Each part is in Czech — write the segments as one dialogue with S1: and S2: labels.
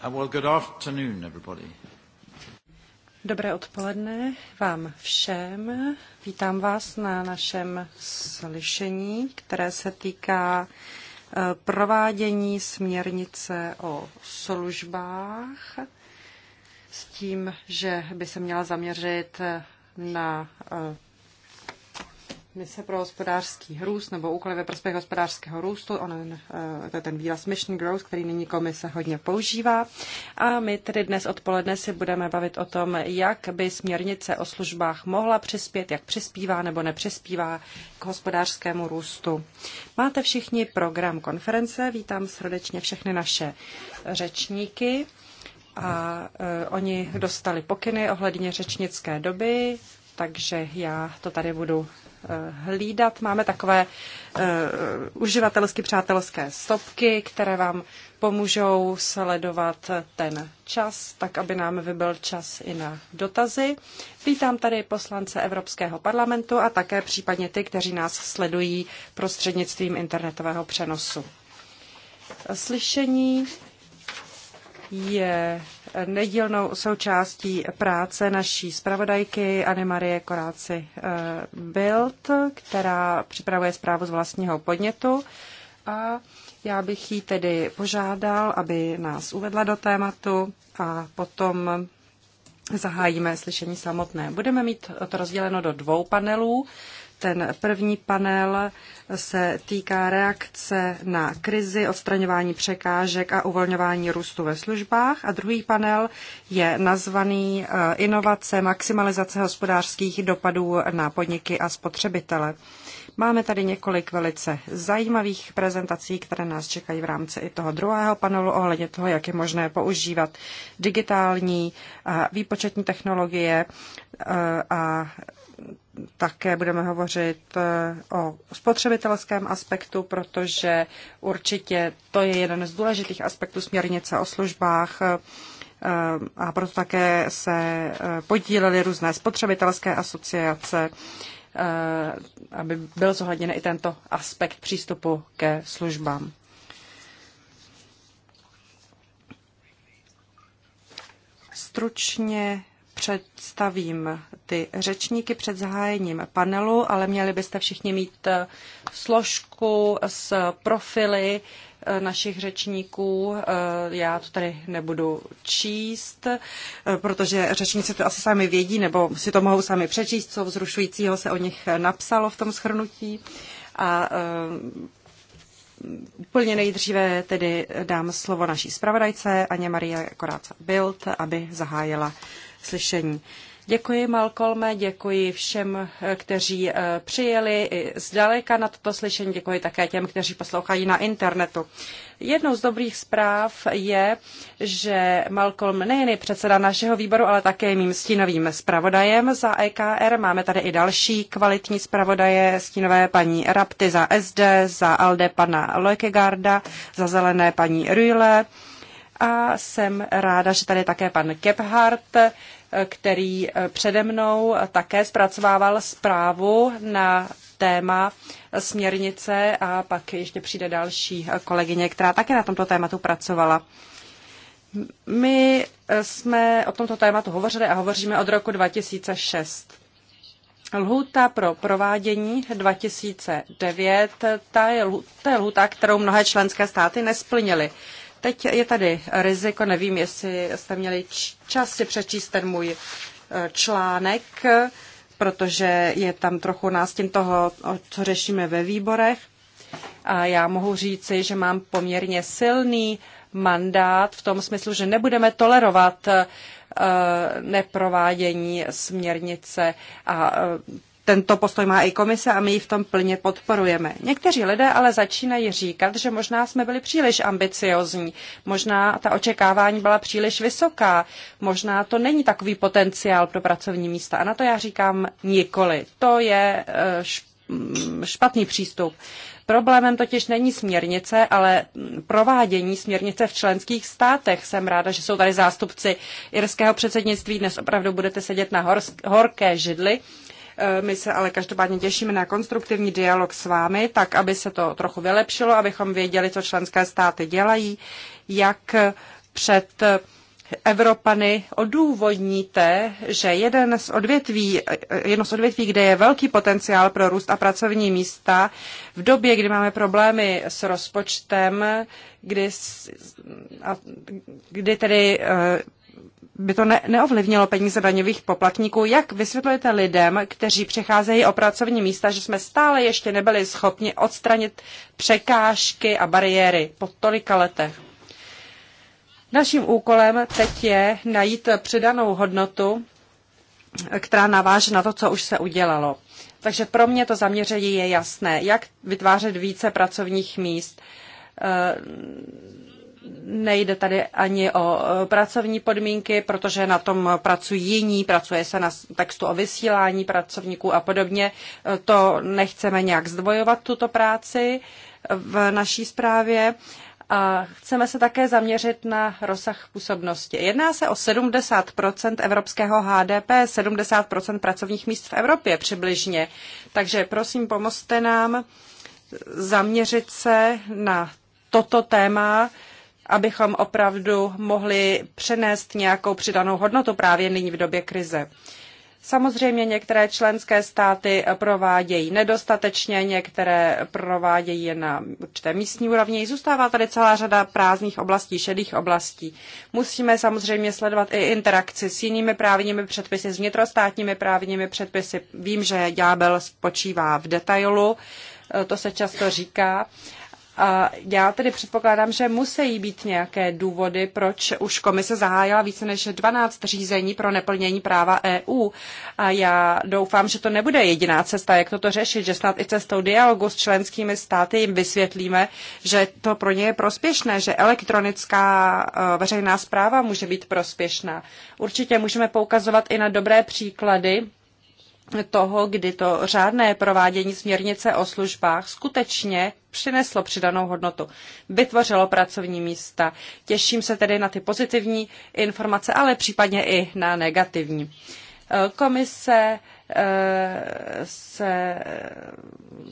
S1: Uh, well, good afternoon, everybody.
S2: Dobré odpoledne vám všem. Vítám vás na našem slyšení, které se týká uh, provádění směrnice o službách s tím, že by se měla zaměřit na uh, mise pro hospodářský růst nebo úkoly ve prospěch hospodářského růstu, on, eh, to je ten výraz Mission Growth, který nyní komise hodně používá. A my tedy dnes odpoledne si budeme bavit o tom, jak by směrnice o službách mohla přispět, jak přispívá nebo nepřispívá k hospodářskému růstu. Máte všichni program konference, vítám srdečně všechny naše řečníky a e, oni dostali pokyny ohledně řečnické doby, takže já to tady budu Eh, hlídat. Máme takové eh, uživatelsky přátelské stopky, které vám pomůžou sledovat ten čas, tak aby nám vybyl čas i na dotazy. Vítám tady poslance Evropského parlamentu a také případně ty, kteří nás sledují prostřednictvím internetového přenosu. Slyšení je nedílnou součástí práce naší zpravodajky Anny Marie Koráci eh, Bild, která připravuje zprávu z vlastního podnětu. A já bych jí tedy požádal, aby nás uvedla do tématu a potom zahájíme slyšení samotné. Budeme mít to rozděleno do dvou panelů. Ten první panel se týká reakce na krizi, odstraňování překážek a uvolňování růstu ve službách. A druhý panel je nazvaný eh, Inovace, maximalizace hospodářských dopadů na podniky a spotřebitele. Máme tady několik velice zajímavých prezentací, které nás čekají v rámci i toho druhého panelu ohledně toho, jak je možné používat digitální eh, výpočetní technologie eh, a také budeme hovořit eh, o spotřebitelském aspektu, protože určitě to je jeden z důležitých aspektů směrnice o službách eh, a proto také se eh, podílely různé spotřebitelské asociace, aby byl zohledněn i tento aspekt přístupu ke službám. Stručně představím ty řečníky před zahájením panelu, ale měli byste všichni mít eh, složku s profily eh, našich řečníků. Eh, já to tady nebudu číst, protože řečníci to asi sami vědí, nebo si to mohou sami přečíst, co vzrušujícího se o nich napsalo v tom schrnutí. A Úplně nejdříve tedy dám slovo naší zpravodajce Aně Marie Koráca Bild, aby zahájila slyšení. Děkuji Malkolme, děkuji všem, eh, kteří eh, přijeli i zdaleka na toto slyšení, děkuji také těm, kteří poslouchají na internetu. Jednou z dobrých zpráv je, že Malcolm nejen je předseda našeho výboru, ale také mým stínovým zpravodajem za EKR. Máme tady i další kvalitní zpravodaje, stínové paní Rapty za SD, za Alde pana Loikegarda, za Zelené paní Rühle a jsem ráda, že tady je také pan Gebhardt, který přede mnou také zpracovával zprávu na téma směrnice a pak ještě přijde další kolegyně, která také na tomto tématu pracovala. My jsme o tomto tématu hovořili a hovoříme od roku 2006. Lhuta pro provádění 2009, ta je, lhuta, kterou mnohé členské státy nesplnily. Teď je tady riziko, nevím, jestli jste měli čas si přečíst ten můj eh, článek, protože je tam trochu nás tím toho, co řešíme ve výborech. A já mohu říci, že mám poměrně silný mandát v tom smyslu, že nebudeme tolerovat eh, neprovádění směrnice a eh, tento postoj má i komise a my ji v tom plně podporujeme. Někteří lidé ale začínají říkat, že možná jsme byli příliš ambiciozní, možná ta očekávání byla příliš vysoká, možná to není takový potenciál pro pracovní místa. A na to já říkám nikoli. To je eh, mm, špatný přístup. Problémem totiž není směrnice, ale mm, provádění směrnice v členských státech. Jsem ráda, že jsou tady zástupci irského předsednictví. Dnes opravdu budete sedět na horské židli Eh, my se ale každopádně těšíme na konstruktivní dialog s vámi, tak aby se to trochu vylepšilo, abychom věděli, co členské státy dělají, jak před Evropany odůvodníte, že jeden z odvětví, eh, jedno z odvětví, kde je velký potenciál pro růst a pracovní místa, v době, kdy máme problémy s rozpočtem, kdy, kdy tedy eh, by to ne, neovlivnilo peníze daňových poplatníků. Jak vysvětlujete lidem, kteří přecházejí o pracovní místa, že jsme stále ještě nebyli schopni odstranit překážky a bariéry po tolika letech? Naším úkolem teď je najít přidanou hodnotu, která naváže na to, co už se udělalo. Takže pro mě to zaměření je jasné, jak vytvářet více pracovních míst eh, Nejde tady ani o e, pracovní podmínky, protože na tom pracují jiní, pracuje se na textu o vysílání pracovníků a podobně. E, to nechceme nějak zdvojovat tuto práci e, v naší zprávě. A chceme se také zaměřit na rozsah působnosti. Jedná se o 70 evropského HDP, 70 pracovních míst v Evropě přibližně. Takže prosím, pomozte nám zaměřit se na toto téma, abychom opravdu mohli přenést nějakou přidanou hodnotu právě nyní v době krize. Samozřejmě některé členské státy provádějí nedostatečně, některé provádějí je na určité místní úrovni. Zůstává tady celá řada prázdných oblastí, šedých oblastí. Musíme samozřejmě sledovat i interakci s jinými právními předpisy, s vnitrostátními právními předpisy. Vím, že ďábel spočívá v detailu, to se často říká, já tedy předpokládám, že musí být nějaké důvody, proč už komise zahájila více než 12 řízení pro neplnění práva EU. A já doufám, že to nebude jediná cesta, jak toto řešit, že snad i cestou dialogu s členskými státy jim vysvětlíme, že to pro ně je prospěšné, že elektronická e, veřejná zpráva může být prospěšná. Určitě můžeme poukazovat i na dobré příklady, toho, kdy to řádné provádění směrnice o službách skutečně přineslo přidanou hodnotu, vytvořilo pracovní místa. Těším se tedy na ty pozitivní informace, ale případně i na negativní. Eh, komise eh, se,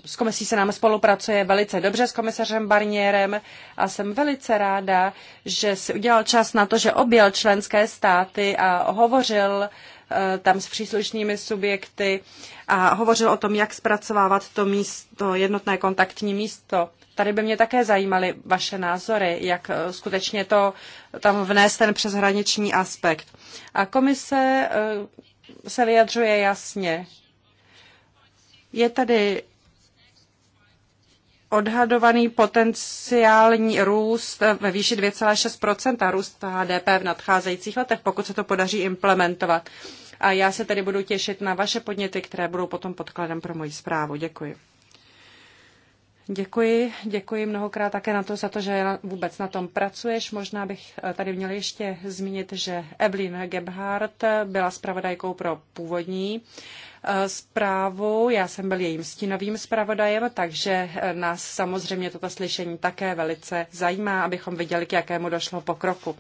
S2: s komisí se nám spolupracuje velice dobře s komisařem Barnierem a jsem velice ráda, že si udělal čas na to, že objel členské státy a hovořil uh, Eh, tam s příslušnými subjekty a hovořil o tom, jak zpracovávat to místo, jednotné kontaktní místo. Tady by mě také zajímaly vaše názory, jak eh, skutečně to tam vnést ten přeshraniční aspekt. A komise eh, se vyjadřuje jasně. Je tady odhadovaný potenciální růst ve výši 2,6 růst HDP v nadcházejících letech, pokud se to podaří implementovat. A já se tedy budu těšit na vaše podněty, které budou potom podkladem pro moji zprávu. Děkuji. Děkuji, děkuji mnohokrát také na to, za to, že vůbec na tom pracuješ. Možná bych eh, tady měla ještě zmínit, že Evelyn Gebhardt byla zpravodajkou pro původní zprávu. Já jsem byl jejím stínovým zpravodajem, takže eh, nás samozřejmě toto slyšení také velice zajímá, abychom viděli, k jakému došlo pokroku.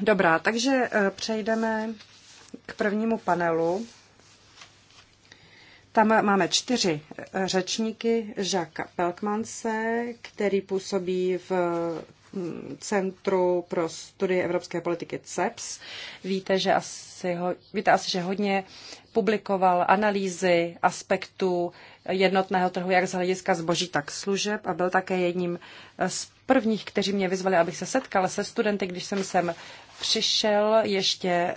S2: Dobrá, takže eh, přejdeme k prvnímu panelu. Tam máme čtyři eh, řečníky. žaka Pelkmanse, který působí v Centru pro studie evropské politiky CEPS. Víte, že asi, ho, víte asi, že hodně publikoval analýzy aspektů jednotného trhu, jak z hlediska zboží, tak služeb a byl také jedním z prvních, kteří mě vyzvali, abych se setkal. se studenty, když jsem sem přišel ještě eh,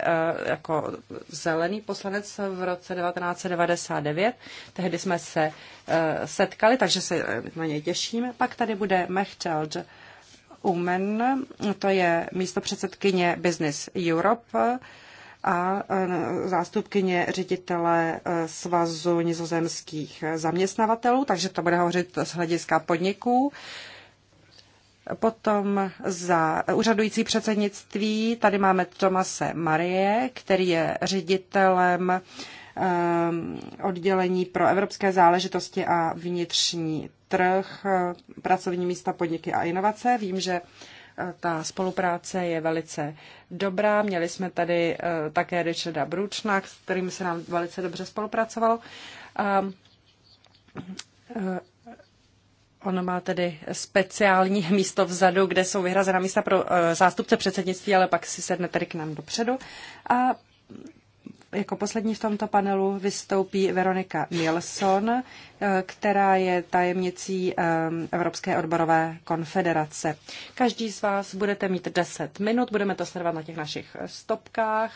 S2: jako zelený poslanec v roce 1999. Tehdy jsme se eh, setkali, takže se na něj těším. Pak tady bude Mechtel Umen, to je místo předsedkyně Business Europe a eh, zástupkyně ředitele eh, Svazu nizozemských zaměstnavatelů, takže to bude hovořit z hlediska podniků. Potom za úřadující předsednictví tady máme Tomase Marie, který je ředitelem eh, oddělení pro evropské záležitosti a vnitřní trh, eh, pracovní místa, podniky a inovace. Vím, že eh, ta spolupráce je velice dobrá. Měli jsme tady eh, také Richarda Bručna, s kterým se nám velice dobře spolupracovalo. Ehm, ono má tedy speciální místo vzadu, kde jsou vyhrazena místa pro zástupce předsednictví, ale pak si sedne tady k nám dopředu. A jako poslední v tomto panelu vystoupí Veronika Nilsson, eh, která je tajemnicí eh, Evropské odborové konfederace. Každý z vás budete mít 10 minut, budeme to sledovat na těch našich eh, stopkách.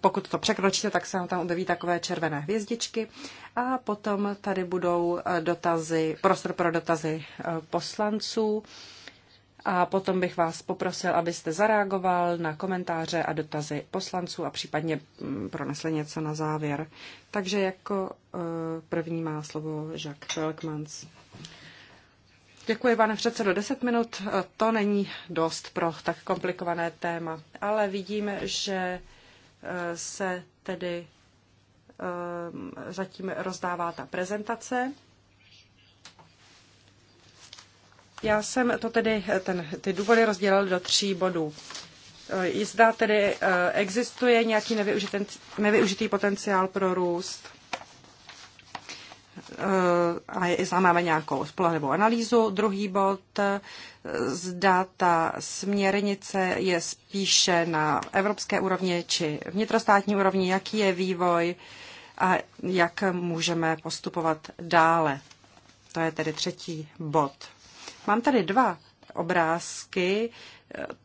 S2: Pokud to překročíte, tak se vám tam objeví takové červené hvězdičky. A potom tady budou dotazy, prostor pro dotazy poslanců a potom bych vás poprosil, abyste zareagoval na komentáře a dotazy poslanců a případně mm, pronesli něco na závěr. Takže jako eh, první má slovo Jacques Felkmans. Děkuji, pane předsedo. Deset minut eh, to není dost pro tak komplikované téma, ale vidím, že eh, se tedy zatím rozdává ta prezentace Já jsem to tedy, ten, ty důvody rozdělil do tří bodů. E, zda tedy e, existuje nějaký nevyužitý, nevyužitý potenciál pro růst e, a je, zda máme nějakou spolehlivou analýzu. Druhý bod, zda ta směrnice je spíše na evropské úrovni či vnitrostátní úrovni, jaký je vývoj a jak můžeme postupovat dále. To je tedy třetí bod. Mám tady dva obrázky.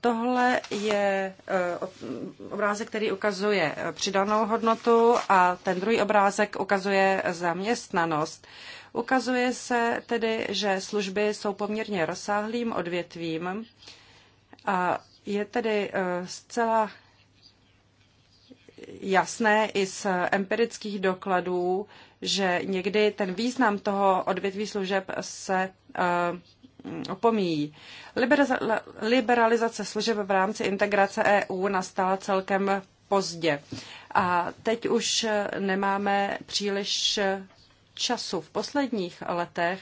S2: Tohle je eh, obrázek, který ukazuje eh, přidanou hodnotu a ten druhý obrázek ukazuje zaměstnanost. Ukazuje se tedy, že služby jsou poměrně rozsáhlým odvětvím a je tedy eh, zcela jasné i z empirických dokladů, že někdy ten význam toho odvětví služeb se opomíjí. Liberalizace služeb v rámci integrace EU nastala celkem pozdě. A teď už nemáme příliš času. V posledních letech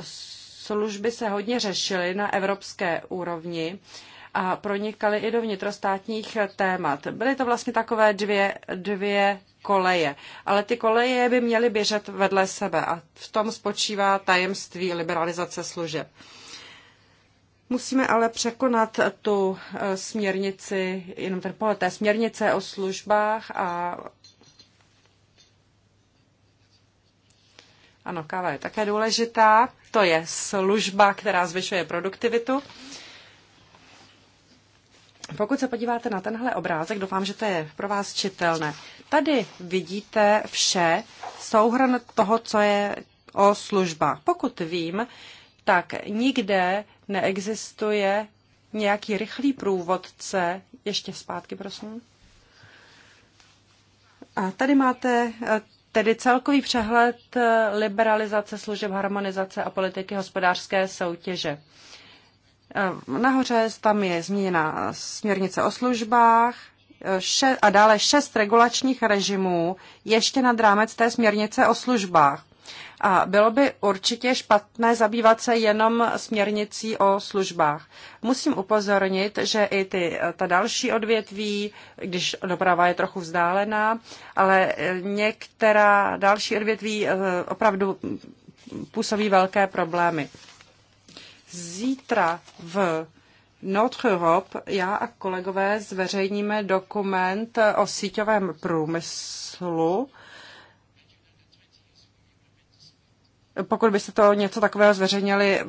S2: služby se hodně řešily na evropské úrovni a pronikaly i do vnitrostátních témat. Byly to vlastně takové dvě, dvě koleje. Ale ty koleje by měly běžet vedle sebe a v tom spočívá tajemství liberalizace služeb. Musíme ale překonat tu eh, směrnici, jenom ten pohled té směrnice o službách a Ano, káva je také důležitá. To je služba, která zvyšuje produktivitu. Pokud se podíváte na tenhle obrázek, doufám, že to je pro vás čitelné. Tady vidíte vše, souhrn toho, co je o službách. Pokud vím, tak nikde neexistuje nějaký rychlý průvodce. Ještě zpátky, prosím. A tady máte eh, tedy celkový přehled eh, liberalizace služeb, harmonizace a politiky hospodářské soutěže. Eh, nahoře tam je zmíněna směrnice o službách eh, a dále šest regulačních režimů ještě nad rámec té směrnice o službách. A bylo by určitě špatné zabývat se jenom směrnicí o službách. Musím upozornit, že i ty, eh, ta další odvětví, když doprava je trochu vzdálená, ale některá další odvětví opravdu mm, působí velké problémy. Zítra v Notre Europe já a kolegové zveřejníme dokument o síťovém průmyslu. Pokud byste to něco takového zveřejnili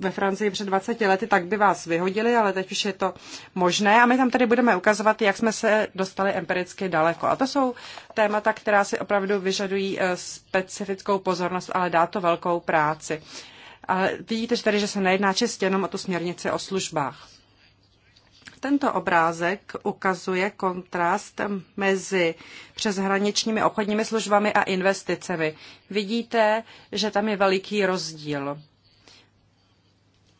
S2: ve Francii před 20 lety, tak by vás vyhodili, ale teď už je to možné. A my tam tady budeme ukazovat, jak jsme se dostali empiricky daleko. A to jsou témata, která si opravdu vyžadují eh, specifickou pozornost, ale dá to velkou práci. Ale vidíte že tady, že se nejedná čistě jenom o tu směrnici o službách. Tento obrázek ukazuje kontrast mezi přeshraničními obchodními službami a investicemi. Vidíte, že tam je veliký rozdíl.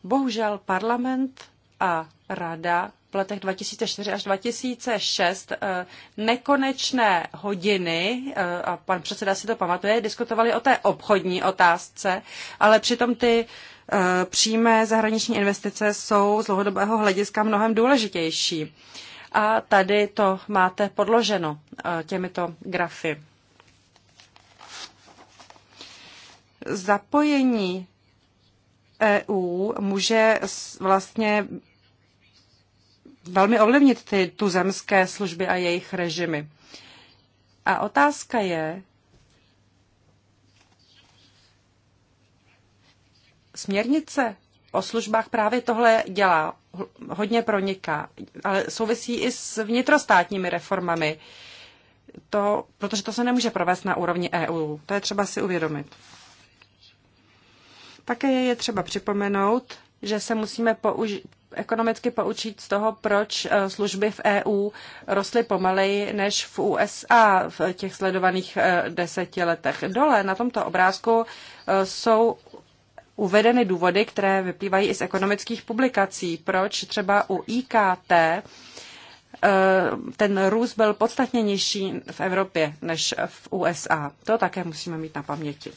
S2: Bohužel parlament a rada v letech 2004 až 2006 eh, nekonečné hodiny, eh, a pan předseda si to pamatuje, diskutovali o té obchodní otázce, ale přitom ty eh, přímé zahraniční investice jsou z dlouhodobého hlediska mnohem důležitější. A tady to máte podloženo těmito grafy. Zapojení EU může vlastně velmi ovlivnit ty tuzemské služby a jejich režimy. A otázka je, směrnice o službách právě tohle dělá, hodně proniká, ale souvisí i s vnitrostátními reformami, to, protože to se nemůže provést na úrovni EU. To je třeba si uvědomit. Také je třeba připomenout, že se musíme použi- ekonomicky poučit z toho, proč eh, služby v EU rostly pomaleji než v USA v těch sledovaných eh, deseti letech. Dole na tomto obrázku eh, jsou uvedeny důvody, které vyplývají i z ekonomických publikací, proč třeba u IKT ten růst byl podstatně nižší v Evropě než v USA. To také musíme mít na paměti.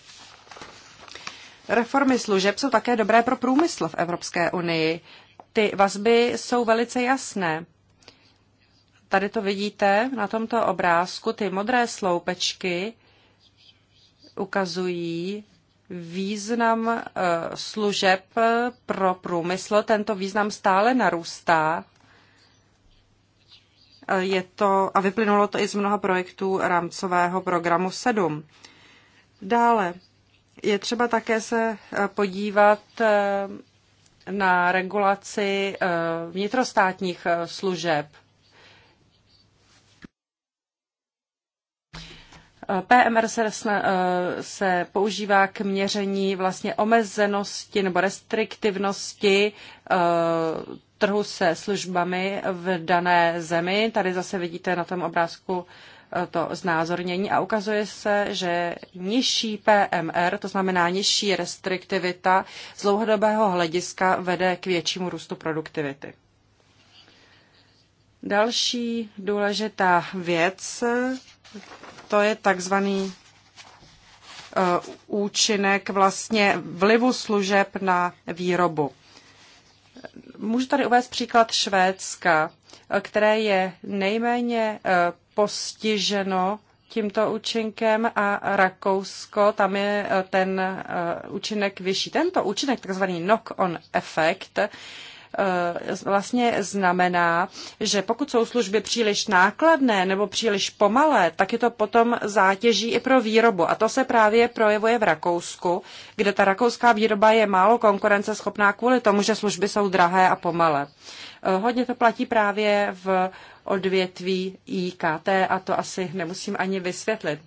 S2: Reformy služeb jsou také dobré pro průmysl v Evropské unii ty vazby jsou velice jasné. Tady to vidíte na tomto obrázku, ty modré sloupečky ukazují význam eh, služeb pro průmysl. Tento význam stále narůstá. Eh, je to, a vyplynulo to i z mnoha projektů rámcového programu 7. Dále je třeba také se eh, podívat na regulaci eh, vnitrostátních eh, služeb. Eh, PMR se, se používá k měření vlastně omezenosti nebo restriktivnosti trhu se službami v dané zemi. Tady zase vidíte na tom obrázku to znázornění a ukazuje se, že nižší PMR, to znamená nižší restriktivita z dlouhodobého hlediska vede k většímu růstu produktivity. Další důležitá věc, to je takzvaný eh, účinek vlastně vlivu služeb na výrobu. Můžu tady uvést příklad Švédska, které je nejméně eh, postiženo tímto účinkem a Rakousko, tam je eh, ten eh, účinek vyšší. Tento účinek, takzvaný knock-on efekt, eh, vlastně znamená, že pokud jsou služby příliš nákladné nebo příliš pomalé, tak je to potom zátěží i pro výrobu. A to se právě projevuje v Rakousku, kde ta rakouská výroba je málo konkurenceschopná kvůli tomu, že služby jsou drahé a pomalé. Hodně to platí právě v odvětví IKT a to asi nemusím ani vysvětlit.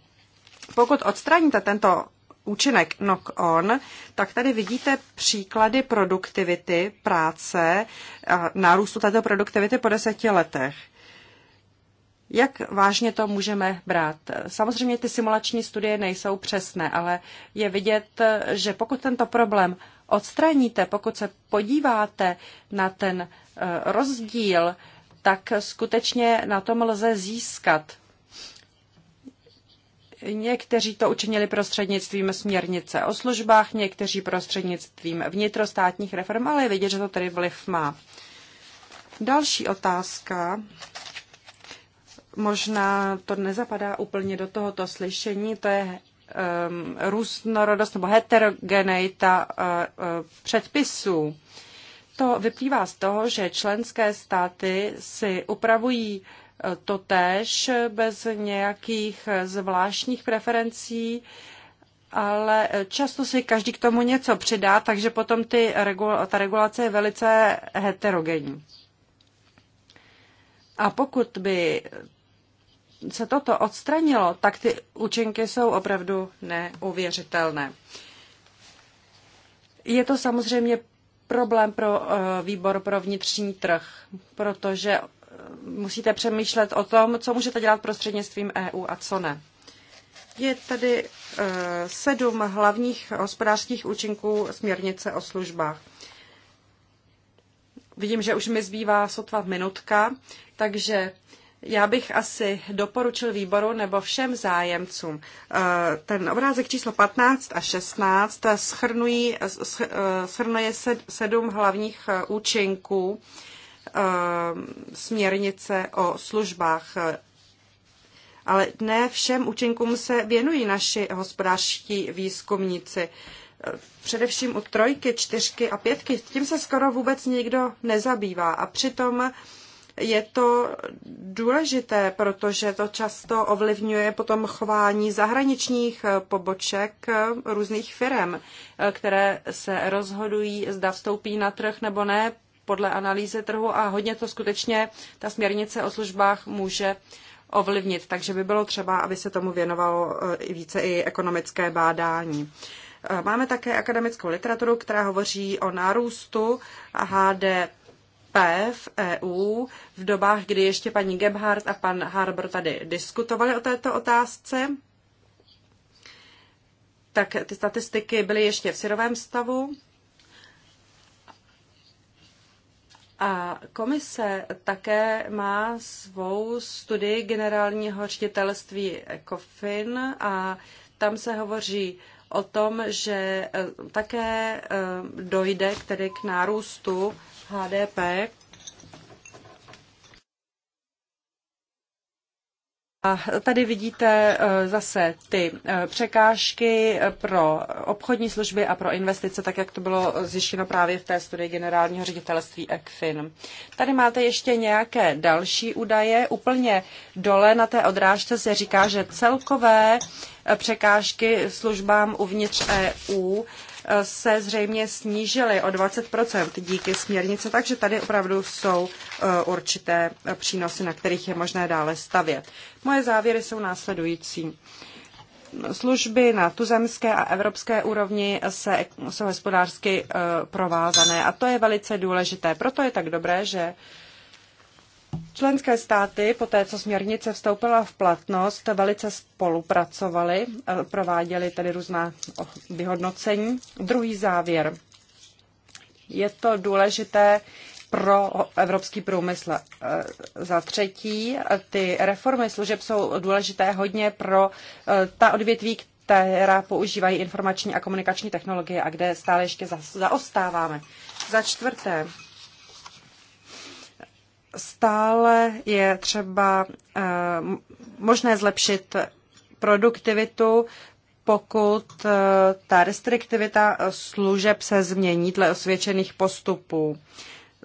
S2: Pokud odstraníte tento účinek knock-on, tak tady vidíte příklady produktivity práce a nárůstu této produktivity po deseti letech. Jak vážně to můžeme brát? Samozřejmě ty simulační studie nejsou přesné, ale je vidět, že pokud tento problém odstraníte, pokud se podíváte na ten eh, rozdíl tak skutečně na tom lze získat. Někteří to učinili prostřednictvím směrnice o službách, někteří prostřednictvím vnitrostátních reform, ale je vidět, že to tedy vliv má. Další otázka, možná to nezapadá úplně do tohoto slyšení, to je um, různorodost nebo heterogeneita uh, uh, předpisů. To vyplývá z toho, že členské státy si upravují e, to též bez nějakých e, zvláštních preferencí, ale e, často si každý k tomu něco přidá, takže potom ty, ta regulace je velice heterogenní. A pokud by se toto odstranilo, tak ty účinky jsou opravdu neuvěřitelné. Je to samozřejmě problém pro eh, výbor pro vnitřní trh, protože eh, musíte přemýšlet o tom, co můžete dělat prostřednictvím EU a co ne. Je tady eh, sedm hlavních hospodářských účinků směrnice o službách. Vidím, že už mi zbývá sotva minutka, takže já bych asi doporučil výboru nebo všem zájemcům. Eh, ten obrázek číslo 15 a 16 schrnují, eh, schrnuje sedm hlavních eh, účinků směrnice o službách. Ale ne všem účinkům se věnují naši hospodářští výzkumníci. Především u trojky, čtyřky a pětky. Tím se skoro vůbec nikdo nezabývá. A přitom je to důležité, protože to často ovlivňuje potom chování zahraničních poboček různých firm, které se rozhodují, zda vstoupí na trh nebo ne podle analýzy trhu a hodně to skutečně ta směrnice o službách může ovlivnit. Takže by bylo třeba, aby se tomu věnovalo eh, i více i ekonomické bádání. Eh, máme také akademickou literaturu, která hovoří o nárůstu HDP v EU v dobách, kdy ještě paní Gebhardt a pan Harbour tady diskutovali o této otázce. Tak ty statistiky byly ještě v syrovém stavu. A komise také má svou studii generálního ředitelství COFIN a tam se hovoří o tom, že eh, také eh, dojde tedy k nárůstu HDP. A tady vidíte eh, zase ty eh, překážky eh, pro obchodní služby a pro investice, tak jak to bylo zjištěno právě v té studii generálního ředitelství ECFIN. Tady máte ještě nějaké další údaje. Úplně dole na té odrážce se říká, že celkové překážky službám uvnitř EU se zřejmě snížily o 20% díky směrnice, takže tady opravdu jsou e, určité e, přínosy, na kterých je možné dále stavět. Moje závěry jsou následující služby na tuzemské a evropské úrovni se, jsou hospodářsky e, provázané a to je velice důležité. Proto je tak dobré, že Členské státy po té, co směrnice vstoupila v platnost, velice spolupracovaly, eh, prováděly tedy různá vyhodnocení. Druhý závěr. Je to důležité pro evropský průmysl. Eh, za třetí, ty reformy služeb jsou důležité hodně pro eh, ta odvětví, která používají informační a komunikační technologie a kde stále ještě zaostáváme. Za čtvrté, stále je třeba eh, možné zlepšit produktivitu, pokud eh, ta restriktivita služeb se změní dle osvědčených postupů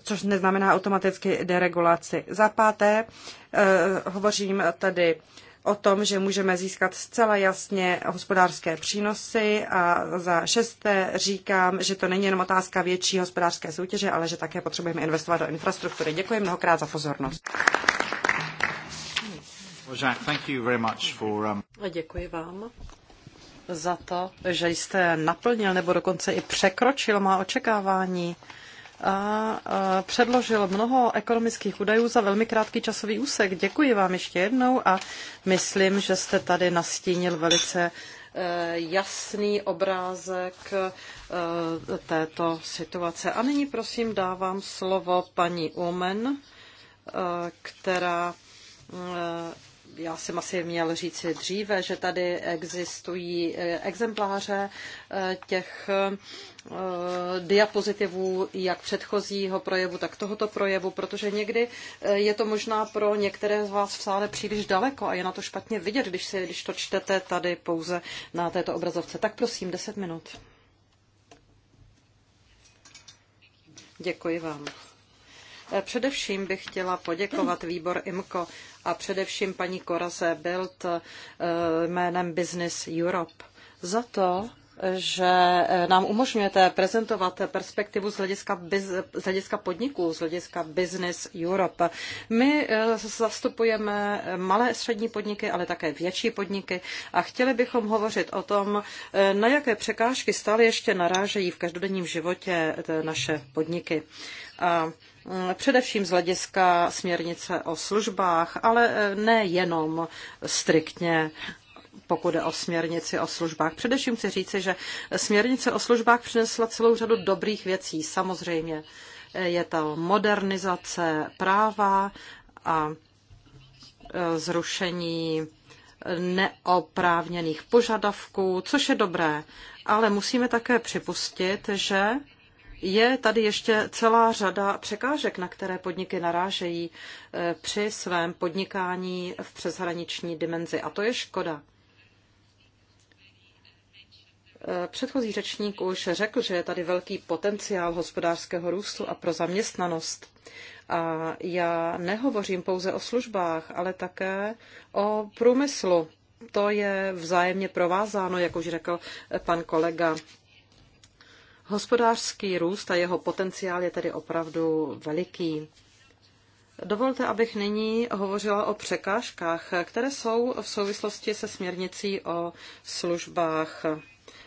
S2: což neznamená automaticky deregulaci. Za páté, eh, hovořím tady o tom, že můžeme získat zcela jasně hospodářské přínosy a za šesté říkám, že to není jenom otázka větší hospodářské soutěže, ale že také potřebujeme investovat do infrastruktury. Děkuji mnohokrát za pozornost.
S1: Um,
S3: děkuji vám za to, že jste naplnil nebo dokonce i překročil má očekávání a předložil mnoho ekonomických údajů za velmi krátký časový úsek. Děkuji vám ještě jednou a myslím, že jste tady nastínil velice e, jasný obrázek e, této situace. A nyní prosím dávám slovo paní Omen, e, která já jsem asi měl říci dříve, že tady existují exempláře těch Eh, diapozitivů jak předchozího projevu, tak tohoto projevu, protože někdy eh, je to možná pro některé z vás v sále příliš daleko a je na to špatně vidět, když, si, když to čtete tady pouze na této obrazovce. Tak prosím, 10 minut. Děkuji vám. Eh, především bych chtěla poděkovat výbor IMCO a především paní Koraze Bild jménem Business Europe za to, že eh, nám umožňujete prezentovat perspektivu z hlediska, biz, z hlediska podniků, z hlediska Business Europe. My eh, zastupujeme malé střední podniky, ale také větší podniky a chtěli bychom hovořit o tom, eh, na jaké překážky stále ještě narážejí v každodenním životě naše podniky. A mm, především z hlediska směrnice o službách, ale nejenom striktně pokud jde o směrnici o službách. Především chci říci, že směrnice o službách přinesla celou řadu dobrých věcí. Samozřejmě je to modernizace práva a e, zrušení neoprávněných požadavků, což je dobré. Ale musíme také připustit, že je tady ještě celá řada překážek, na které podniky narážejí e, při svém podnikání v přeshraniční dimenzi. A to je škoda. Eh, předchozí řečník už řekl, že je tady velký potenciál hospodářského růstu a pro zaměstnanost. A já nehovořím pouze o službách, ale také o průmyslu. To je vzájemně provázáno, jak už řekl eh, pan kolega. Hospodářský růst a jeho potenciál je tedy opravdu veliký. Dovolte, abych nyní hovořila o překážkách, které jsou v souvislosti se směrnicí o službách.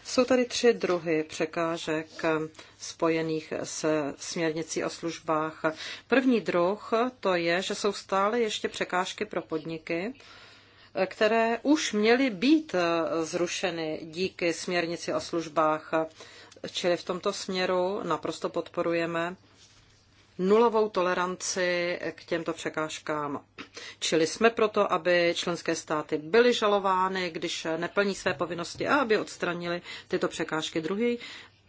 S3: Jsou tady tři druhy překážek spojených s směrnicí o službách. První druh to je, že jsou stále ještě překážky pro podniky, které už měly být zrušeny díky směrnici o službách. Čili v tomto směru naprosto podporujeme nulovou toleranci k těmto překážkám. Čili jsme proto, aby členské státy byly žalovány, když neplní své povinnosti a aby odstranili tyto překážky. Druhý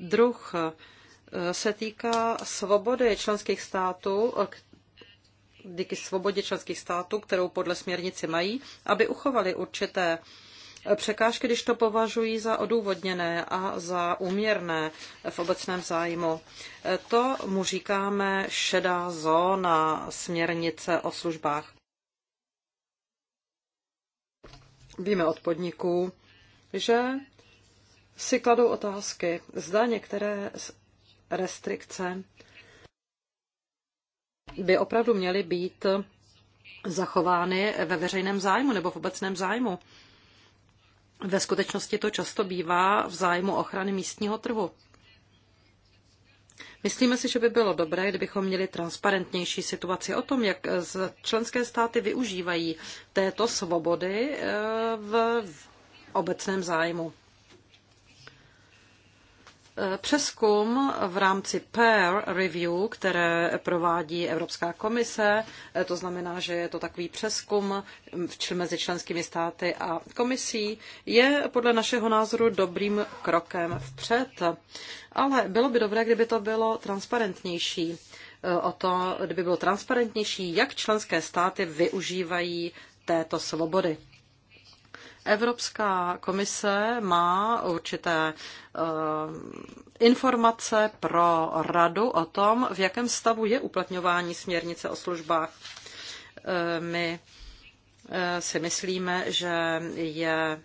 S3: druh eh, se týká svobody členských států, díky svobodě členských států, kterou podle směrnice mají, aby uchovali určité překážky, když to považují za odůvodněné a za úměrné v obecném zájmu. To mu říkáme šedá zóna směrnice o službách. Víme od podniků, že si kladou otázky, zda některé restrikce by opravdu měly být zachovány ve veřejném zájmu nebo v obecném zájmu. Ve skutečnosti to často bývá v zájmu ochrany místního trhu. Myslíme si, že by bylo dobré, kdybychom měli transparentnější situaci o tom, jak členské státy využívají této svobody eh, v obecném zájmu. Eh, přeskum v rámci peer review, které provádí Evropská komise, eh, to znamená, že je to takový přeskum mm, mezi členskými státy a komisí, je podle našeho názoru dobrým krokem vpřed. Ale bylo by dobré, kdyby to bylo transparentnější. Eh, o to, kdyby bylo transparentnější, jak členské státy využívají této svobody. Evropská komise má určité eh, informace pro radu o tom, v jakém stavu je uplatňování směrnice o službách. Eh, my eh, si myslíme, že je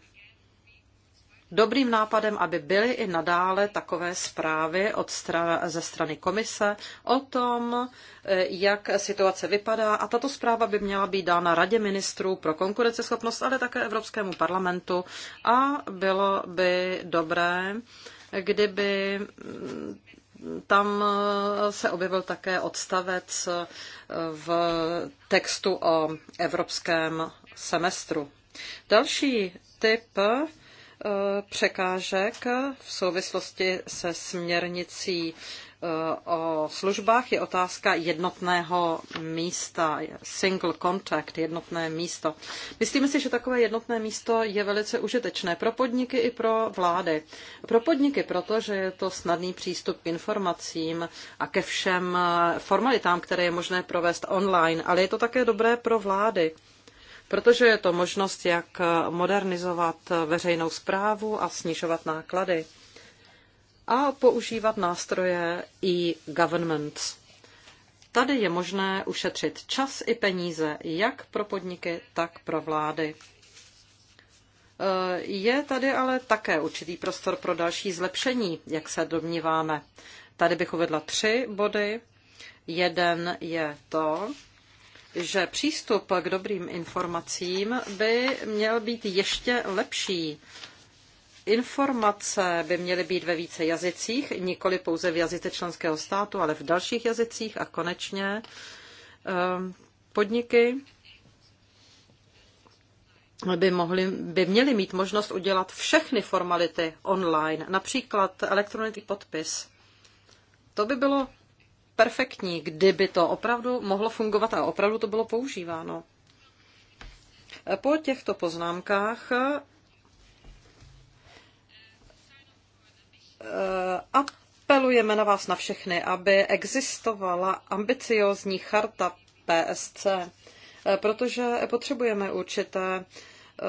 S3: dobrým nápadem, aby byly i nadále takové zprávy od stra- ze strany komise o tom, eh, jak situace vypadá. A tato zpráva by měla být dána Radě ministrů pro konkurenceschopnost, ale také Evropskému parlamentu. A bylo by dobré, kdyby mm, tam eh, se objevil také odstavec eh, v textu o evropském semestru. Další typ Eh, překážek v souvislosti se směrnicí eh, o službách je otázka jednotného místa, single contact, jednotné místo. Myslíme si, že takové jednotné místo je velice užitečné pro podniky i pro vlády. Pro podniky, protože je to snadný přístup k informacím a ke všem formalitám, které je možné provést online, ale je to také dobré pro vlády protože je to možnost, jak modernizovat veřejnou zprávu a snižovat náklady a používat nástroje e-government. Tady je možné ušetřit čas i peníze, jak pro podniky, tak pro vlády. Je tady ale také určitý prostor pro další zlepšení, jak se domníváme. Tady bych uvedla tři body. Jeden je to, že přístup k dobrým informacím by měl být ještě lepší. Informace by měly být ve více jazycích, nikoli pouze v jazyce členského státu, ale v dalších jazycích a konečně ehm, podniky by, mohli, by měli mít možnost udělat všechny formality online, například elektronický podpis. To by bylo perfektní, kdyby to opravdu mohlo fungovat a opravdu to bylo používáno. Po těchto poznámkách eh, apelujeme na vás na všechny, aby existovala ambiciozní charta PSC, eh, protože potřebujeme určité eh,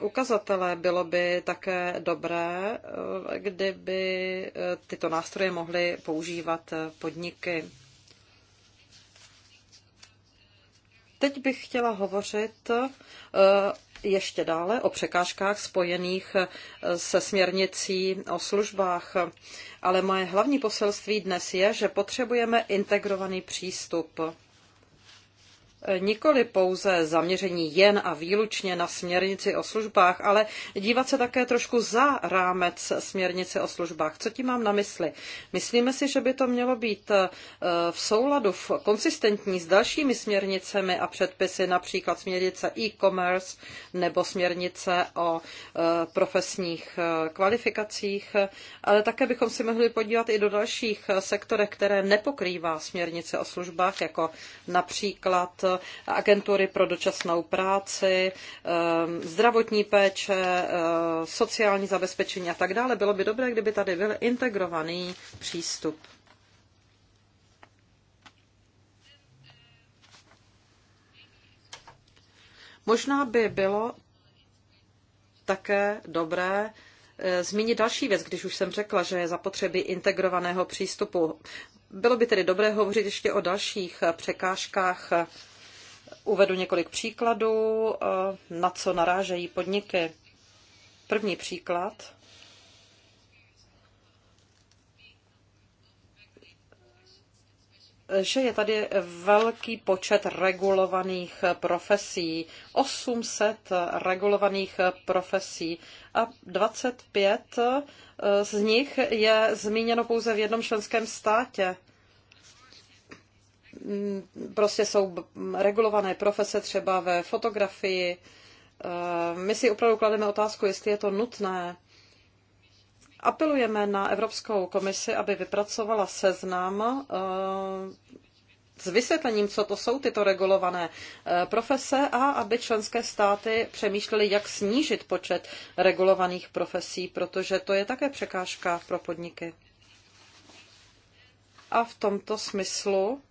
S3: ukazatele. Bylo by také dobré, eh, kdyby eh, tyto nástroje mohly používat eh, podniky. Teď bych chtěla hovořit ještě dále o překážkách spojených se směrnicí o službách. Ale moje hlavní poselství dnes je, že potřebujeme integrovaný přístup nikoli pouze zaměření jen a výlučně na směrnici o službách, ale dívat se také trošku za rámec směrnice o službách. Co tím mám na mysli? Myslíme si, že by to mělo být eh, v souladu, v konsistentní s dalšími směrnicemi a předpisy, například směrnice e-commerce nebo směrnice o eh, profesních eh, kvalifikacích, ale také bychom si mohli podívat i do dalších sektorech, které nepokrývá směrnice o službách, jako například agentury pro dočasnou práci, eh, zdravotní péče, eh, sociální zabezpečení a tak dále. Bylo by dobré, kdyby tady byl integrovaný přístup. Možná by bylo také dobré eh, zmínit další věc, když už jsem řekla, že je zapotřebí integrovaného přístupu. Bylo by tedy dobré hovořit ještě o dalších překážkách Uvedu několik příkladů, eh, na co narážejí podniky. První příklad. že je tady velký počet regulovaných profesí, 800 regulovaných profesí a 25 eh, z nich je zmíněno pouze v jednom členském státě. Mm, prostě jsou regulované profese třeba ve fotografii. Eh, my si opravdu klademe otázku, jestli je to nutné. Apelujeme na Evropskou komisi, aby vypracovala seznam eh, s vysvětlením, co to jsou tyto regulované eh, profese a aby členské státy přemýšlely, jak snížit počet regulovaných profesí, protože to je také překážka pro podniky. A v tomto smyslu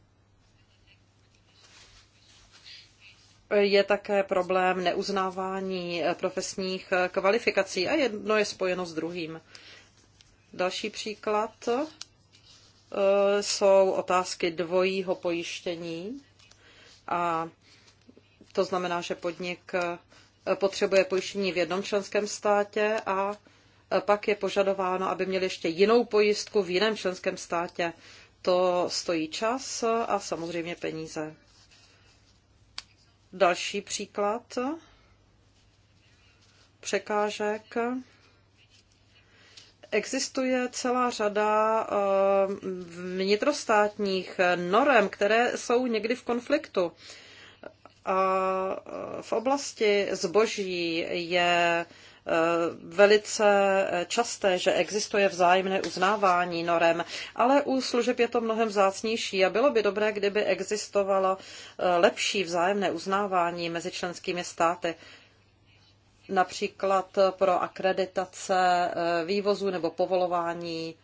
S3: je také problém neuznávání eh, profesních eh, kvalifikací a jedno je spojeno s druhým. Další příklad eh, jsou otázky dvojího pojištění a to znamená, že podnik potřebuje pojištění v jednom členském státě a pak je požadováno, aby měl ještě jinou pojistku v jiném členském státě. To stojí čas a samozřejmě peníze. Další příklad překážek. Existuje celá řada eh, vnitrostátních norem, které jsou někdy v konfliktu. A v oblasti zboží je Eh, velice eh, časté, že existuje vzájemné uznávání norem, ale u služeb je to mnohem vzácnější a bylo by dobré, kdyby existovalo eh, lepší vzájemné uznávání mezi členskými státy například pro akreditace vývozu nebo povolování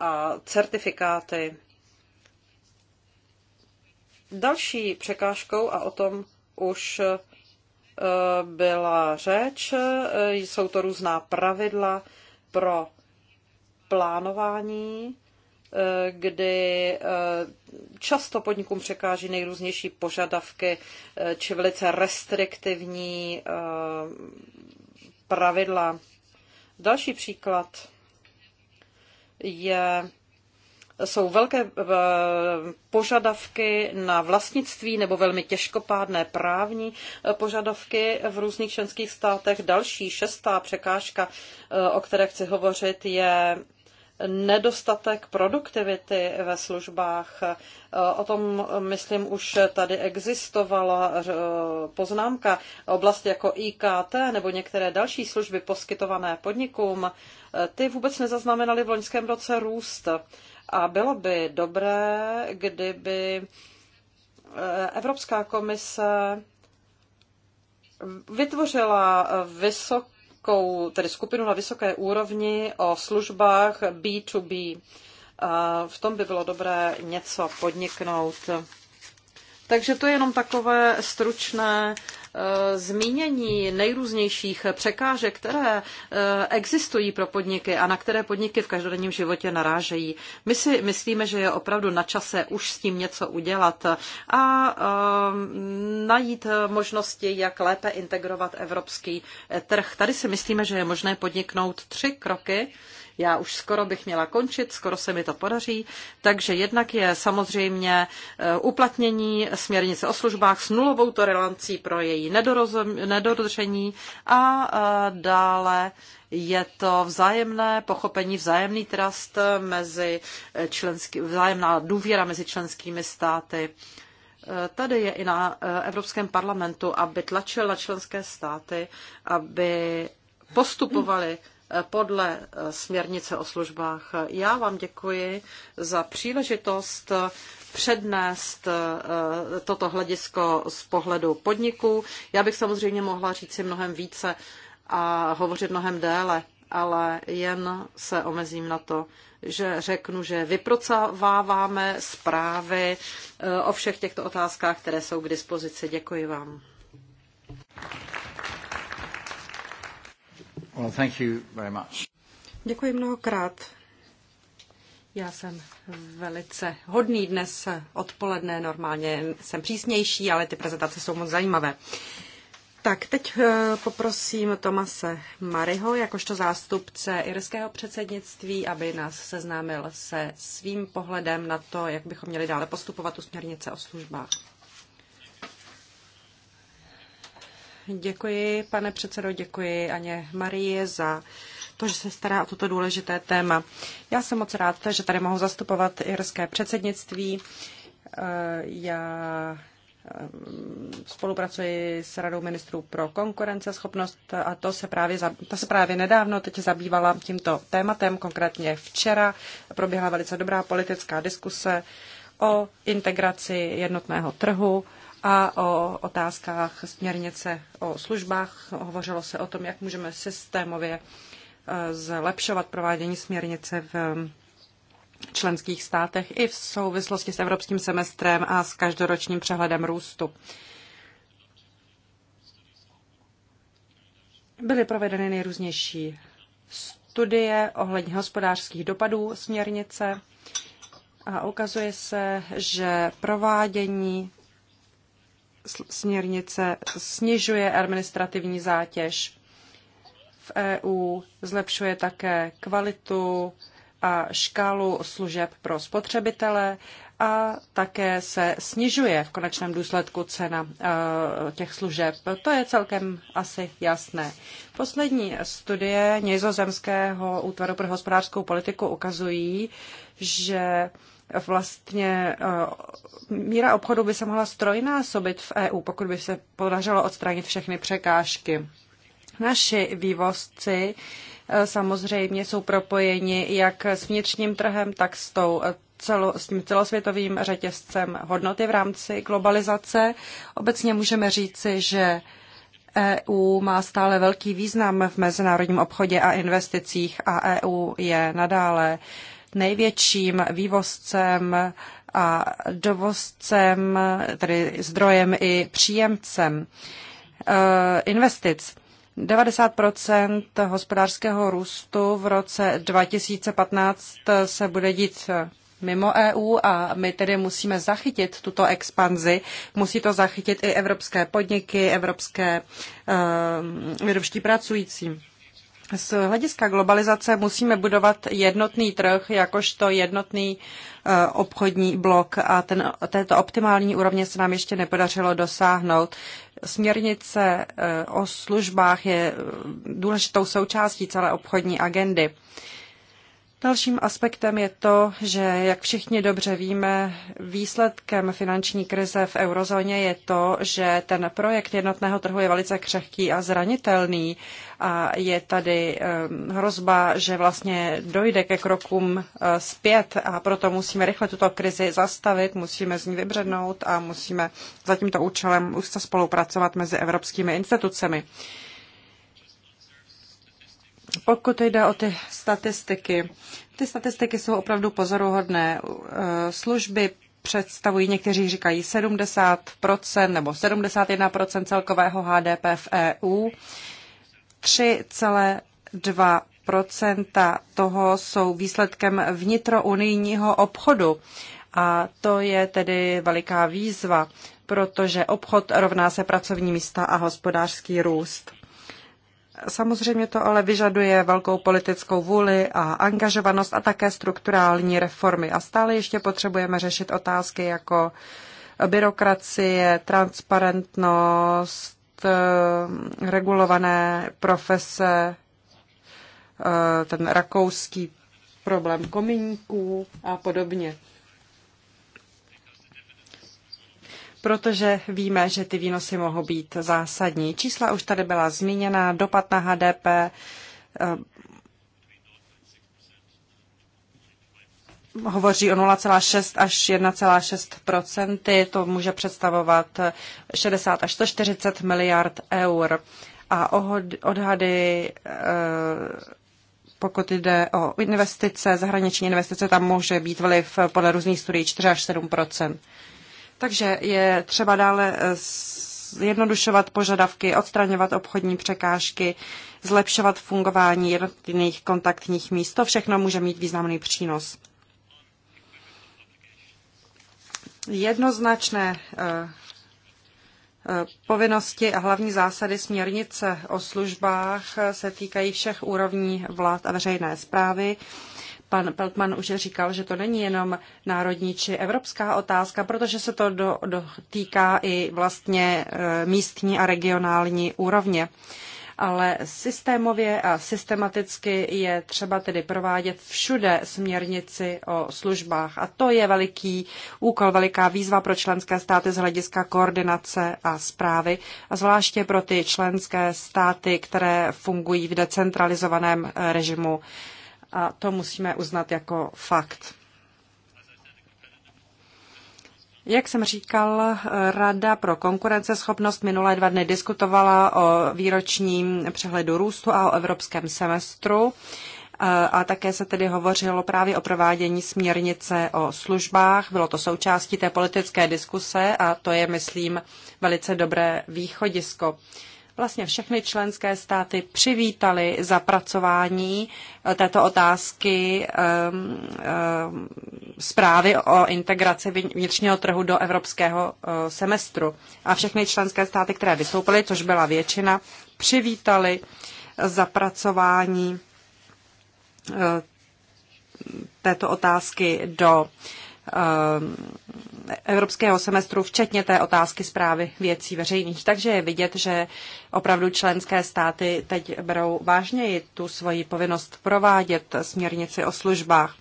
S3: a certifikáty. Další překážkou, a o tom už Eh, byla řeč. Eh, jsou to různá pravidla pro plánování, eh, kdy často podnikům překáží nejrůznější požadavky či velice restriktivní pravidla. Další příklad je jsou velké eh, požadavky na vlastnictví nebo velmi těžkopádné právní eh, požadavky v různých členských státech. Další šestá překážka, eh, o které chci hovořit, je nedostatek produktivity ve službách. O tom, myslím, už tady existovala poznámka. Oblasti jako IKT nebo některé další služby poskytované podnikům, ty vůbec nezaznamenaly v loňském roce růst. A bylo by dobré, kdyby eh, Evropská komise vytvořila eh, vysokou, tedy skupinu na vysoké úrovni o službách B2B. V tom by bylo dobré něco podniknout. Takže to je jenom takové stručné Eh, zmínění nejrůznějších překážek, které eh, existují pro podniky a na které podniky v každodenním životě narážejí. My si myslíme, že je opravdu na čase už s tím něco udělat a eh, najít možnosti, jak lépe integrovat evropský trh. Tady si myslíme, že je možné podniknout tři kroky, já už skoro bych měla končit, skoro se mi to podaří. Takže jednak je samozřejmě eh, uplatnění směrnice o službách s nulovou tolerancí pro její nedodržení a eh, dále je to vzájemné pochopení, vzájemný trust mezi eh, členský, vzájemná důvěra mezi členskými státy. Tady je i na Evropském parlamentu, aby tlačil na členské státy, aby postupovali podle eh, směrnice o službách. Já vám děkuji za příležitost eh, přednést eh, toto hledisko z pohledu podniků. Já bych samozřejmě mohla říct si mnohem více a hovořit mnohem déle, ale jen se omezím na to, že řeknu, že vypracováváme zprávy o všech těchto otázkách, které jsou k dispozici. Děkuji vám.
S1: Well, thank you very much.
S3: Děkuji
S2: mnohokrát. Já jsem velice hodný dnes odpoledne, normálně jsem přísnější, ale ty prezentace jsou moc zajímavé. Tak, teď eh, poprosím Tomase Mariho, jakožto zástupce irského předsednictví, aby nás seznámil se svým pohledem na to, jak bychom měli dále postupovat u směrnice o službách. Děkuji, pane předsedo, děkuji Aně Marie za to, že se stará o toto důležité téma. Já jsem moc rád, že tady mohu zastupovat irské předsednictví. Eh, já eh, spolupracuji s Radou ministrů pro konkurenceschopnost a to se právě, ta se právě nedávno teď zabývala tímto tématem, konkrétně včera proběhla velice dobrá politická diskuse o integraci jednotného trhu a o otázkách směrnice o službách. Hovořilo se o tom, jak můžeme systémově e, zlepšovat provádění směrnice v členských státech i v souvislosti s evropským semestrem a s každoročním přehledem růstu. Byly provedeny nejrůznější studie ohledně hospodářských dopadů směrnice a ukazuje se, že provádění směrnice snižuje administrativní zátěž v EU, zlepšuje také kvalitu a škálu služeb pro spotřebitele a také se snižuje v konečném důsledku cena e, těch služeb. To je celkem asi jasné. Poslední studie Nizozemského útvaru pro hospodářskou politiku ukazují, že vlastně eh, míra obchodu by se mohla strojnásobit v EU, pokud by se podařilo odstranit všechny překážky. Naši vývozci eh, samozřejmě jsou propojeni jak s vnitřním trhem, tak s, tou eh, celo, s tím celosvětovým řetězcem hodnoty v rámci globalizace. Obecně můžeme říci, že EU má stále velký význam v mezinárodním obchodě a investicích a EU je nadále uh, největším vývozcem a dovozcem, tedy zdrojem i příjemcem eh, investic. 90 hospodářského růstu v roce 2015 se bude dít mimo EU a my tedy musíme zachytit tuto expanzi. Musí to zachytit i evropské podniky, evropské uh, vědovští pracující. Z hlediska globalizace musíme budovat jednotný trh jakožto jednotný e, obchodní blok a ten, této optimální úrovně se nám ještě nepodařilo dosáhnout. Směrnice e, o službách je e, důležitou součástí celé obchodní agendy. Dalším aspektem je to, že, jak všichni dobře víme, výsledkem finanční krize v eurozóně je to, že ten projekt jednotného trhu je velice křehký a zranitelný a je tady ehm, hrozba, že vlastně dojde ke krokům eh, zpět a proto musíme rychle tuto krizi zastavit, musíme z ní vybřednout a musíme za tímto účelem se spolupracovat mezi evropskými institucemi. Pokud jde o ty statistiky, ty statistiky jsou opravdu pozoruhodné. Eh, služby představují, někteří říkají 70% nebo 71% celkového HDP v EU. 3,2% toho jsou výsledkem vnitrounijního obchodu. A to je tedy veliká výzva, protože obchod rovná se pracovní místa a hospodářský růst. Samozřejmě to ale vyžaduje velkou politickou vůli a angažovanost a také strukturální reformy. A stále ještě potřebujeme řešit otázky jako byrokracie, transparentnost, eh, regulované profese, eh, ten rakouský problém kominíků a podobně. protože víme, že ty výnosy mohou být zásadní. Čísla už tady byla zmíněna, dopad na HDP, eh, hovoří o 0,6 až 1,6 to může představovat 60 až 140 miliard eur. A odhady, eh, pokud jde o investice, zahraniční investice, tam může být vliv podle různých studií 4 až 7 takže je třeba dále zjednodušovat eh, požadavky, odstraňovat obchodní překážky, zlepšovat fungování jednotlivých kontaktních míst. To všechno může mít významný přínos. Jednoznačné eh, eh, Povinnosti a hlavní zásady směrnice o službách se týkají všech úrovní vlád a veřejné zprávy. Pan Peltman už říkal, že to není jenom národní či evropská otázka, protože se to do, týká i vlastně e, místní a regionální úrovně. Ale systémově a systematicky je třeba tedy provádět všude směrnici o službách. A to je veliký úkol, veliká výzva pro členské státy z hlediska koordinace a zprávy, a zvláště pro ty členské státy, které fungují v decentralizovaném e, režimu a to musíme uznat jako fakt. Jak jsem říkal, Rada pro konkurenceschopnost minulé dva dny diskutovala o výročním přehledu růstu a o evropském semestru a také se tedy hovořilo právě o provádění směrnice o službách. Bylo to součástí té politické diskuse a to je, myslím, velice dobré východisko vlastně všechny členské státy přivítali zapracování eh, této otázky ehm, ehm, zprávy o integraci vnitřního trhu do evropského eh, semestru. A všechny členské státy, které vystoupily, což byla většina, přivítali zapracování eh, této otázky do Eh, evropského semestru, včetně té otázky zprávy věcí veřejných. Takže je vidět, že opravdu členské státy teď berou vážněji tu svoji povinnost provádět směrnici o službách.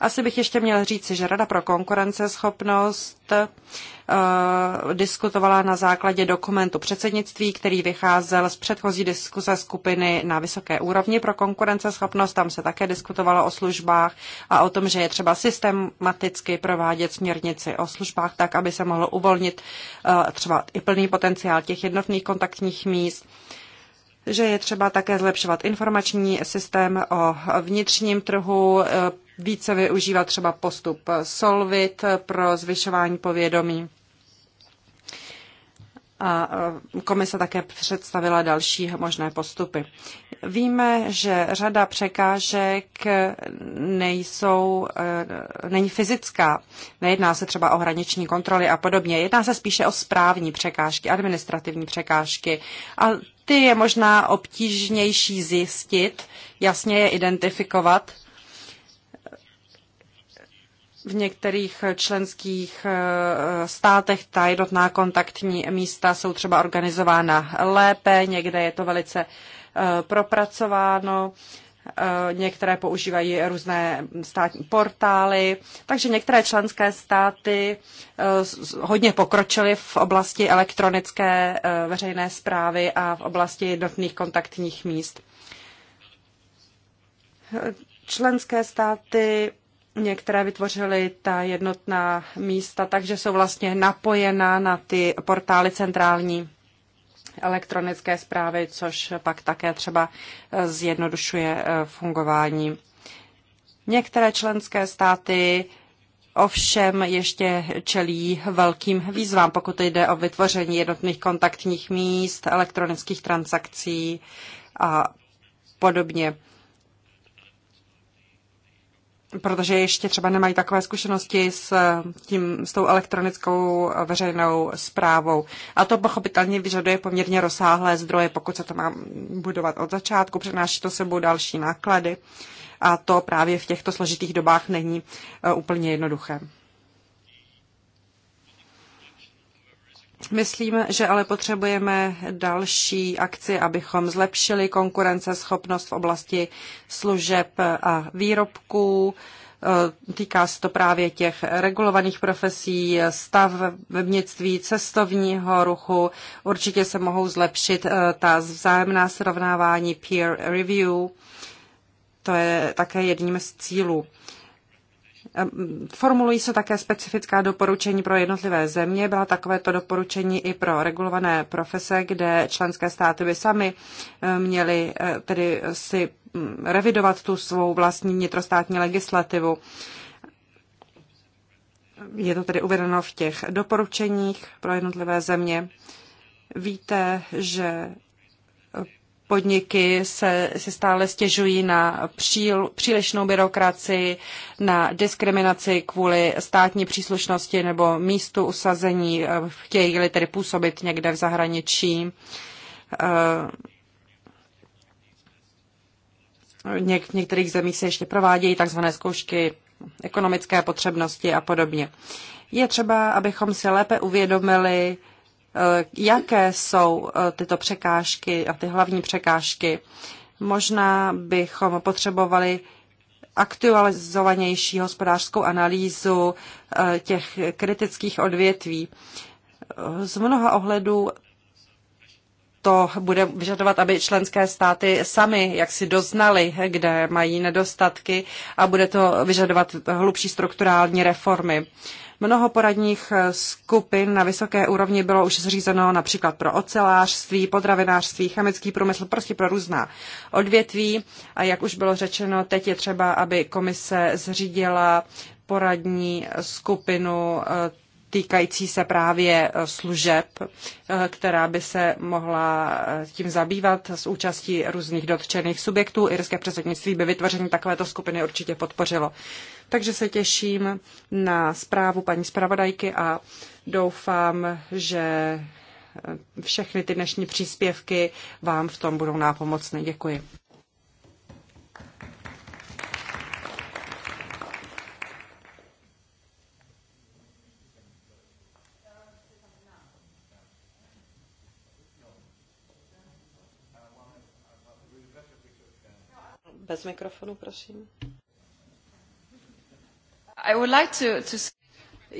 S2: Asi bych ještě měl říci, že Rada pro konkurenceschopnost uh, diskutovala na základě dokumentu předsednictví, který vycházel z předchozí diskuse skupiny na vysoké úrovni pro konkurenceschopnost. Tam se také diskutovalo o službách a o tom, že je třeba systematicky provádět směrnici o službách tak, aby se mohlo uvolnit uh, třeba i plný potenciál těch jednotných kontaktních míst že je třeba také zlepšovat informační systém o vnitřním trhu, eh, více využívat třeba postup Solvit pro zvyšování povědomí. A komise také představila další možné postupy. Víme, že řada překážek nejsou, e, není fyzická. Nejedná se třeba o hraniční kontroly a podobně. Jedná se spíše o správní překážky, administrativní překážky. A ty je možná obtížnější zjistit, jasně je identifikovat, v některých členských eh, státech ta jednotná kontaktní místa jsou třeba organizována lépe, někde je to velice eh, propracováno, eh, některé používají různé státní portály, takže některé členské státy hodně pokročily v oblasti elektronické veřejné zprávy a v oblasti jednotných kontaktních míst. Členské státy Některé vytvořily ta jednotná místa, takže jsou vlastně napojená na ty portály centrální elektronické zprávy, což pak také třeba eh, zjednodušuje eh, fungování. Některé členské státy ovšem ještě čelí velkým výzvám, pokud jde o vytvoření jednotných kontaktních míst, elektronických transakcí a podobně protože ještě třeba nemají takové zkušenosti s, tím, s tou elektronickou veřejnou zprávou. A to pochopitelně vyžaduje poměrně rozsáhlé zdroje, pokud se to má budovat od začátku, přináší to sebou další náklady a to právě v těchto složitých dobách není eh, úplně jednoduché. Myslím, že ale potřebujeme další akci, abychom zlepšili konkurenceschopnost v oblasti služeb a výrobků. E, týká se to právě těch regulovaných profesí, stav vevnictví, cestovního ruchu. Určitě se mohou zlepšit e, ta vzájemná srovnávání peer review. To je také jedním z cílů. Formulují se také specifická doporučení pro jednotlivé země. Byla takovéto doporučení i pro regulované profese, kde členské státy by sami eh, měly eh, tedy si mm, revidovat tu svou vlastní vnitrostátní legislativu. Je to tedy uvedeno v těch doporučeních pro jednotlivé země. Víte, že podniky se, si stále stěžují na příl, přílišnou byrokracii, na diskriminaci kvůli státní příslušnosti nebo místu usazení, eh, chtějí-li tedy působit někde v zahraničí. Eh, něk, v některých zemích se ještě provádějí tzv. zkoušky ekonomické potřebnosti a podobně. Je třeba, abychom si lépe uvědomili, Eh, jaké jsou eh, tyto překážky a ty hlavní překážky? Možná bychom potřebovali aktualizovanější hospodářskou analýzu eh, těch kritických odvětví. Z mnoha ohledů to bude vyžadovat, aby členské státy sami jak si doznali, kde mají nedostatky a bude to vyžadovat hlubší strukturální reformy. Mnoho poradních eh, skupin na vysoké úrovni bylo už zřízeno například pro ocelářství, potravinářství, chemický průmysl, prostě pro různá odvětví. A jak už bylo řečeno, teď je třeba, aby komise zřídila poradní skupinu eh, týkající se právě eh, služeb, která by se mohla tím zabývat s účastí různých dotčených subjektů. Irské předsednictví by vytvoření takovéto skupiny určitě podpořilo. Takže se těším na zprávu paní zpravodajky a doufám, že eh, všechny ty dnešní příspěvky vám v tom budou nápomocné. Děkuji.
S3: Bez mikrofonu, prosím.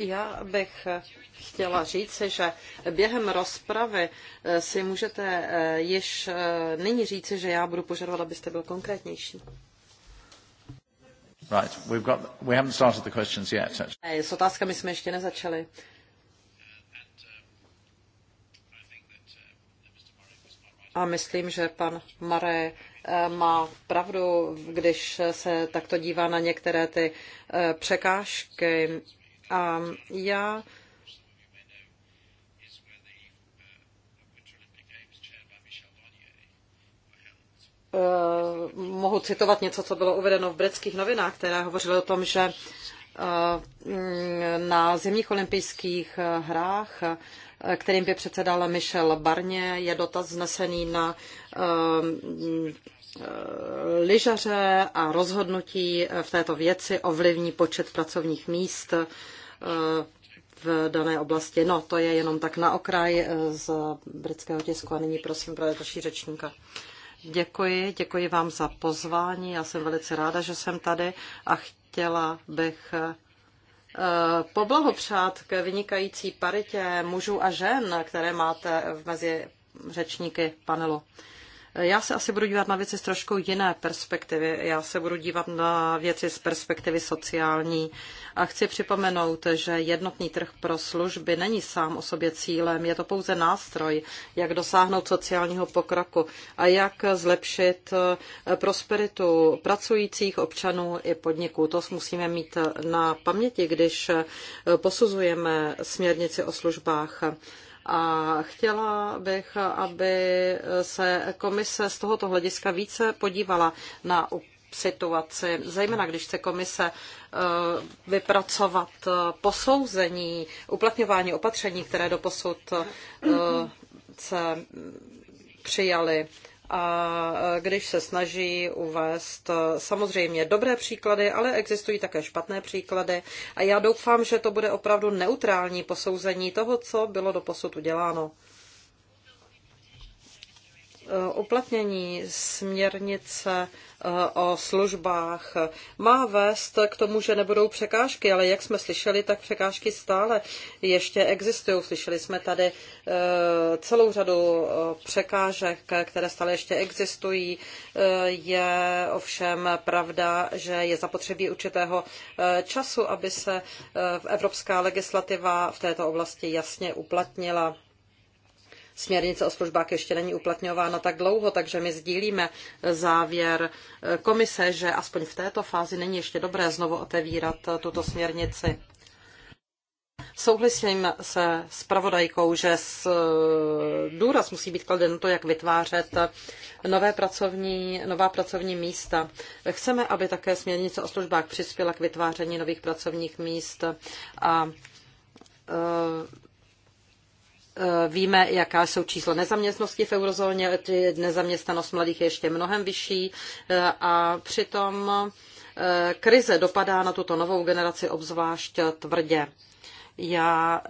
S3: Já bych chtěla říci, že během rozpravy eh, si můžete eh, již eh, nyní říci, že já budu požadovat, abyste byl konkrétnější.
S1: Right, we've got, we haven't started the questions yet. Actually.
S3: S otázkami jsme ještě nezačali. A myslím, že pan Mare. Eh, má pravdu, když se takto dívá na některé ty eh, překážky. A já eh, mohu citovat něco, co bylo uvedeno v britských novinách, které hovořily o tom, že mm, na zimních olympijských hrách kterým by předsedal Michel Barně. Je dotaz znesený na ehm, ehm, lyžaře a rozhodnutí v této věci ovlivní počet pracovních míst ehm, v dané oblasti. No, to je jenom tak na okraj eh, z britského tisku a nyní prosím pro další řečníka. Děkuji, děkuji vám za pozvání. Já jsem velice ráda, že jsem tady a chtěla bych Eh, poblahopřát k vynikající paritě mužů a žen, které máte mezi řečníky panelu. Já se asi budu dívat na věci z trošku jiné perspektivy. Já se budu dívat na věci z perspektivy sociální a chci připomenout, že jednotný trh pro služby není sám o sobě cílem, je to pouze nástroj, jak dosáhnout sociálního pokroku a jak zlepšit eh, prosperitu pracujících občanů i podniků. To musíme mít na paměti, když eh, posuzujeme směrnici o službách. A chtěla bych, aby se komise z tohoto hlediska více podívala na situaci, zejména když chce komise eh, vypracovat eh, posouzení uplatňování opatření, které doposud eh, se přijaly a e, když se snaží uvést e, samozřejmě dobré příklady, ale existují také špatné příklady a já doufám, že to bude opravdu neutrální posouzení toho, co bylo do posud uděláno. Eh, uplatnění směrnice eh, o službách má vést k tomu, že nebudou překážky, ale jak jsme slyšeli, tak překážky stále ještě existují. Slyšeli jsme tady eh, celou řadu překážek, které stále ještě existují. Je ovšem pravda, že je zapotřebí určitého času, aby se evropská legislativa v této oblasti jasně uplatnila. Směrnice o službách ještě není uplatňována tak dlouho, takže my sdílíme eh, závěr eh, komise, že aspoň v této fázi není ještě dobré znovu otevírat eh, tuto směrnici. Souhlasím se spravodajkou, že s, důraz musí být kladen na to, jak vytvářet nové pracovní, nová pracovní místa. Chceme, aby také směrnice o službách přispěla k vytváření nových pracovních míst a Eh, víme, jaká jsou čísla nezaměstnosti v eurozóně, nezaměstnanost mladých je ještě mnohem vyšší eh, a přitom eh, krize dopadá na tuto novou generaci obzvlášť tvrdě. Já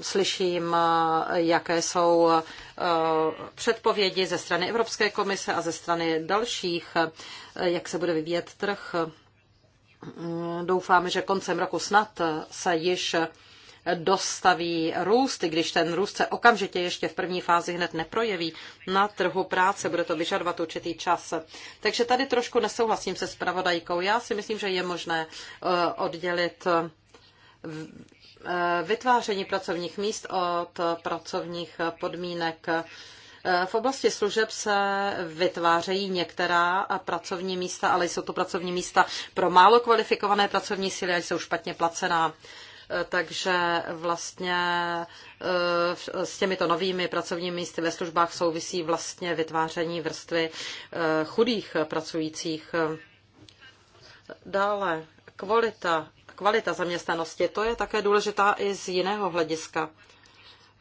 S3: slyším, jaké jsou předpovědi ze strany Evropské komise a ze strany dalších, jak se bude vyvíjet trh Mm, doufáme, že koncem roku snad se již dostaví růst, i když ten růst se okamžitě ještě v první fázi hned neprojeví na trhu práce, bude to vyžadovat určitý čas. Takže tady trošku nesouhlasím se spravodajkou. Já si myslím, že je možné eh, oddělit eh, vytváření pracovních míst od pracovních podmínek v oblasti služeb se vytvářejí některá pracovní místa, ale jsou to pracovní místa pro málo kvalifikované pracovní síly a jsou špatně placená takže vlastně eh, s těmito novými pracovními místy ve službách souvisí vlastně vytváření vrstvy eh, chudých pracujících. Dále kvalita, kvalita zaměstnanosti, to je také důležitá i z jiného hlediska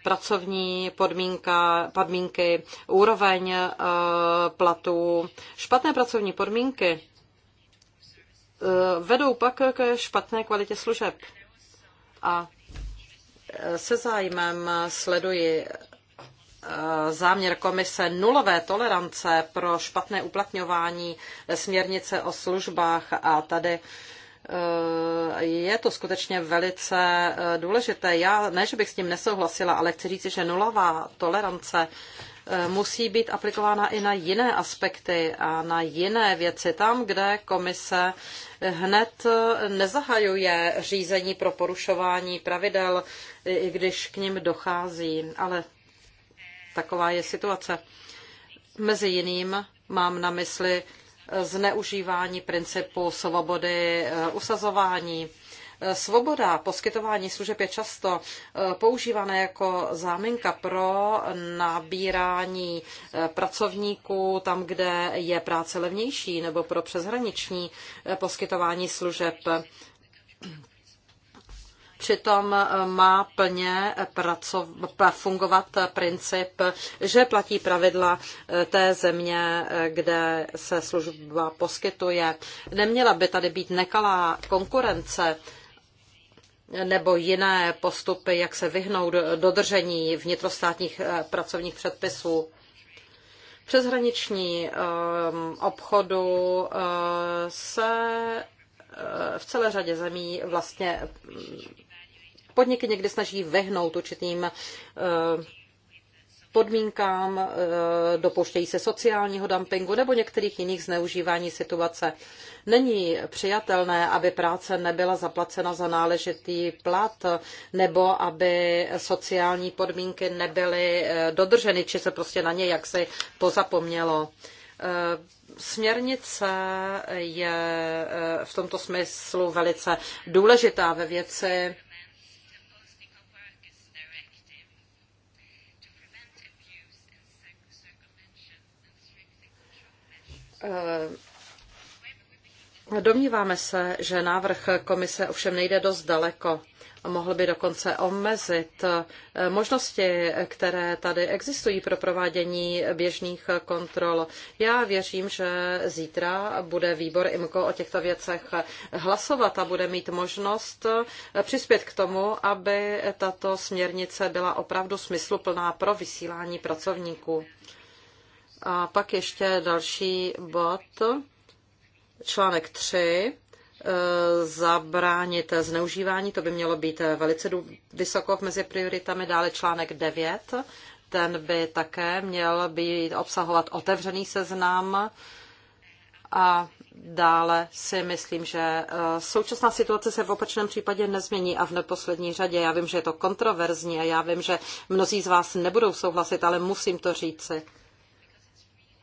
S3: pracovní podmínka, podmínky, úroveň eh, platů. Špatné pracovní podmínky eh, vedou pak k špatné kvalitě služeb. A eh, se zájmem sleduji záměr komise nulové tolerance pro špatné uplatňování směrnice o službách a tady Eh, je to skutečně velice eh, důležité. Já ne, že bych s tím nesouhlasila, ale chci říct, že nulová tolerance eh, musí být aplikována i na jiné aspekty a na jiné věci. Tam, kde komise hned nezahajuje řízení pro porušování pravidel, i když k ním dochází. Ale taková je situace. Mezi jiným mám na mysli zneužívání principu svobody eh, usazování. Eh, svoboda poskytování služeb je často eh, používána jako záminka pro nabírání pracovníků tam, kde je práce levnější, nebo pro přeshraniční poskytování služeb. Přitom eh, má plně pracov- fungovat princip, že platí pravidla eh, té země, eh, kde se služba poskytuje. Neměla by tady být nekalá konkurence nebo jiné postupy, jak se vyhnout dodržení vnitrostátních pracovních předpisů přeshraniční obchodu se v celé řadě zemí vlastně mm, podniky někdy snaží vehnout určitým eh, podmínkám, eh, dopouštějí se sociálního dumpingu nebo některých jiných zneužívání situace. Není přijatelné, aby práce nebyla zaplacena za náležitý plat nebo aby sociální podmínky nebyly eh, dodrženy, či se prostě na ně jaksi pozapomnělo. Směrnice je v tomto smyslu velice důležitá ve věci Eh, domníváme se, že návrh komise ovšem nejde dost daleko. Mohl by dokonce omezit eh, možnosti, které tady existují pro provádění běžných kontrol. Já věřím, že zítra bude výbor IMCO o těchto věcech hlasovat a bude mít možnost eh, přispět k tomu, aby tato směrnice byla opravdu smysluplná pro vysílání pracovníků. A pak ještě další bod, článek 3, eh, zabránit zneužívání, to by mělo být velice vysoko mezi prioritami. Dále článek 9, ten by také měl být obsahovat otevřený seznam a dále si myslím, že eh, současná situace se v opačném případě nezmění a v neposlední řadě. Já vím, že je to kontroverzní a já vím, že mnozí z vás nebudou souhlasit, ale musím to říci.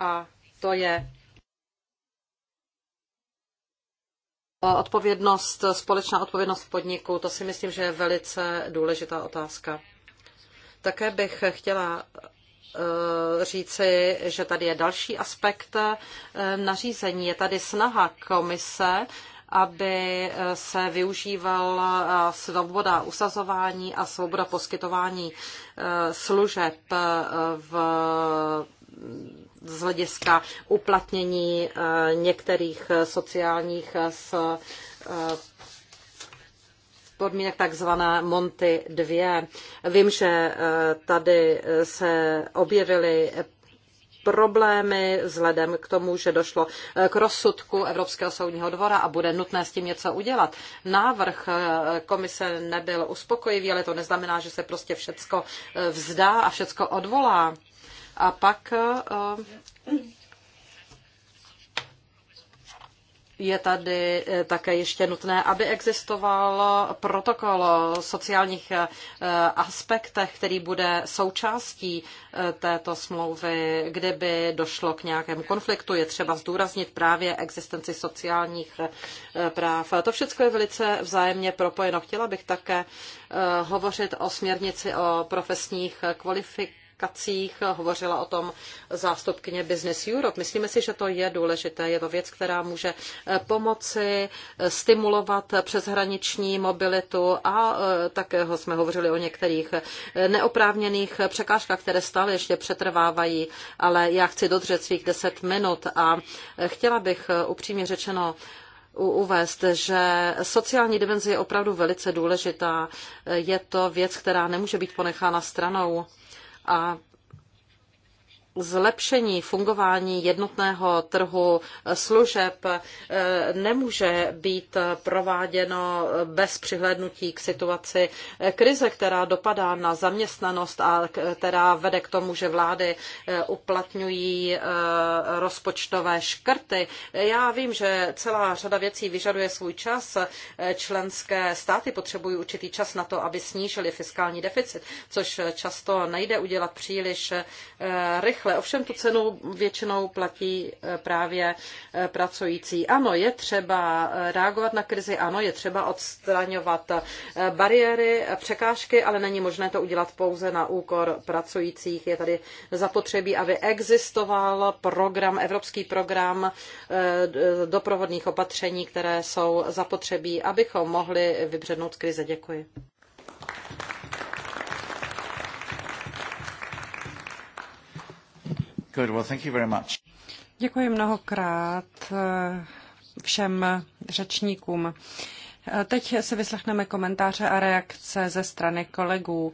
S3: A to je odpovědnost, společná odpovědnost podniku. To si myslím, že je velice důležitá otázka. Také bych chtěla eh, říci, že tady je další aspekt eh, nařízení. Je tady snaha komise, aby eh, se využívala svoboda usazování a svoboda poskytování služeb v z hlediska uplatnění eh, některých eh, sociálních eh, podmínek takzvané Monty 2. Vím, že tady se objevily problémy vzhledem k tomu, že došlo k rozsudku Evropského soudního dvora a bude nutné s tím něco udělat. Návrh komise nebyl uspokojivý, ale to neznamená, že se prostě všecko vzdá a všecko odvolá. A pak eh, je tady eh, také ještě nutné, aby existoval protokol o sociálních eh, aspektech, který bude součástí této smlouvy. Kdyby došlo k nějakému konfliktu, je třeba zdůraznit právě existenci sociálních práv. To všechno je velice vzájemně propojeno. Chtěla bych také hovořit o směrnici o profesních kvalifikacích komunikacích, hovořila o tom zástupkyně Business Europe. Myslíme si, že to je důležité, je to věc, která může pomoci stimulovat přeshraniční mobilitu a e, také e, jsme hovořili o některých e, neoprávněných překážkách, které stále ještě přetrvávají, ale já chci dodržet svých deset minut a chtěla bych upřímně řečeno uvést, že sociální dimenze je opravdu velice důležitá. Je to věc, která nemůže být ponechána stranou a zlepšení fungování jednotného trhu služeb eh, nemůže být prováděno bez přihlédnutí k situaci krize, která dopadá na zaměstnanost a která vede k tomu, že vlády eh, uplatňují eh, rozpočtové škrty. Já vím, že celá řada věcí vyžaduje svůj čas. Členské státy potřebují určitý čas na to, aby snížili fiskální deficit, což často nejde udělat příliš rychle rychle. Ovšem tu cenu většinou platí eh, právě eh, pracující. Ano, je třeba eh, reagovat na krizi, ano, je třeba odstraňovat bariéry, překážky, ale není možné to udělat pouze na úkor pracujících. Je tady zapotřebí, aby existoval program, evropský program doprovodných opatření, které jsou zapotřebí, abychom mohli vybřednout z krize. Děkuji.
S1: Good, well, thank you very much.
S2: Děkuji mnohokrát eh, všem řečníkům. Eh, teď si vyslechneme komentáře a reakce ze strany kolegů.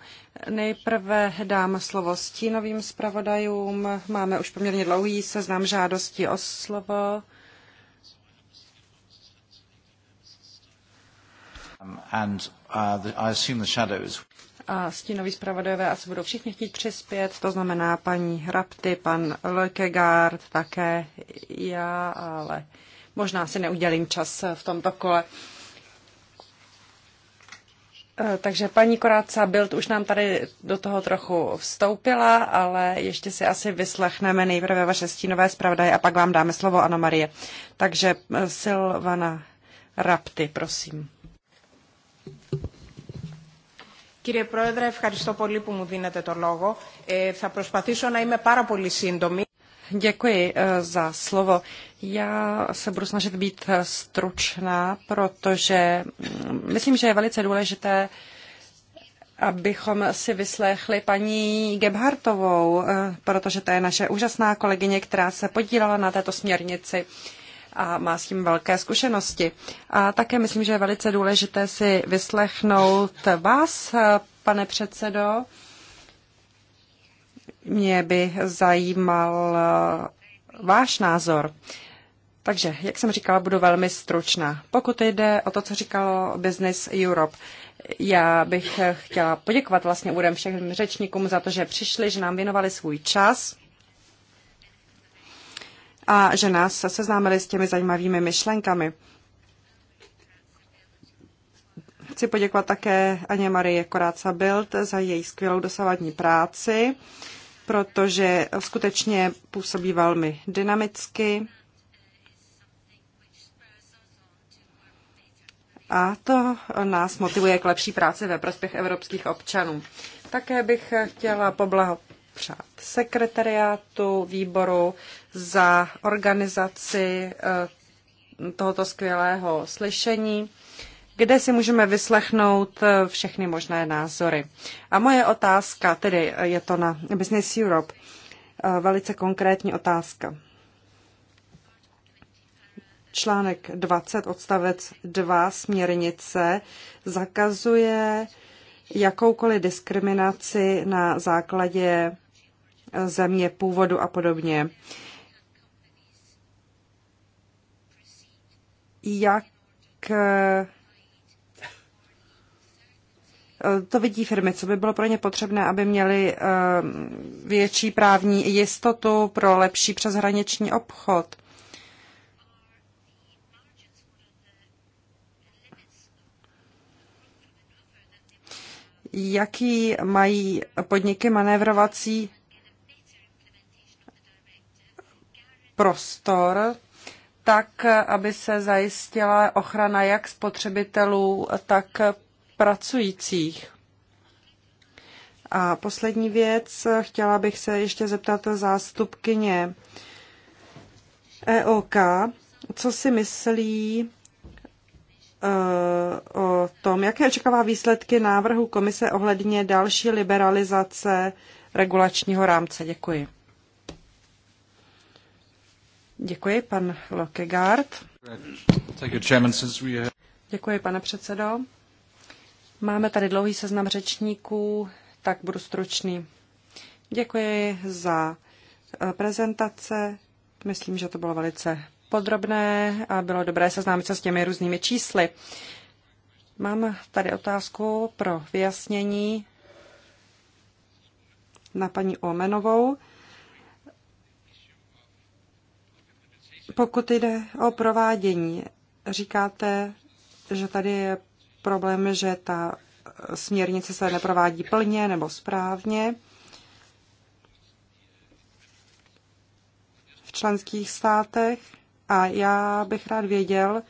S2: Nejprve dám slovo stínovým zpravodajům. Máme už poměrně dlouhý seznam žádostí o slovo.
S1: Um, and, uh, the, I assume the shadows
S2: a stínoví zpravodajové asi budou všichni chtít přispět, to znamená paní Rapty, pan Lökegaard, také já, ale možná si neudělím čas v tomto kole. E, takže paní Koráca Bild už nám tady do toho trochu vstoupila, ale ještě si asi vyslechneme nejprve vaše stínové zpravodaje a pak vám dáme slovo Ano Marie. Takže e, Silvana Rapty, prosím. Κύριε Πρόεδρε, ευχαριστώ πολύ που μου δίνετε το λόγο. Ε, θα προσπαθήσω να είμαι πάρα πολύ σύντομη. Děkuji eh, za slovo. Já se budu snažit být eh, stručná, protože mm, myslím, že je velice důležité, abychom si vyslechli paní Gebhartovou, eh, protože to je naše úžasná kolegyně, která se podílela na této směrnici a má s tím velké zkušenosti. A také myslím, že je velice důležité si vyslechnout vás, pane předsedo. Mě by zajímal eh, váš názor. Takže, jak jsem říkala, budu velmi stručná. Pokud jde o to, co říkalo Business Europe, já bych chtěla poděkovat vlastně údem všem řečníkům za to, že přišli, že nám věnovali svůj čas a že nás seznámili s těmi zajímavými myšlenkami. Chci poděkovat také Aně Marie Koráca Bild za její skvělou dosavadní práci, protože skutečně působí velmi dynamicky. A to nás motivuje k lepší práci ve prospěch evropských občanů. Také bych chtěla Přát sekretariátu výboru za organizaci eh, tohoto skvělého slyšení, kde si můžeme vyslechnout eh, všechny možné názory. A moje otázka, tedy eh, je to na Business Europe, velice konkrétní otázka. Článek 20 odstavec 2 směrnice zakazuje jakoukoliv diskriminaci na základě země původu a podobně. Jak eh, to vidí firmy, co by bylo pro ně potřebné, aby měly eh, větší právní jistotu pro lepší přeshraniční obchod. Jaký mají podniky manévrovací prostor, tak aby se zajistila ochrana jak spotřebitelů, tak pracujících. A poslední věc, chtěla bych se ještě zeptat zástupkyně EOK, co si myslí eh, o tom, jaké očekává výsledky návrhu komise ohledně další liberalizace regulačního rámce. Děkuji. Děkuji, pan Lokegard. Děkuji, pane předsedo. Máme tady dlouhý seznam řečníků, tak budu stručný. Děkuji za eh, prezentace. Myslím, že to bylo velice podrobné a bylo dobré seznámit se s těmi různými čísly. Mám tady otázku pro vyjasnění na paní Omenovou. Pokud jde o provádění, říkáte, že tady je problém, že ta eh, směrnice se neprovádí plně nebo správně. V členských státech a já bych rád věděl,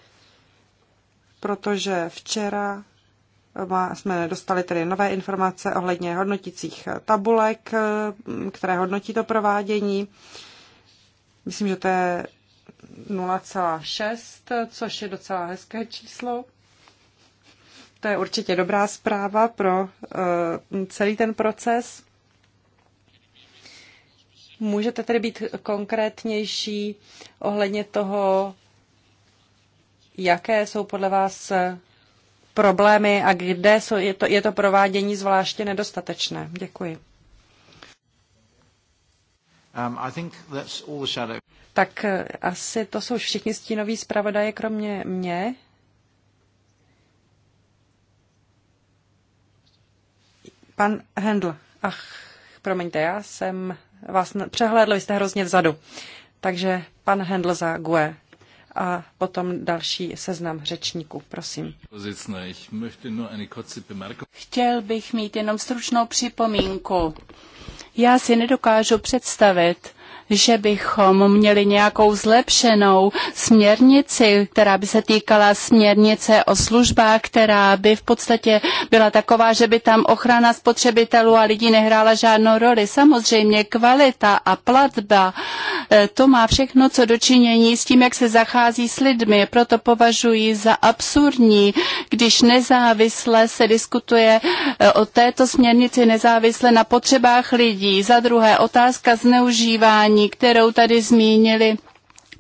S2: protože včera jsme dostali tedy nové informace ohledně hodnotících eh, tabulek, eh, které hodnotí to provádění. Myslím, že to je 0,6, což je docela hezké číslo. To je určitě dobrá zpráva pro eh, celý ten proces. Můžete tedy být konkrétnější ohledně toho, jaké jsou podle vás problémy a kde je to, je to provádění zvláště nedostatečné? Děkuji. Um, tak eh, asi to jsou všichni stínoví zpravodaje, kromě mě. Pan Hendl, ach, promiňte, já jsem vás přehlédl, vy jste hrozně vzadu. Takže pan Hendl za GUE a
S4: potom další seznam řečníků, prosím. Chtěl bych mít jenom stručnou připomínku. Já si nedokážu představit, že bychom měli nějakou zlepšenou směrnici, která by se týkala směrnice o službách, která by v podstatě byla taková, že by tam ochrana spotřebitelů a lidí nehrála žádnou roli. Samozřejmě kvalita a platba, e, to má všechno co dočinění s tím, jak se zachází s lidmi. Proto považuji za absurdní, když nezávisle se diskutuje e, o této směrnici nezávisle na potřebách lidí. Za druhé otázka zneužívání opatření, kterou tady zmínili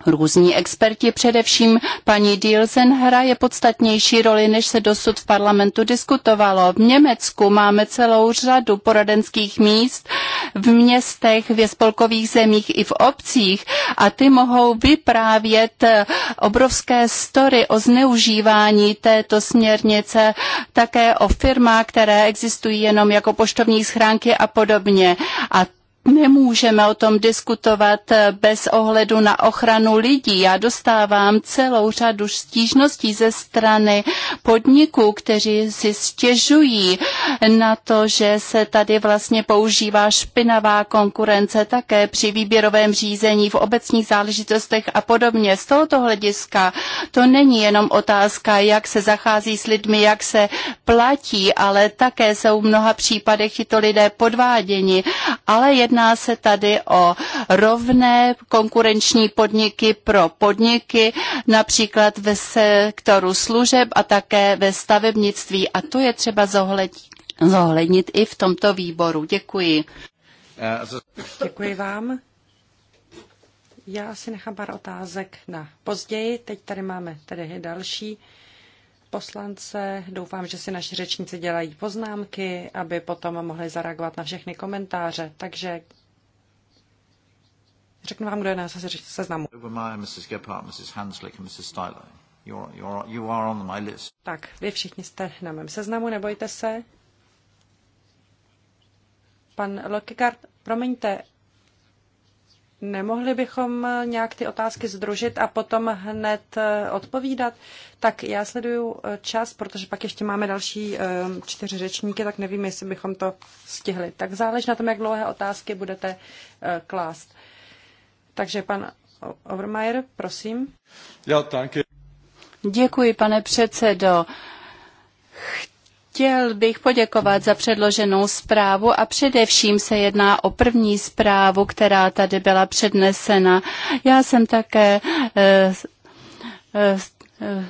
S4: Různí experti, především paní Dielsen, hraje podstatnější roli, než se dosud v parlamentu diskutovalo. V Německu máme celou řadu poradenských míst v městech, v spolkových zemích i v obcích a ty mohou vyprávět obrovské story o zneužívání této směrnice, také o firmách, které existují jenom jako poštovní schránky a podobně. A Nemůžeme o tom diskutovat eh, bez ohledu na ochranu lidí. Já dostávám celou řadu stížností ze strany podniků, kteří si stěžují na to, že se tady vlastně používá špinavá konkurence také při výběrovém řízení v obecních záležitostech a podobně. Z tohoto hlediska to není jenom otázka, jak se zachází s lidmi, jak se platí, ale také jsou v mnoha případech to lidé podváděni. Ale jedno Jedná se tady o rovné konkurenční podniky pro podniky, například ve sektoru služeb a také ve stavebnictví. A to je třeba zohlednit, zohlednit i v tomto výboru. Děkuji.
S1: Děkuji
S2: vám. Já si nechám pár otázek na později. Teď tady máme tedy další poslance. Doufám, že si naši řečníci dělají poznámky, aby potom mohli zareagovat na všechny komentáře. Takže
S1: řeknu vám, kdo je na seznamu. Tak, vy všichni jste na mém seznamu, nebojte se.
S2: Pan Lokikard, promiňte, Nemohli bychom nějak ty otázky združit a potom hned eh, odpovídat? Tak já sleduju eh, čas, protože pak ještě máme další eh, čtyři řečníky, tak nevím, jestli bychom to stihli. Tak záleží na tom, jak dlouhé otázky budete klást. Takže pan Overmeier, prosím. Já, děkuji.
S4: Děkuji, pane předsedo. Chtěl bych poděkovat za předloženou zprávu a především se jedná o první zprávu, která tady byla přednesena. Já jsem také eh, eh, eh,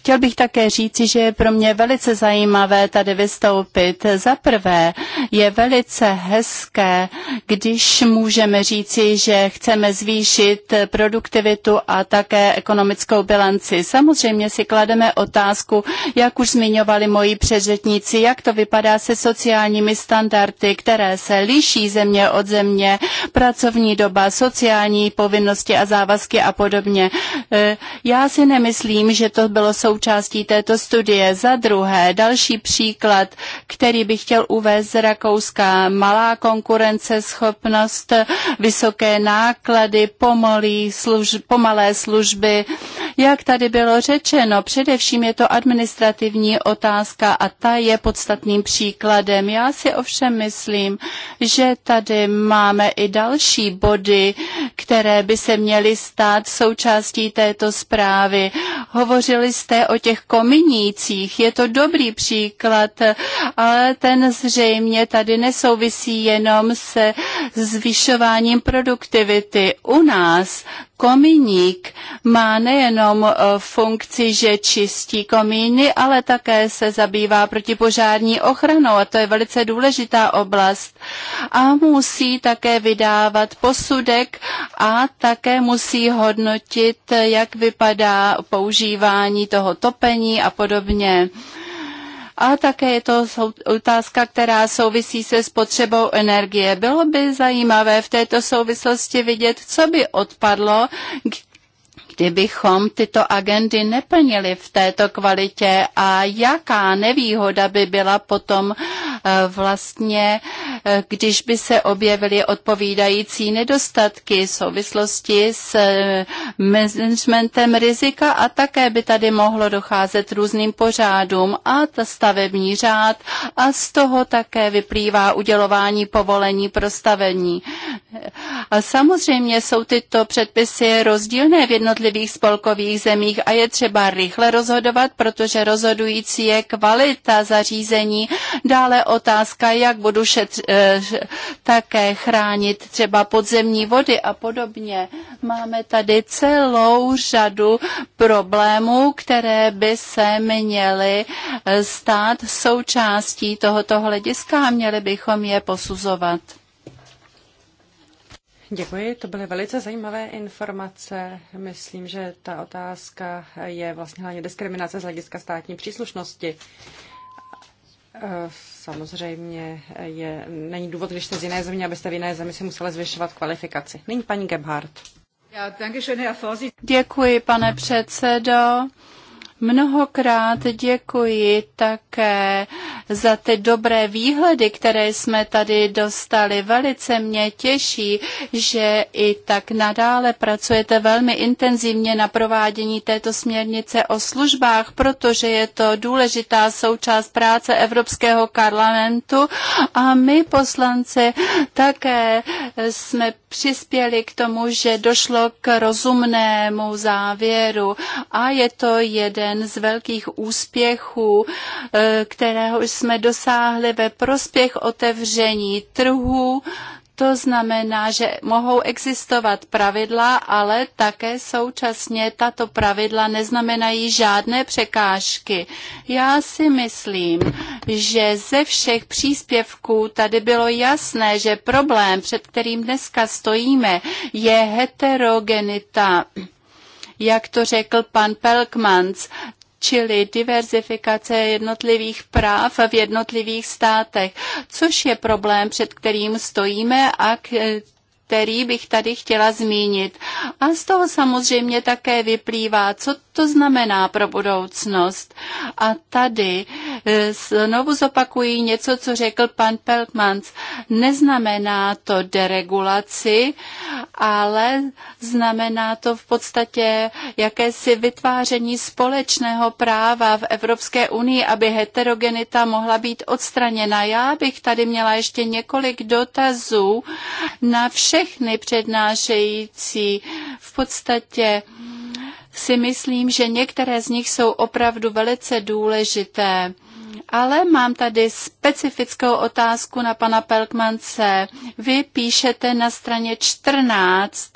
S4: Chtěl bych také říci, že je pro mě velice zajímavé tady vystoupit. Za prvé je velice hezké, když můžeme říci, že chceme zvýšit produktivitu a také ekonomickou bilanci. Samozřejmě si klademe otázku, jak už zmiňovali moji předřetníci, jak to vypadá se sociálními standardy, které se liší země od země, pracovní doba, sociální povinnosti a závazky a podobně. E, já si nemyslím, že to bylo sou součástí této studie. Za druhé, další příklad, který bych chtěl uvést z Rakouska. Malá konkurenceschopnost, vysoké náklady, pomalý služ, pomalé služby, jak tady bylo řečeno, především je to administrativní otázka a ta je podstatným příkladem. Já si ovšem myslím, že tady máme i další body, které by se měly stát součástí této zprávy. Hovořili jste o těch kominících, je to dobrý příklad, ale ten zřejmě tady nesouvisí jenom se zvyšováním produktivity. U nás komíník má nejenom eh, funkci, že čistí komíny, ale také se zabývá protipožární ochranou a to je velice důležitá oblast. A musí také vydávat posudek a také musí hodnotit, jak vypadá používání toho topení a podobně. A také je to otázka, která souvisí se spotřebou energie. Bylo by zajímavé v této souvislosti vidět, co by odpadlo, kdybychom tyto agendy neplnili v této kvalitě a jaká nevýhoda by byla potom E, vlastně, e, když by se objevily odpovídající nedostatky v souvislosti s e, managementem rizika a také by tady mohlo docházet různým pořádům a ta stavební řád a z toho také vyplývá udělování povolení pro stavení. A samozřejmě jsou tyto předpisy rozdílné v jednotlivých spolkových zemích a je třeba rychle rozhodovat, protože rozhodující je kvalita zařízení, dále otázka, jak budu šetř, eh, také chránit třeba podzemní vody a podobně. Máme tady celou řadu problémů, které by se měly eh, stát součástí tohoto hlediska a měli bychom je posuzovat.
S2: Děkuji, to byly velice zajímavé informace. Myslím, že ta otázka je vlastně hlavně diskriminace z hlediska státní příslušnosti. Eh, samozřejmě je, není důvod, když jste z jiné země, abyste v jiné zemi si museli zvyšovat kvalifikaci. Nyní paní Gebhardt.
S4: Děkuji, pane předsedo. Mnohokrát děkuji také za ty dobré výhledy, které jsme tady dostali. Velice mě těší, že i tak nadále pracujete velmi intenzivně na provádění této směrnice o službách, protože je to důležitá součást práce Evropského parlamentu a my poslanci také jsme přispěli k tomu, že došlo k rozumnému závěru a je to jeden jeden z velkých úspěchů, eh, kterého jsme dosáhli ve prospěch otevření trhu, to znamená, že mohou existovat pravidla, ale také současně tato pravidla neznamenají žádné překážky. Já si myslím, že ze všech příspěvků tady bylo jasné, že problém, před kterým dneska stojíme, je heterogenita jak to řekl pan Pelkmans, čili diverzifikace jednotlivých práv v jednotlivých státech, což je problém, před kterým stojíme a k, který bych tady chtěla zmínit. A z toho samozřejmě také vyplývá, co to znamená pro budoucnost. A tady eh, znovu zopakuji něco, co řekl pan Pelkmans. Neznamená to deregulaci, ale znamená to v podstatě jakési vytváření společného práva v Evropské unii, aby heterogenita mohla být odstraněna. Já bych tady měla ještě několik dotazů na všechny přednášející. V podstatě si myslím, že některé z nich jsou opravdu velice důležité. Ale mám tady specifickou otázku na pana Pelkmance. Vy píšete na straně 14,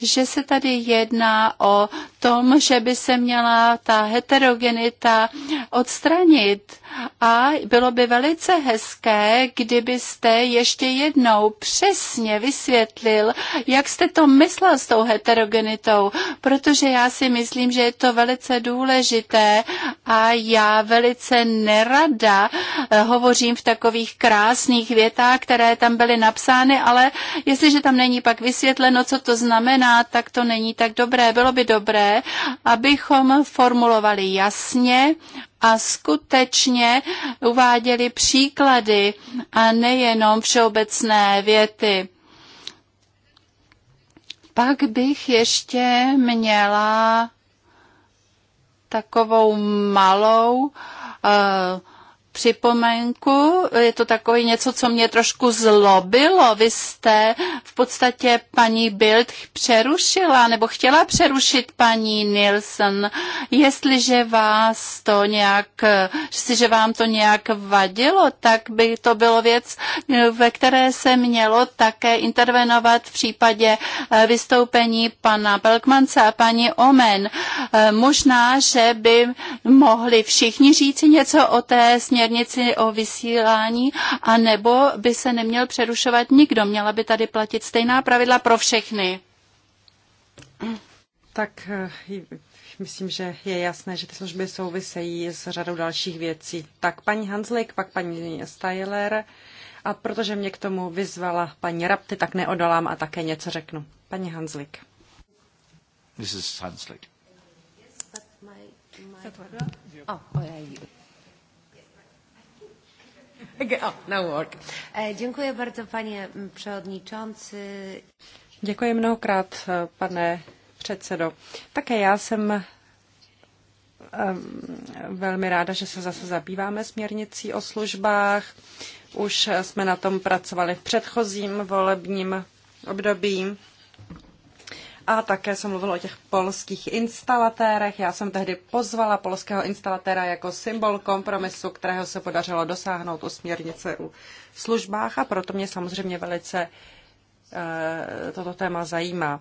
S4: že se tady jedná o tom, že by se měla ta heterogenita odstranit a bylo by velice hezké, kdybyste ještě jednou přesně vysvětlil, jak jste to myslel s tou heterogenitou, protože já si myslím, že je to velice důležité a já velice nerada eh, hovořím v takových krásných větách, které tam byly napsány, ale jestliže tam není pak vysvětleno, co to znamená, tak to není tak dobré. Bylo by dobré, abychom formulovali jasně a skutečně uváděli příklady a nejenom všeobecné věty. Pak bych ještě měla takovou malou uh, připomenku. Je to takový něco, co mě trošku zlobilo. Vy jste v podstatě paní Bild přerušila nebo chtěla přerušit paní Nilsson. Jestliže vás to nějak, jestliže vám to nějak vadilo, tak by to bylo věc, ve které se mělo také intervenovat v případě eh, vystoupení pana Belkmance a paní Omen. Eh, možná, že by mohli všichni říci něco o té směrnici směrnici o vysílání, a nebo by se neměl přerušovat nikdo. Měla by tady platit stejná pravidla pro všechny.
S2: Tak eh, myslím, že je jasné, že ty služby souvisejí s řadou dalších věcí. Tak paní Hanslik, pak paní Styler. A protože mě k tomu vyzvala paní Rapty, tak neodolám a také něco řeknu. Paní Hanslik.
S1: This is Hanslik.
S4: Yes, but my, my... Oh, oh, yeah, you. E, Děkuji bardzo, pane předsedající.
S2: Děkuji mnohokrát, e, pane předsedo. Také já jsem e, velmi ráda, že se zase zabýváme směrnicí o službách. Už jsme na tom pracovali v předchozím volebním období. A také jsem mluvila o těch polských instalatérech. Já jsem tehdy pozvala polského instalatéra jako symbol kompromisu, kterého se podařilo dosáhnout u směrnice u službách a proto mě samozřejmě velice e, toto téma zajímá.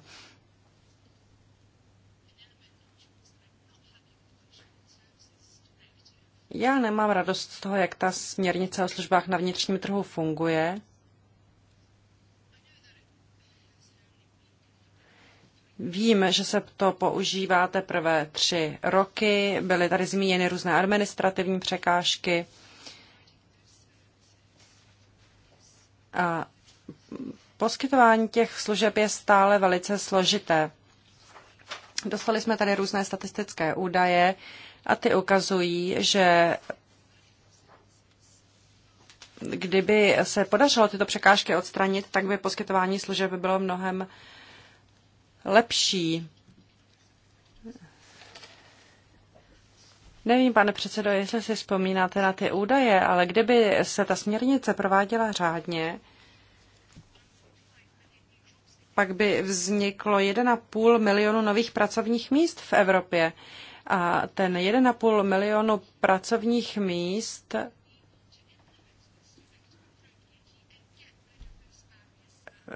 S2: Já nemám radost z toho, jak ta směrnice o službách na vnitřním trhu funguje. Vím, že se to používá teprve tři roky, byly tady zmíněny různé administrativní překážky. A poskytování těch služeb je stále velice složité. Dostali jsme tady různé statistické údaje a ty ukazují, že kdyby se podařilo tyto překážky odstranit, tak by poskytování služeb bylo mnohem uh, lepší. Nevím, pane předsedo, jestli si vzpomínáte na ty údaje, ale kdyby se ta směrnice prováděla řádně, pak by vzniklo 1,5 milionu nových pracovních míst v Evropě. A ten 1,5 milionu pracovních míst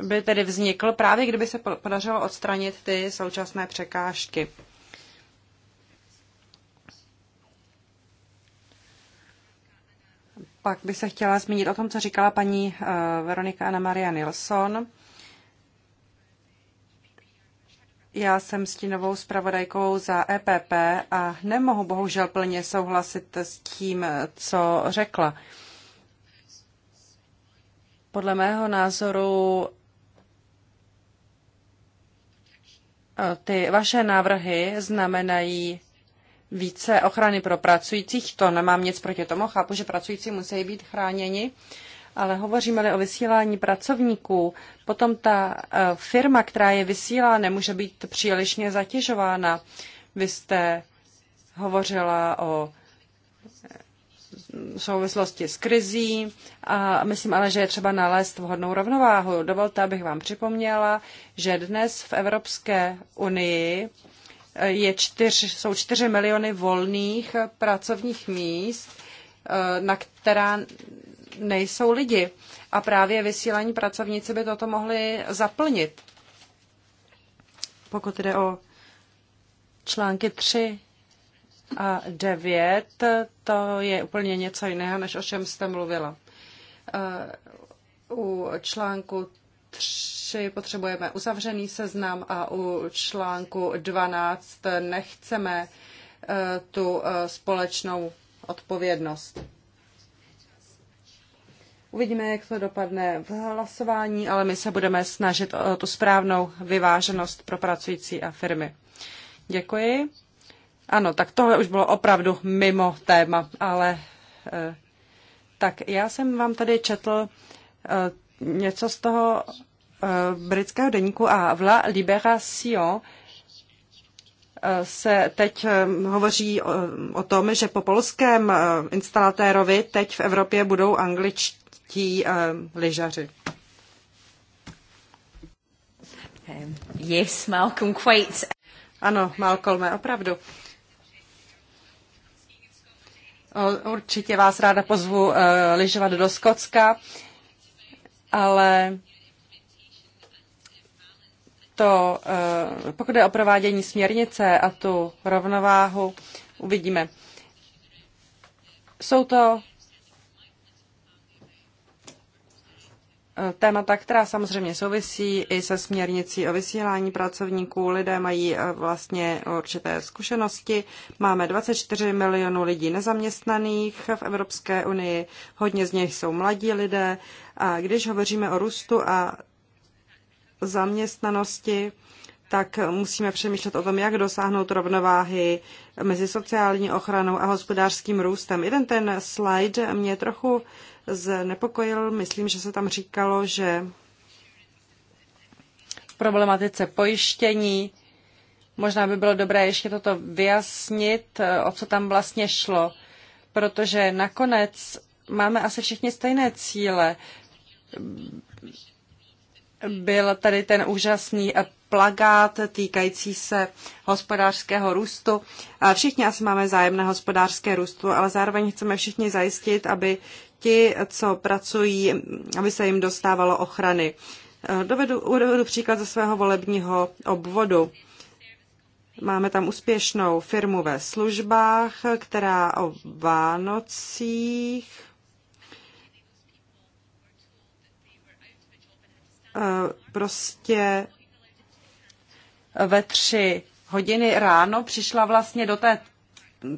S2: by tedy vznikl právě, kdyby se podařilo odstranit ty současné překážky. Pak by se chtěla zmínit o tom, co říkala paní eh, Veronika Anna Maria Nilsson. Já jsem stínovou zpravodajkou za EPP a nemohu bohužel plně souhlasit s tím, co řekla. Podle mého názoru ty vaše návrhy znamenají více ochrany pro pracujících. To nemám nic proti tomu, chápu, že pracující musí být chráněni, ale hovoříme-li o vysílání pracovníků, potom ta e, firma, která je vysílá, nemůže být přílišně zatěžována. Vy jste hovořila o v souvislosti s krizí a myslím ale, že je třeba nalézt vhodnou rovnováhu. Dovolte, abych vám připomněla, že dnes v Evropské unii eh, je čtyř, jsou 4 miliony volných pracovních míst, eh, na která nejsou lidi. A právě vysílení pracovníci by toto mohli zaplnit. Pokud jde o články 3 a 9, to je úplně něco jiného, než o čem jste mluvila. Eh, u článku 3 potřebujeme uzavřený seznam a u článku 12 nechceme eh, tu eh, společnou odpovědnost. Uvidíme, jak to dopadne v hlasování, ale my se budeme snažit o tu správnou vyváženost pro pracující a firmy. Děkuji. Ano, tak tohle už bylo opravdu mimo téma, ale eh, tak já jsem vám tady četl eh, něco z toho eh, britského deníku a La Liberation se teď hovoří o, o tom, že po polském instalatérovi teď v Evropě budou angličtí lyžaři. Yes, Malcolm, quite. Ano, Malcolm, opravdu. Určitě vás ráda pozvu eh, lyžovat do Skotska, ale to, eh, pokud je o provádění směrnice a tu rovnováhu, uvidíme. Jsou to témata, která samozřejmě souvisí i se směrnicí o vysílání pracovníků. Lidé mají eh, vlastně určité zkušenosti. Máme 24 milionů lidí nezaměstnaných v Evropské unii, hodně z nich jsou mladí lidé. A když hovoříme o růstu a zaměstnanosti, tak musíme přemýšlet o tom, jak dosáhnout rovnováhy mezi sociální ochranou a hospodářským růstem. Jeden ten slide mě trochu znepokojil. Myslím, že se tam říkalo, že v problematice pojištění možná by bylo dobré ještě toto vyjasnit, eh, o co tam vlastně šlo, protože nakonec máme asi všichni stejné cíle. Byl tady ten úžasný eh, plagát týkající se hospodářského růstu. Všichni asi máme zájem na hospodářské růstu, ale zároveň chceme všichni zajistit, aby ti, co pracují, aby se jim dostávalo ochrany. Dovedu, uvedu příklad ze svého volebního obvodu. Máme tam úspěšnou firmu ve službách, která o Vánocích eh, prostě ve tři hodiny ráno přišla vlastně do té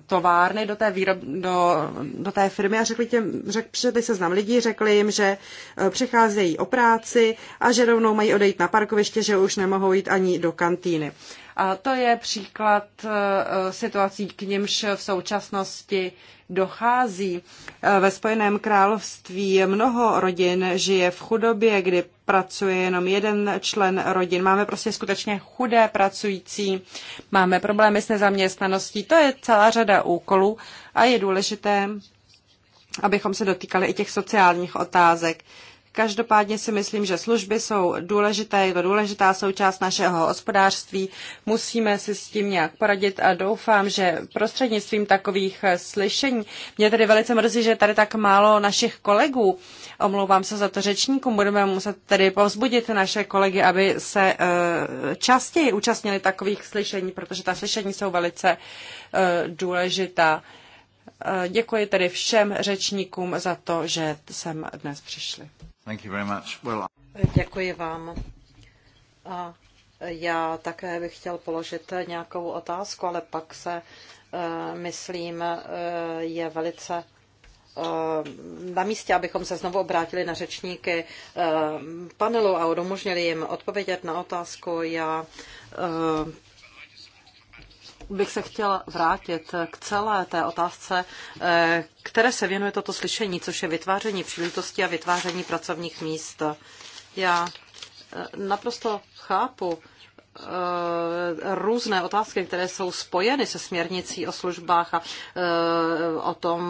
S2: továrny do té, výrob, do, do té firmy a řekli těm, řek, přišli seznam lidí, řekli jim, že eh, přecházejí o práci a že rovnou mají odejít na parkoviště, že už nemohou jít ani do kantýny. A to je příklad e, situací, k nimž v současnosti dochází. E, ve Spojeném království mnoho rodin žije v chudobě, kdy pracuje jenom jeden člen rodin. Máme prostě skutečně chudé pracující, máme problémy s nezaměstnaností. To je celá řada úkolů a je důležité, abychom se dotýkali i těch sociálních otázek. Každopádně si myslím, že služby jsou důležité, je to důležitá součást našeho hospodářství. Musíme si s tím nějak poradit a doufám, že prostřednictvím takových eh, slyšení. Mě tedy velice mrzí, že tady tak málo našich kolegů. Omlouvám se za to řečníkům. Budeme muset tedy povzbudit naše kolegy, aby se eh, častěji účastnili takových slyšení, protože ta slyšení jsou velice eh, důležitá. Děkuji tedy všem řečníkům za to, že
S1: sem
S3: dnes přišli.
S1: Thank you very much. Well...
S3: Děkuji vám. A já také bych chtěl položit nějakou otázku, ale pak se, eh, myslím, eh, je velice eh, na místě, abychom se znovu obrátili na řečníky panelu a umožnili jim odpovědět na otázku. Já bych se chtěla vrátit k celé té otázce, eh, které se věnuje toto slyšení, což je vytváření příležitosti a vytváření pracovních míst. Já eh, naprosto chápu Eh, různé otázky, které jsou spojeny se směrnicí o službách a eh, o tom,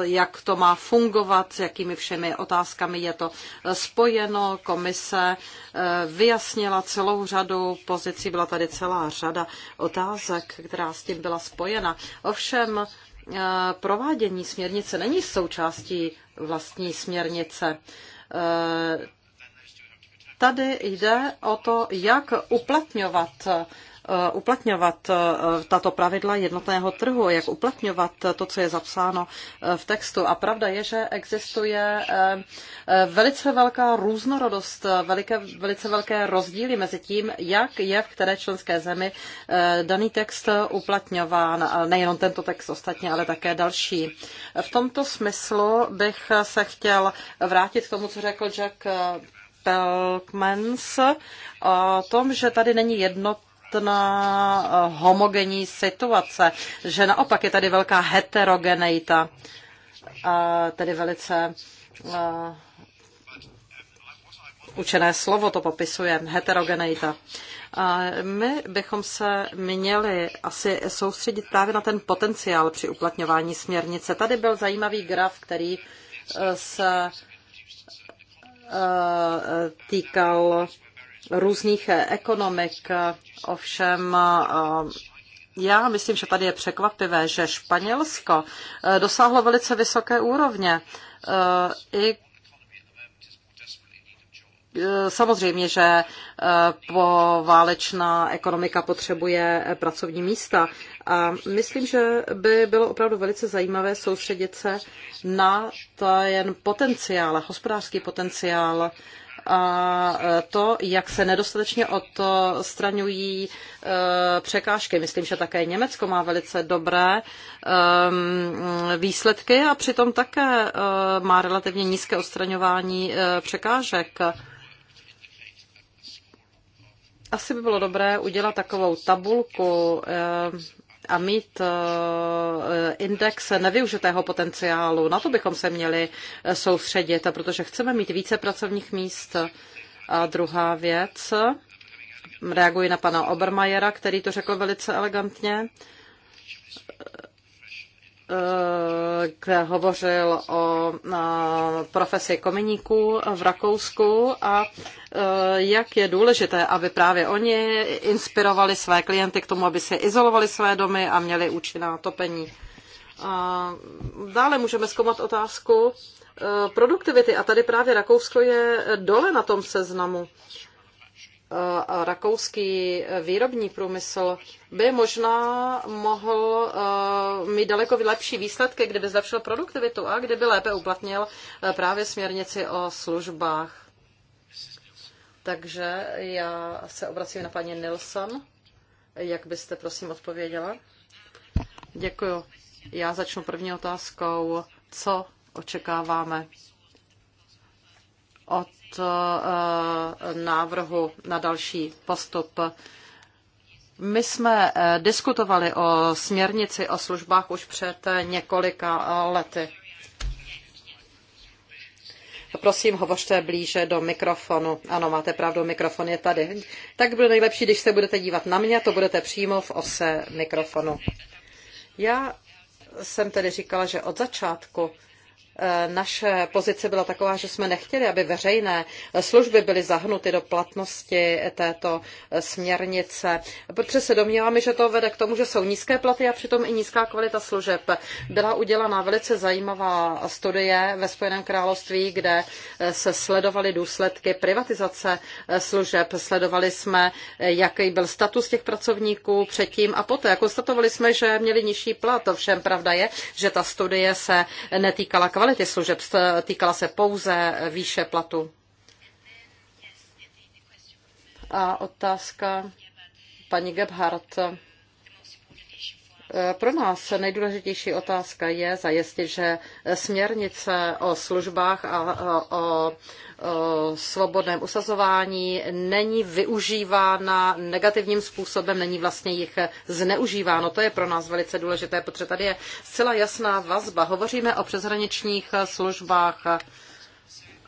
S3: jak to má fungovat, s jakými všemi otázkami je to eh, spojeno. Komise vyjasnila celou řadu pozicí, byla tady celá řada otázek, která s tím byla spojena. Ovšem provádění směrnice není součástí vlastní směrnice Tady jde o to, jak uplatňovat eh, uplatňovat eh, tato pravidla jednotného trhu, jak uplatňovat to, co je zapsáno eh, v textu. A pravda je, že existuje velice velká různorodost, velice velice velké rozdíly mezi tím, jak je v které členské zemi daný text uplatňován, nejenom tento text ostatně, ale také další. V tomto smyslu bych se chtěl vrátit k tomu, co řekl Jack Pelkmans o tom, že tady není jedno na eh, homogenní situace, že naopak je tady velká heterogeneita, a tedy velice eh, učené slovo to popisuje, heterogeneita. A my bychom se měli asi soustředit právě na ten potenciál při uplatňování směrnice. Tady byl zajímavý graf, který eh, se Eh, týkal různých ekonomik. Ovšem eh, já myslím, že tady je překvapivé, že Španělsko eh, dosáhlo velice vysoké úrovně. I Samozřejmě, že poválečná ekonomika potřebuje pracovní místa, a myslím, že by bylo opravdu velice zajímavé soustředit se na ten potenciál, hospodářský potenciál a to, jak se nedostatečně odstraňují eh, překážky. Myslím, že také Německo má velice dobré ehm, výsledky a přitom také eh, má relativně nízké odstraňování eh, překážek. Asi by bylo dobré udělat takovou tabulku a mít eh, index nevyužitého potenciálu. Na to bychom se měli eh, soustředit, protože chceme mít více pracovních míst. A druhá věc, reaguji na pana Obermajera, který to řekl velice elegantně, Eh, hovořil o eh, profesi kominíků v Rakousku a eh, jak je důležité, aby právě oni inspirovali své klienty k tomu, aby se izolovali své domy a měli účinná topení. dále můžeme zkoumat otázku produktivity a tady právě Rakousko je dole na tom seznamu rakouský výrobní průmysl by možná mohl mít daleko lepší výsledky, kdyby zlepšil produktivitu a kdyby lépe uplatnil právě směrnici o službách. Takže já se obracím na paní Nilsson. Jak byste, prosím, odpověděla? Děkuji. Já začnu první otázkou. Co očekáváme od Eh, návrhu na další postup. My jsme eh, diskutovali o směrnici o službách už před několika eh, lety. Prosím, hovořte blíže do mikrofonu. Ano, máte pravdu, mikrofon je tady. Tak bude nejlepší, když se budete dívat na mě, to budete přímo v ose mikrofonu. Já jsem tedy říkala, že od začátku Eh, naše pozice byla taková, že jsme nechtěli, aby veřejné služby byly zahnuty do platnosti této eh, směrnice, protože se domníváme, že to vede k tomu, že jsou nízké platy a přitom i nízká kvalita služeb. Byla udělána velice zajímavá studie ve Spojeném království, kde eh, se sledovaly důsledky privatizace služeb. Sledovali jsme, jaký byl status těch pracovníků předtím a poté. Konstatovali jsme, že měli nižší plat. Ovšem pravda je, že ta studie se netýkala kvality kvality služeb, týkala se pouze výše platu. A otázka paní Gebhardt pro nás nejdůležitější otázka je zajistit, že směrnice o službách a o svobodném usazování není využívána negativním způsobem, není vlastně jich zneužíváno. To je pro nás velice důležité, protože tady je zcela jasná vazba. Hovoříme o přeshraničních službách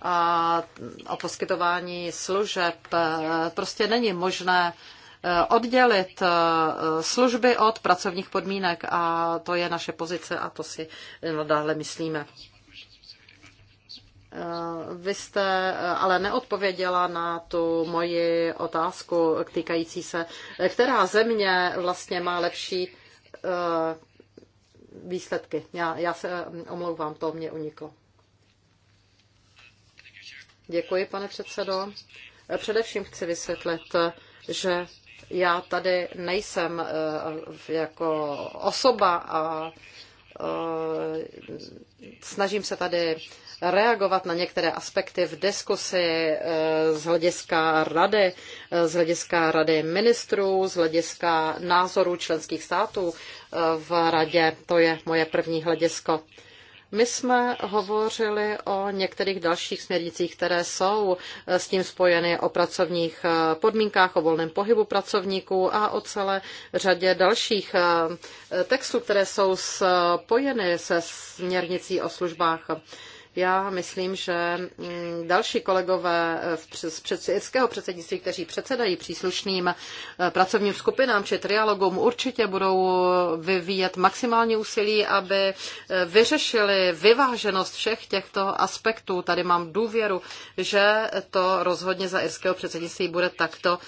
S3: a o poskytování služeb. Prostě není možné Eh, oddělit eh, služby od pracovních podmínek a to je naše pozice a to si nadále myslíme. Eh, vy jste ale neodpověděla na tu moji otázku týkající se, která země vlastně má lepší výsledky. Já, já se omlouvám, to mě uniklo. Děkuji, pane předsedo. Především chci vysvětlit, že já tady nejsem eh, jako osoba a eh, snažím se tady reagovat na některé aspekty v diskusi eh, z hlediska rady, z hlediska rady ministrů, z hlediska názorů členských států v radě. To je moje první hledisko. My jsme hovořili o některých dalších směrnicích, které jsou eh, s tím spojeny o pracovních eh, podmínkách, o volném pohybu pracovníků a o celé řadě dalších eh, textů, které jsou spojeny se směrnicí o službách. Já myslím, že mm, další kolegové eh, z irského předsednictví, kteří předsedají příslušným eh, pracovním skupinám či trialogům, určitě budou eh, vyvíjet maximální úsilí, aby vyřešili vyváženost všech těchto aspektů. Tady mám důvěru, že to rozhodně za irského předsednictví bude takto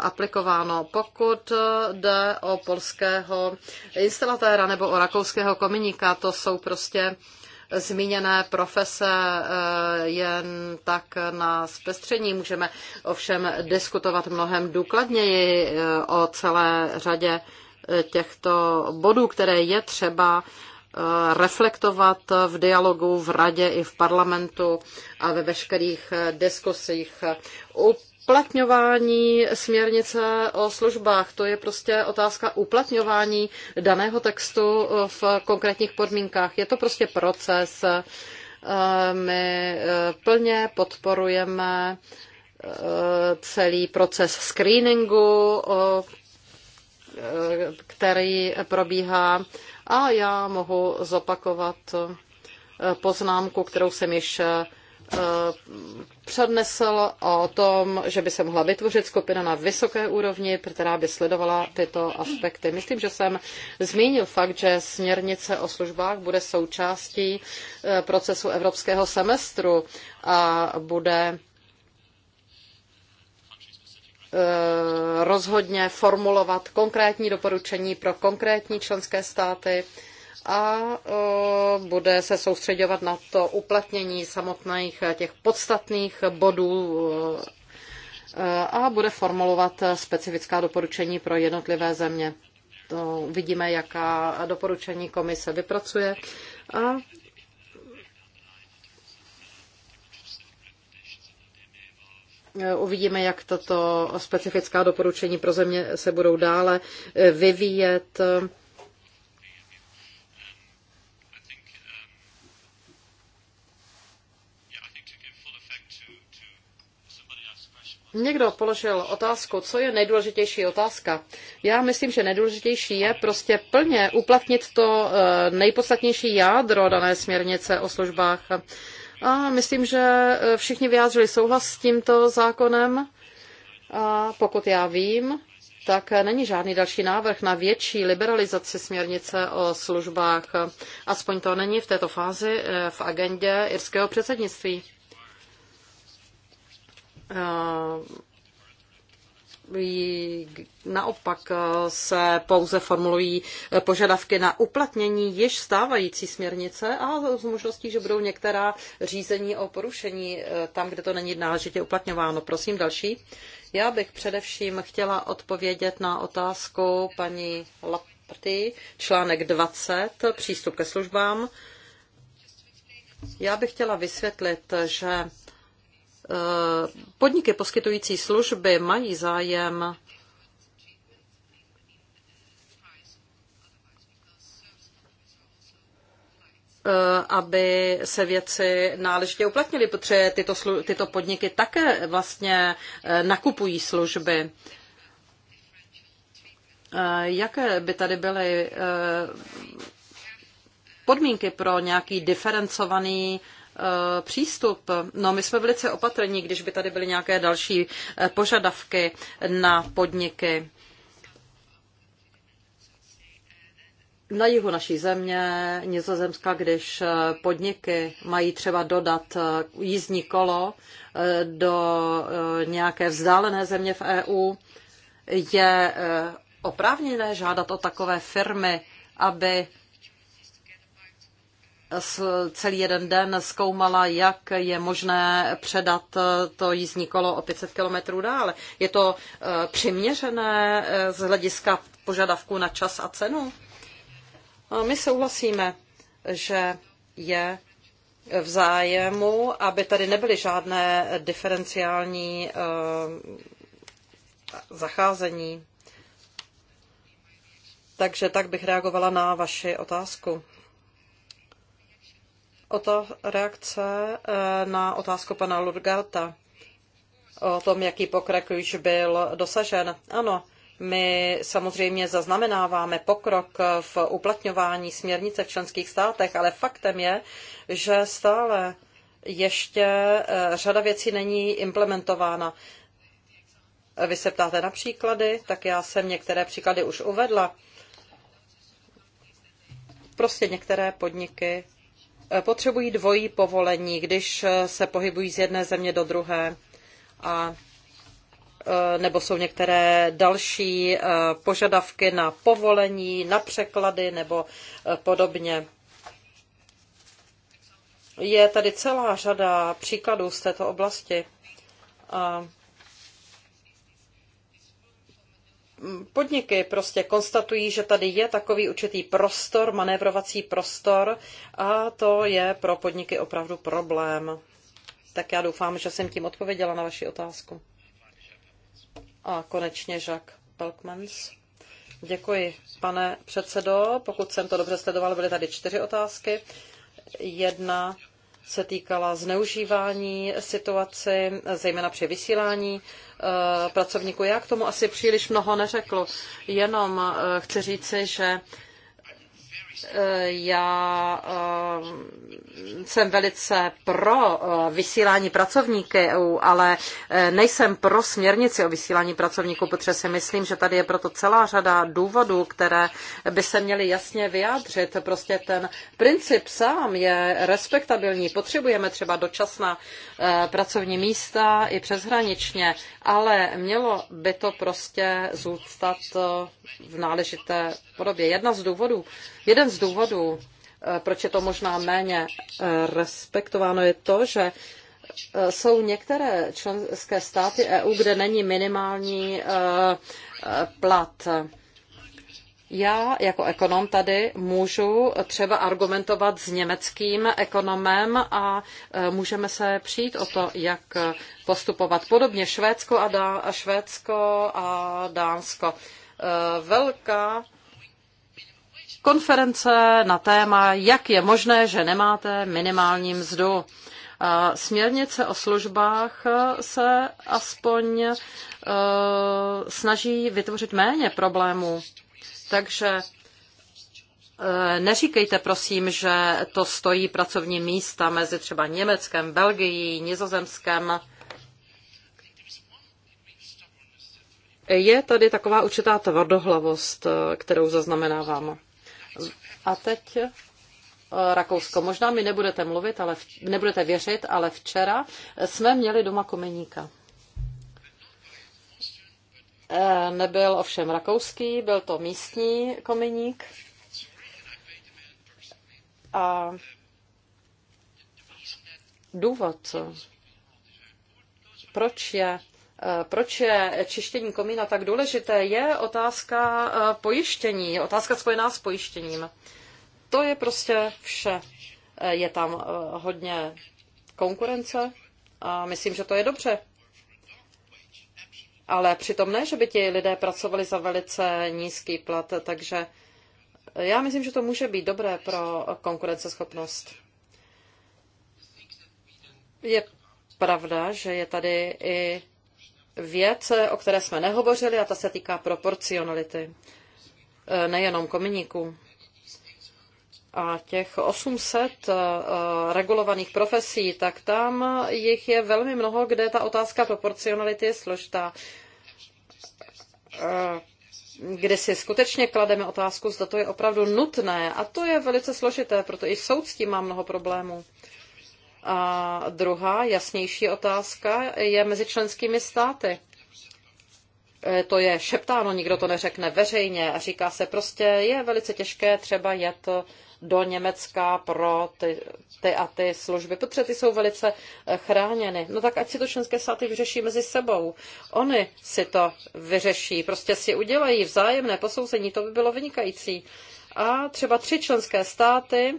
S3: aplikováno. Pokud jde o polského instalatéra nebo o rakouského kominíka, to jsou prostě zmíněné profese eh, jen tak na zpestření. Můžeme ovšem diskutovat mnohem důkladněji eh, o celé řadě eh, těchto bodů, které je třeba reflektovat v dialogu v radě i v parlamentu a ve veškerých diskusích uplatňování směrnice o službách. To je prostě otázka uplatňování daného textu v konkrétních podmínkách. Je to prostě proces. My plně podporujeme celý proces screeningu, který probíhá. A já mohu zopakovat poznámku, kterou jsem již Eh, přednesl o tom, že by se mohla vytvořit skupina na vysoké úrovni, která by sledovala tyto aspekty. Myslím, že jsem zmínil fakt, že směrnice o službách bude součástí eh, procesu evropského semestru a bude eh, rozhodně formulovat konkrétní doporučení pro konkrétní členské státy a e, bude se soustředovat na to uplatnění samotných e, těch podstatných bodů e, a bude formulovat specifická doporučení pro jednotlivé země. To uvidíme, jaká doporučení komise vypracuje. A Uvidíme, jak tato specifická doporučení pro země se budou dále vyvíjet. Někdo položil otázku, co je nejdůležitější otázka. Já myslím, že nejdůležitější je prostě plně uplatnit to eh, nejpodstatnější jádro dané směrnice o službách. A myslím, že eh, všichni vyjádřili souhlas s tímto zákonem. A pokud já vím, tak eh, není žádný další návrh na větší liberalizaci směrnice o službách. Aspoň to není v této fázi v agendě irského předsednictví. Eh, naopak eh, se pouze formulují eh, požadavky na uplatnění již stávající směrnice a s možností, že budou některá řízení o porušení tam, kde to není náležitě uplatňováno. Prosím další. Já bych především chtěla odpovědět na otázku paní Lapty, článek 20, přístup ke službám. Já bych chtěla vysvětlit, že podniky poskytující služby mají zájem aby se věci náležitě uplatnily, protože tyto, slu- tyto podniky také vlastně eh, nakupují služby. Eh, jaké by tady byly eh, podmínky pro nějaký diferencovaný Eh, přístup. No, my jsme velice opatrní, když by tady byly nějaké další eh, požadavky na podniky. Na jihu naší země, Nizozemska, když eh, podniky mají třeba dodat jízdní kolo do nějaké vzdálené země v EU, je oprávněné žádat o takové firmy, aby celý jeden den zkoumala, jak je možné předat eh, to jízdní kolo o 500 kilometrů dále. Je to eh, přiměřené eh, z hlediska požadavků na čas a cenu? My souhlasíme, že je v zájemu, aby tady nebyly žádné diferenciální zacházení. Takže tak bych reagovala na vaši otázku. O to reakce eh, na otázku pana Lurgata o tom, jaký pokrok už byl dosažen. Ano, my samozřejmě zaznamenáváme pokrok v uplatňování směrnice v členských státech, ale faktem je, že stále ještě eh, řada věcí není implementována. Vy se ptáte na příklady, tak já jsem některé příklady už uvedla. Prostě některé podniky potřebují dvojí povolení, když se pohybují z jedné země do druhé. A e, nebo jsou některé další e, požadavky na povolení, na překlady nebo e, podobně. Je tady celá řada příkladů z této oblasti. A podniky prostě konstatují, že tady je takový určitý prostor, manévrovací prostor a to je pro podniky opravdu problém. Tak já doufám, že jsem tím odpověděla na vaši otázku. A konečně Jacques Pelkmans. Děkuji, pane předsedo. Pokud jsem to dobře sledoval, byly tady čtyři otázky. Jedna se týkala zneužívání situaci, zejména při vysílání eh, pracovníků. Já k tomu asi příliš mnoho neřekl, jenom eh, chci říci, že já eh, jsem velice pro eh, vysílání pracovníky, ale eh, nejsem pro směrnici o vysílání pracovníků, protože si myslím, že tady je proto celá řada důvodů, které by se měly jasně vyjádřit. Prostě ten princip sám je respektabilní. Potřebujeme třeba dočasná pracovní místa i přeshraničně, ale mělo by to prostě zůstat v náležité podobě. Jedna z důvodů, jeden Jeden z důvodů, eh, proč je to možná méně eh, respektováno, je to, že eh, jsou některé členské státy EU, kde není minimální plat. Já jako ekonom tady můžu třeba argumentovat s německým ekonomem a můžeme se přijít o to, jak postupovat. Podobně Švédsko a, Dá- Švédsko a Dánsko. Velká konference na téma, jak je možné, že nemáte minimální mzdu. Směrnice o službách se aspoň e, snaží vytvořit méně problémů. Takže e, Neříkejte prosím, že to stojí pracovní místa mezi třeba Německem, Belgií, Nizozemskem. Je tady taková určitá tvrdohlavost, e, kterou zaznamenávám. A teď eh, Rakousko. Možná mi nebudete mluvit, ale v, nebudete věřit, ale včera jsme měli doma komeníka. Eh, nebyl ovšem rakouský, byl to místní komeník. A důvod, proč je Eh, proč je čištění komína tak důležité, je otázka eh, pojištění, otázka spojená s pojištěním. To je prostě vše. Eh, je tam hodně konkurence a myslím, že to je dobře. Ale přitom ne, že by ti lidé pracovali za velice nízký plat, takže já myslím, že to může být dobré pro konkurenceschopnost. Je pravda, že je tady i věc, o které jsme nehovořili, a ta se týká proporcionality. E, nejenom kominíků. A těch 800 e, e, regulovaných profesí, tak tam jich je velmi mnoho, kde ta otázka proporcionality je složitá kde si skutečně klademe otázku, zda to je opravdu nutné. A to je velice složité, protože i soud s tím má mnoho problémů. A druhá jasnější otázka je mezi členskými státy. E, to je šeptáno, nikdo to neřekne veřejně a říká se prostě, je velice těžké třeba jet do Německa pro ty, ty a ty služby, protože ty jsou velice e, chráněny. No tak ať si to členské státy vyřeší mezi sebou. Oni si to vyřeší, prostě si udělají vzájemné posouzení, to by bylo vynikající. A třeba tři členské státy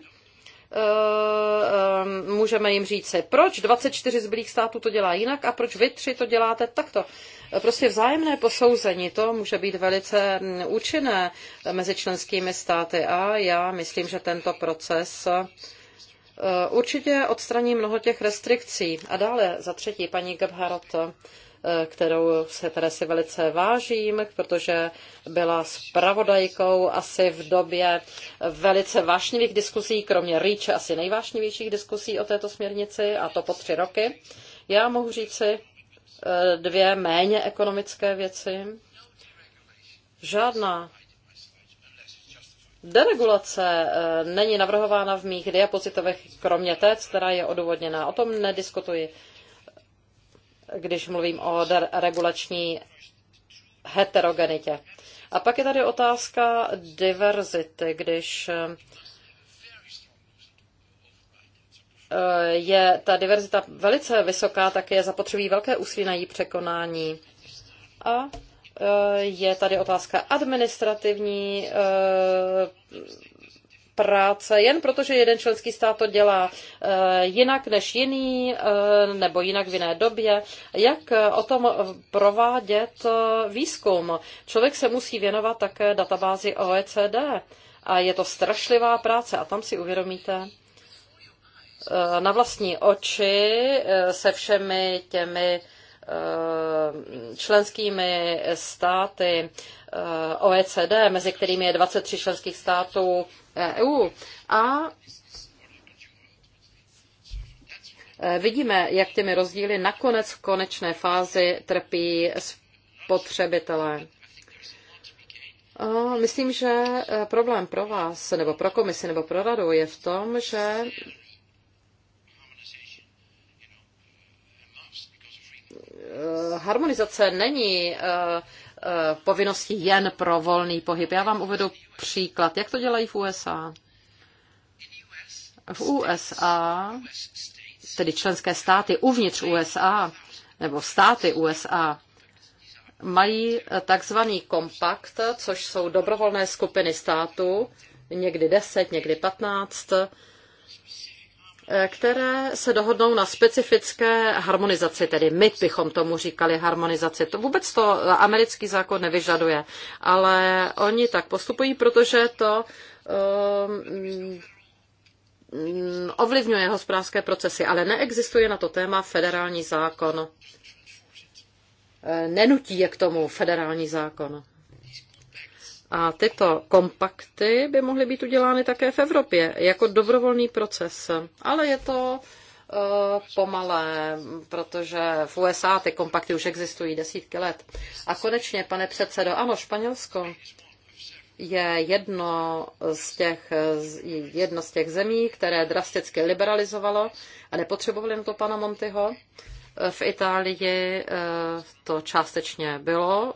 S3: Eh, eh, můžeme jim říct se, proč 24 zbylých států to dělá jinak a proč vy tři to děláte takto. Eh, prostě vzájemné posouzení, to může být velice hm, účinné mezi členskými státy a já myslím, že tento proces určitě odstraní mnoho těch restrikcí. A dále za třetí, paní Gebharot, Eh, kterou se, tedy si velice vážím, protože byla spravodajkou asi v době velice vášnivých diskusí, kromě Rýče asi nejvášnivějších diskusí o této směrnici, a to po tři roky. Já mohu říci eh, dvě méně ekonomické věci. Žádná Deregulace eh, není navrhována v mých diapozitovech, kromě té, která je odůvodněná. O tom nediskutuji když mluvím o regulační heterogenitě. A pak je tady otázka diverzity, když eh, je ta diverzita velice vysoká, tak je zapotřebí velké úsilí na její překonání. A eh, je tady otázka administrativní eh, práce jen proto, že jeden členský stát to dělá eh, jinak než jiný eh, nebo jinak v jiné době. Jak eh, o tom provádět výzkum? Člověk se musí věnovat také databázi OECD a je to strašlivá práce a tam si uvědomíte, na vlastní oči se všemi těmi členskými státy, Eh, OECD, mezi kterými je 23 členských států EU. A eh, vidíme, jak těmi rozdíly nakonec v konečné fázi trpí spotřebitelé. Eh, myslím, že problém pro vás, nebo pro komisi, nebo pro radu je v tom, že harmonizace není Eh, povinnosti jen pro volný pohyb. Já vám uvedu příklad, jak to dělají v USA. V USA, tedy členské státy uvnitř USA, nebo státy USA, mají takzvaný kompakt, což jsou dobrovolné skupiny států, někdy 10, někdy 15, Eh, které se dohodnou na specifické harmonizaci, tedy my bychom tomu říkali harmonizaci. To vůbec to americký zákon nevyžaduje, ale oni tak postupují, protože to um, ovlivňuje hospodářské procesy, ale neexistuje na to téma federální zákon. Eh, nenutí je k tomu federální zákon. A tyto kompakty by mohly být udělány také v Evropě jako dobrovolný proces. Ale je to eh, pomalé, protože v USA ty kompakty už existují desítky let. A konečně, pane předsedo, ano, Španělsko je jedno z těch, jedno z těch zemí, které drasticky liberalizovalo a nepotřebovali na to pana Montyho. V Itálii eh, to částečně bylo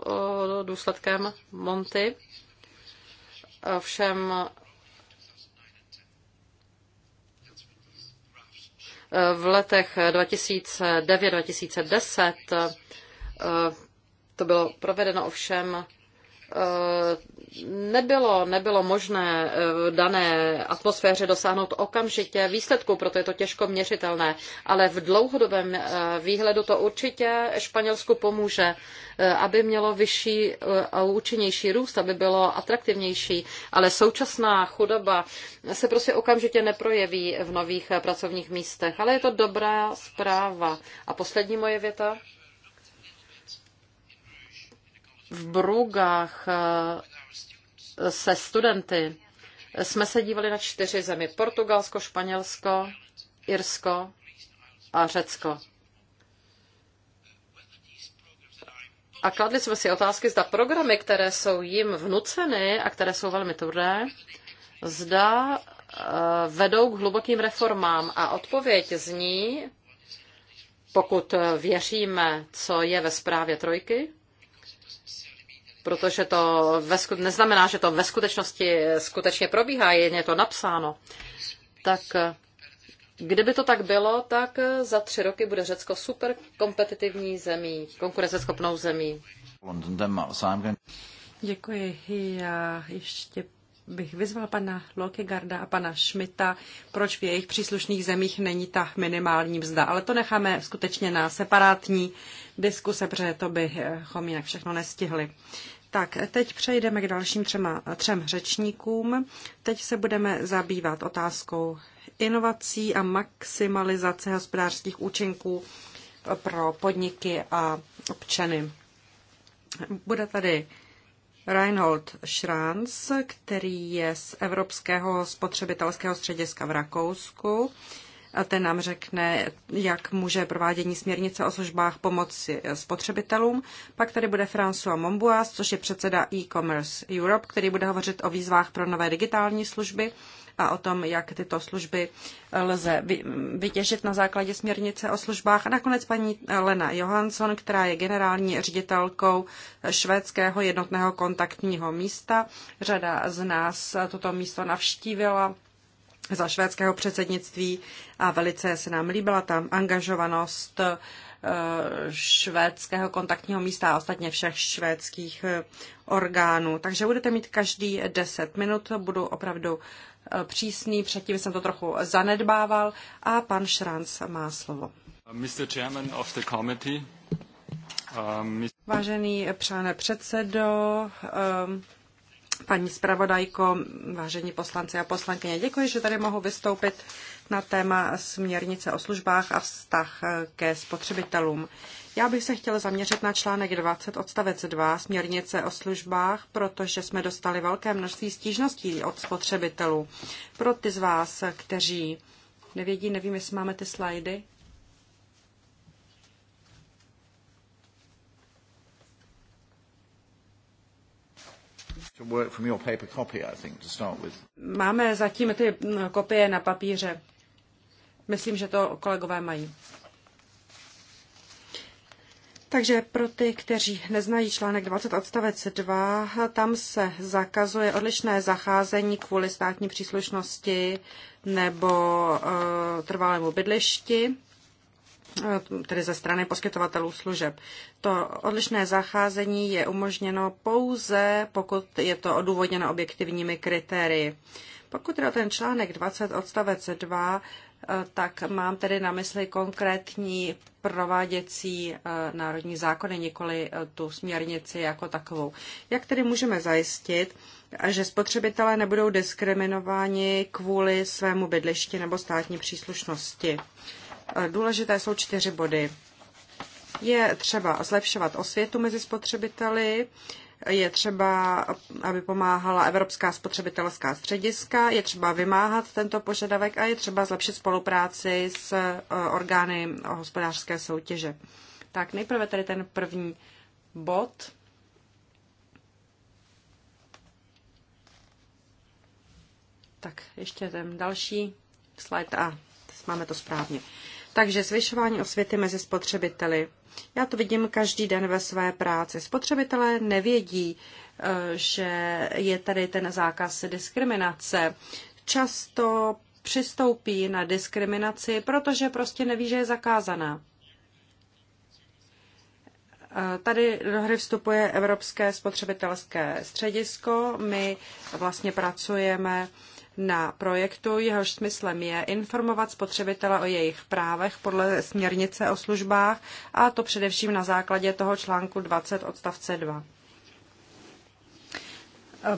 S3: eh, důsledkem Monty. Ovšem v letech 2009-2010 eh, to bylo provedeno ovšem Eh, nebylo, nebylo možné eh, v dané atmosféře dosáhnout okamžitě výsledku, proto je to těžko měřitelné, ale v dlouhodobém eh, výhledu to určitě Španělsku pomůže, aby mělo vyšší a účinnější růst, aby bylo atraktivnější, ale současná chudoba se prostě okamžitě neprojeví v nových pracovních místech, ale je to dobrá zpráva. A poslední moje věta? Brugách eh, se studenty jsme se dívali na čtyři zemi. Portugalsko, Španělsko, Irsko a Řecko. A kladli jsme si otázky, zda programy, které jsou jim vnuceny a které jsou velmi tvrdé, zda eh, vedou k hlubokým reformám. A odpověď zní, pokud věříme, co je ve zprávě trojky, protože to ve, neznamená, že to ve skutečnosti skutečně probíhá, je to napsáno. Tak Kdyby to tak bylo, tak za tři roky bude Řecko super kompetitivní zemí, konkurenceschopnou zemí.
S1: Děkuji. Já ještě bych vyzval pana
S2: Lokegarda a pana Šmita, proč v jejich příslušných zemích není ta minimální mzda. Ale to necháme skutečně na separátní diskuse, protože to bychom jinak všechno nestihli. Tak, teď přejdeme k dalším třema, třem řečníkům. Teď se budeme zabývat otázkou inovací a maximalizace hospodářských účinků pro podniky a občany. Bude tady Reinhold Schranz, který je z Evropského spotřebitelského střediska v Rakousku a ten nám řekne, jak může provádění směrnice o službách pomoci spotřebitelům. Pak tady bude François Mombuas, což je předseda e-commerce Europe, který bude hovořit o výzvách pro nové digitální služby a o tom, jak tyto služby lze vytěžit na základě směrnice o službách. A nakonec paní Lena Johansson, která je generální ředitelkou švédského jednotného kontaktního místa. Řada z nás toto místo navštívila za švédského předsednictví a velice se nám líbila tam angažovanost eh, švédského kontaktního místa a ostatně všech švédských eh, orgánů. Takže budete mít každý 10 minut, budu opravdu eh, přísný, předtím jsem to trochu zanedbával a pan Šranc má slovo. Mr. Chairman of the committee, um, Vážený pane předsedo, um, Paní zpravodajko, vážení poslanci a poslankyně, děkuji, že tady mohu vystoupit na téma směrnice o službách a vztah ke spotřebitelům. Já bych se chtěla zaměřit na článek 20 odstavec 2 směrnice o službách, protože jsme dostali velké množství stížností od spotřebitelů. Pro ty z vás, kteří nevědí, nevím, jestli máme ty slajdy. Máme zatím ty mm, kopie na papíře. Myslím, že to kolegové mají. Takže pro ty, kteří neznají článek 20 odstavec 2, tam se zakazuje odlišné zacházení kvůli státní příslušnosti nebo e, trvalému bydlišti. Eh, tedy ze strany poskytovatelů služeb. To odlišné zacházení je umožněno pouze, pokud je to odůvodněno objektivními kritérii. Pokud je ten článek 20 odstavec 2, eh, tak mám tedy na mysli konkrétní prováděcí eh, národní zákony, nikoli tu směrnici jako takovou. Jak tedy můžeme zajistit, že spotřebitelé nebudou diskriminováni kvůli svému bydlišti nebo státní příslušnosti? Eh, důležité jsou čtyři body. Je třeba zlepšovat osvětu mezi spotřebiteli, je třeba, aby pomáhala Evropská spotřebitelská střediska, je třeba vymáhat tento požadavek a je třeba zlepšit spolupráci s eh, orgány hospodářské soutěže. Tak nejprve tady ten první bod. Tak ještě ten další slide a máme to správně. Uh, takže zvyšování osvěty mezi spotřebiteli. Já to vidím každý den ve své práci. Spotřebitelé nevědí, eh, že je tady ten zákaz diskriminace. Často přistoupí na diskriminaci, protože prostě neví, že je zakázaná. Eh, tady do hry vstupuje Evropské spotřebitelské středisko. My vlastně pracujeme na projektu, jehož smyslem je informovat spotřebitele o jejich právech podle směrnice o službách a to především na základě toho článku 20 odstavce 2.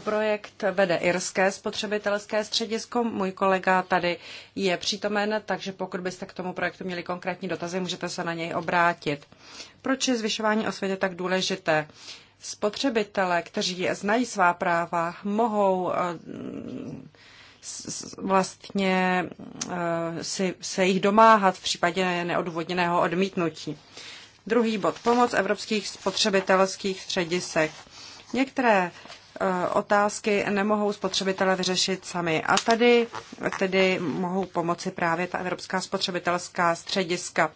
S2: Projekt vede irské spotřebitelské středisko. Můj kolega tady je přítomen, takže pokud byste k tomu projektu měli konkrétní dotazy, můžete se na něj obrátit. Proč je zvyšování osvěty tak důležité? Spotřebitele, kteří znají svá práva, mohou eh, vlastně eh, si, se jich domáhat v případě neodvodněného odmítnutí. Druhý bod. Pomoc evropských spotřebitelských středisek. Některé eh, otázky nemohou spotřebitele vyřešit sami. A tady tedy mohou pomoci právě ta evropská spotřebitelská střediska.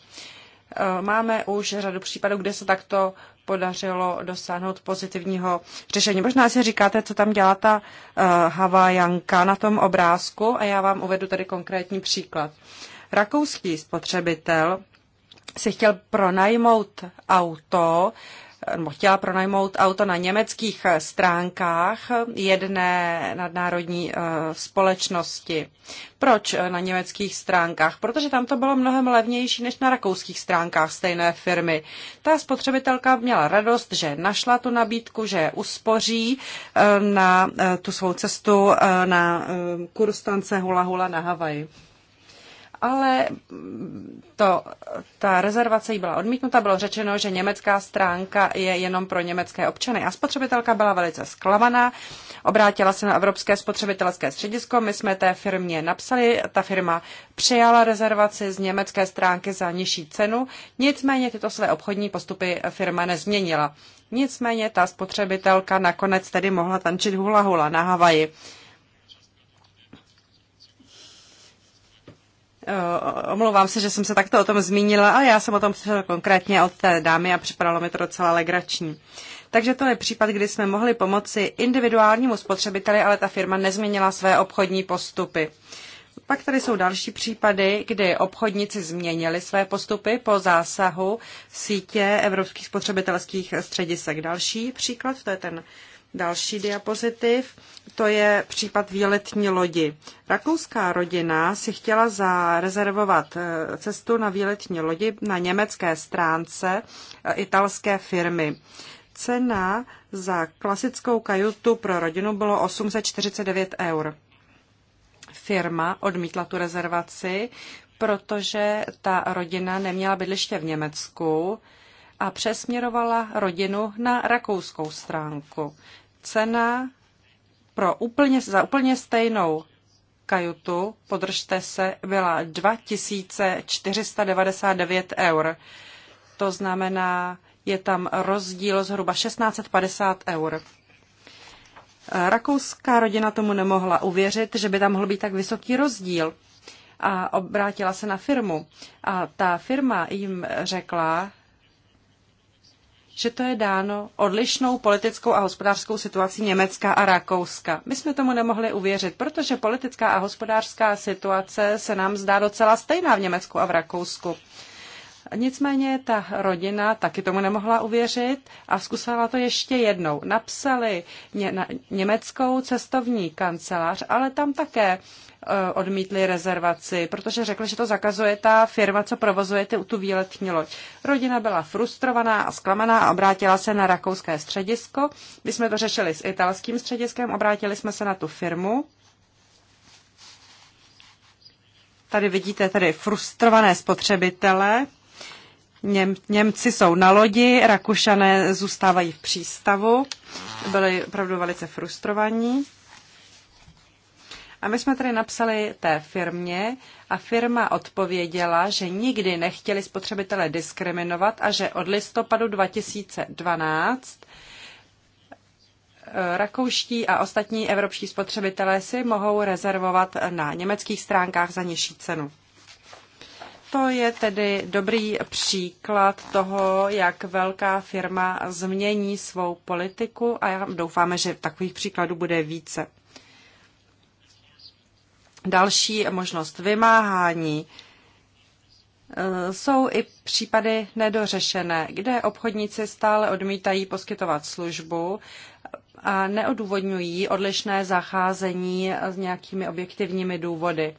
S2: Eh, máme už řadu případů, kde se takto podařilo dosáhnout pozitivního řešení. Možná si říkáte, co tam dělá ta uh, eh, Havajanka na tom obrázku a já vám uvedu tady konkrétní příklad. Rakouský spotřebitel si chtěl pronajmout auto, uh, nebo chtěla pronajmout auto na německých eh, stránkách jedné nadnárodní eh, společnosti. Proč eh, na německých stránkách? Protože tam to bylo mnohem levnější než na rakouských stránkách stejné firmy. Ta spotřebitelka měla radost, že našla tu nabídku, že uspoří na tu svou cestu na kurstance Hula Hula na Havaji ale to, ta rezervace jí byla odmítnuta, bylo řečeno, že německá stránka je jenom pro německé občany. A spotřebitelka byla velice zklamaná, obrátila se na Evropské spotřebitelské středisko, my jsme té firmě napsali, ta firma přijala rezervaci z německé stránky za nižší cenu, nicméně tyto své obchodní postupy firma nezměnila. Nicméně ta spotřebitelka nakonec tedy mohla tančit hula hula na Havaji. Eh, omlouvám se, že jsem se takto o tom zmínila, ale já jsem o tom slyšela konkrétně od té dámy a připadalo mi to docela legrační. Takže to je případ, kdy jsme mohli pomoci individuálnímu spotřebiteli, ale ta firma nezměnila své obchodní postupy. Pak tady jsou další případy, kdy obchodníci změnili své postupy po zásahu sítě evropských spotřebitelských středisek. Další příklad, to je ten Další diapozitiv, to je případ výletní lodi. Rakouská rodina si chtěla zarezervovat eh, cestu na výletní lodi na německé stránce eh, italské firmy. Cena za klasickou kajutu pro rodinu bylo 849 eur. Firma odmítla tu rezervaci, protože ta rodina neměla bydliště v Německu a přesměrovala rodinu na rakouskou stránku cena pro úplně, za úplně stejnou kajutu, podržte se, byla 2499 eur. To znamená, je tam rozdíl zhruba 1650 eur. Rakouská rodina tomu nemohla uvěřit, že by tam mohl být tak vysoký rozdíl. A obrátila se na firmu. A ta firma jim řekla, že to je dáno odlišnou politickou a hospodářskou situací Německa a Rakouska. My jsme tomu nemohli uvěřit, protože politická a hospodářská situace se nám zdá docela stejná v Německu a v Rakousku. Nicméně ta rodina taky tomu nemohla uvěřit a zkusila to ještě jednou. Napsali ně, na, německou cestovní kancelář, ale tam také e, odmítli rezervaci, protože řekli, že to zakazuje ta firma, co provozuje ty, tu výletní loď. Rodina byla frustrovaná a zklamaná a obrátila se na rakouské středisko. My jsme to řešili s italským střediskem, obrátili jsme se na tu firmu. Tady vidíte tady frustrované spotřebitele, Něm, Němci jsou na lodi, Rakušané zůstávají v přístavu. Byli opravdu velice frustrovaní. A my jsme tady napsali té firmě a firma odpověděla, že nikdy nechtěli spotřebitele diskriminovat a že od listopadu 2012 eh, rakouští a ostatní evropští spotřebitelé si mohou rezervovat na německých stránkách za nižší cenu. To je tedy dobrý příklad toho, jak velká firma změní svou politiku a doufáme, že takových příkladů bude více. Další možnost vymáhání. Eh, jsou i případy nedořešené, kde obchodníci stále odmítají poskytovat službu a neodůvodňují odlišné zacházení s nějakými objektivními důvody.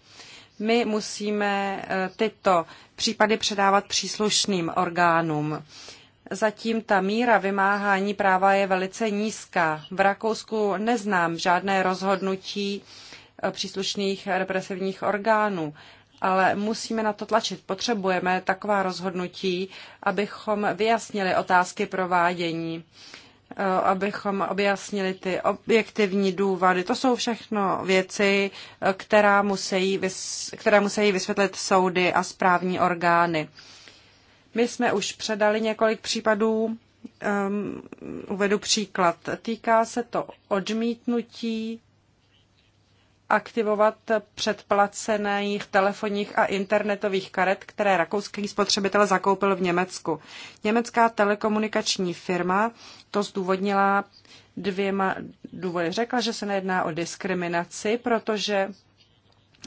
S2: My musíme eh, tyto případy předávat příslušným orgánům. Zatím ta míra vymáhání práva je velice nízká. V Rakousku neznám žádné rozhodnutí eh, příslušných represivních orgánů, ale musíme na to tlačit. Potřebujeme taková rozhodnutí, abychom vyjasnili otázky provádění. Eh, abychom objasnili ty objektivní důvody. To jsou všechno věci, eh, která musí, které musí vysvětlit soudy a správní orgány. My jsme už předali několik případů, um, uvedu příklad. Týká se to odmítnutí aktivovat předplacených telefonních a internetových karet, které rakouský spotřebitel zakoupil v Německu. Německá telekomunikační firma to zdůvodnila dvěma důvody. Řekla, že se nejedná o diskriminaci, protože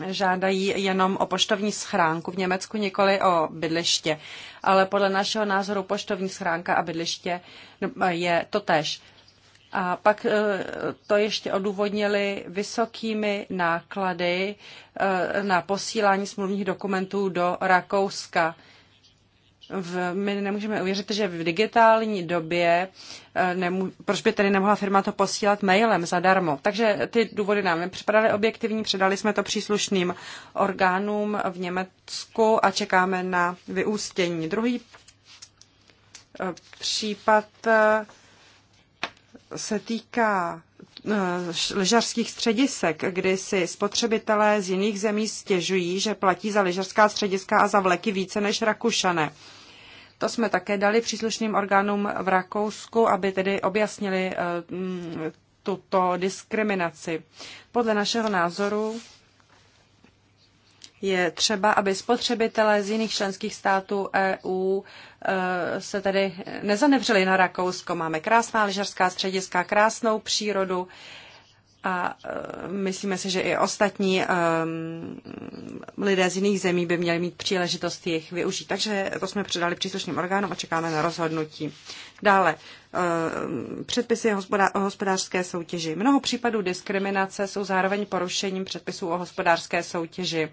S2: žádají jenom o poštovní schránku v Německu, nikoli o bydliště. Ale podle našeho názoru poštovní schránka a bydliště no, je totéž. A pak eh, to ještě odůvodnili vysokými náklady eh, na posílání smluvních dokumentů do Rakouska. V, my nemůžeme uvěřit, že v digitální době, eh, nemů, proč by tedy nemohla firma to posílat mailem zadarmo. Takže ty důvody nám nepřipadaly objektivní, předali jsme to příslušným orgánům v Německu a čekáme na vyústění. Druhý případ se týká eh, lyžařských středisek, kdy si spotřebitelé z jiných zemí stěžují, že platí za lyžařská střediska a za vleky více než Rakušané. To jsme také dali příslušným orgánům v Rakousku, aby tedy objasnili eh, tuto diskriminaci. Podle našeho názoru je třeba, aby spotřebitelé z jiných členských států EU e, se tedy nezanevřeli na Rakousko. Máme krásná lyžařská střediska, krásnou přírodu a e, myslíme si, že i ostatní e, lidé z jiných zemí by měli mít příležitost jich využít. Takže to jsme předali příslušným orgánům a čekáme na rozhodnutí. Dále, předpisy o hospodářské soutěži. Mnoho případů diskriminace jsou zároveň porušením předpisů o hospodářské soutěži.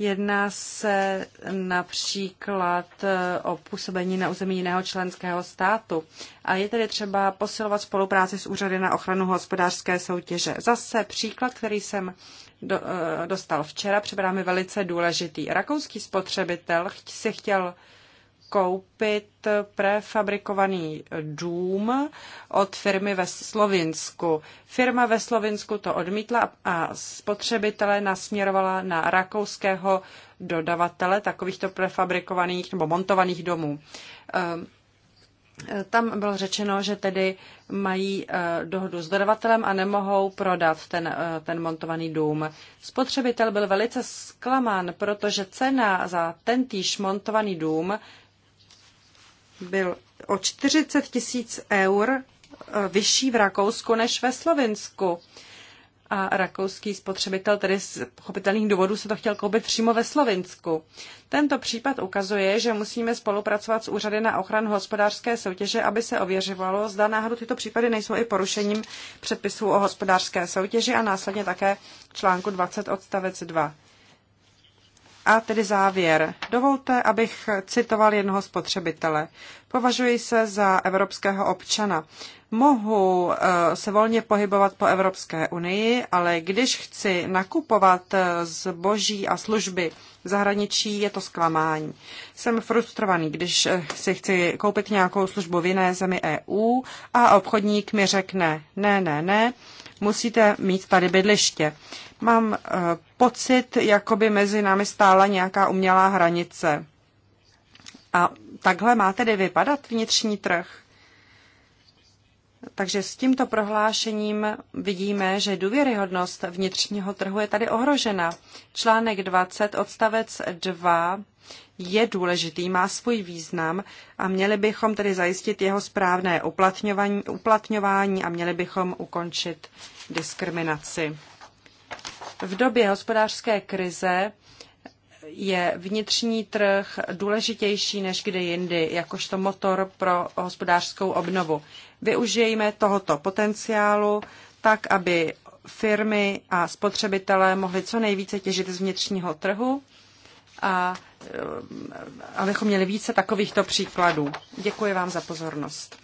S2: Jedná se například e, o působení na území jiného členského státu. A je tedy třeba posilovat spolupráci s úřady na ochranu hospodářské soutěže. Zase příklad, který jsem do, e, dostal včera, připadá mi velice důležitý. Rakouský spotřebitel si chtěl koupit prefabrikovaný dům od firmy ve Slovinsku. Firma ve Slovinsku to odmítla a spotřebitele nasměrovala na rakouského dodavatele takovýchto prefabrikovaných nebo montovaných domů. Ehm, tam bylo řečeno, že tedy mají eh, dohodu s dodavatelem a nemohou prodat ten, eh, ten montovaný dům. Spotřebitel byl velice zklamán, protože cena za tentýž montovaný dům byl o 40 tisíc eur eh, vyšší v Rakousku než ve Slovensku. A rakouský spotřebitel tedy z pochopitelných důvodů se to chtěl koupit přímo ve Slovensku. Tento případ ukazuje, že musíme spolupracovat s úřady na ochranu hospodářské soutěže, aby se ověřovalo, zda náhodou tyto případy nejsou i porušením předpisů o hospodářské soutěži a následně také článku 20 odstavec 2. A tedy závěr. Dovolte, abych citoval jednoho spotřebitele. Považuji se za evropského občana. Mohu eh, se volně pohybovat po Evropské unii, ale když chci nakupovat eh, zboží a služby v zahraničí, je to zklamání. Jsem frustrovaný, když eh, si chci koupit nějakou službu v jiné zemi EU a obchodník mi řekne ne, ne, ne, musíte mít tady bydliště. Mám eh, pocit, jako by mezi námi stála nějaká umělá hranice. A takhle má tedy vypadat vnitřní trh. Takže s tímto prohlášením vidíme, že důvěryhodnost vnitřního trhu je tady ohrožena. Článek 20 odstavec 2 je důležitý, má svůj význam a měli bychom tedy zajistit jeho správné uplatňování, uplatňování a měli bychom ukončit diskriminaci. V době hospodářské krize je vnitřní trh důležitější než kdy jindy, jakožto motor pro hospodářskou obnovu. Využijeme tohoto potenciálu tak, aby firmy a spotřebitelé mohli co nejvíce těžit z vnitřního trhu a eh, abychom měli více takovýchto příkladů. Děkuji vám za pozornost.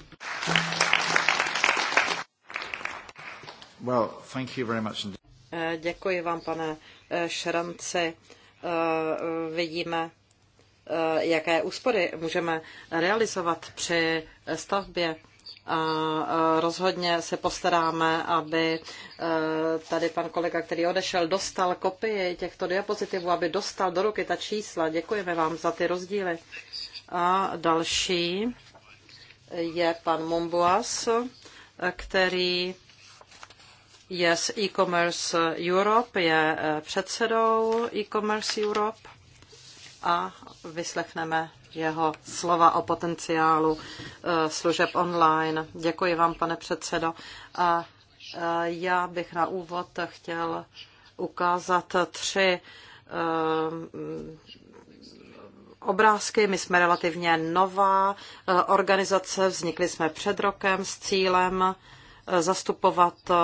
S1: Well, thank you very much.
S3: Eh, děkuji vám, pane eh, Šranci. Eh, vidíme, jaké úspory můžeme realizovat při stavbě. A rozhodně se postaráme, aby tady pan kolega, který odešel, dostal kopii těchto diapozitivů, aby dostal do ruky ta čísla. Děkujeme vám za ty rozdíly. A další je pan Mombuas, který Yes, e-commerce Europe je eh, předsedou e-commerce Europe a vyslechneme jeho slova o potenciálu eh, služeb online. Děkuji vám, pane předsedo. A eh, já bych na úvod chtěl ukázat tři obrázky. My jsme relativně nová organizace, vznikli jsme před rokem s cílem zastupovat eh,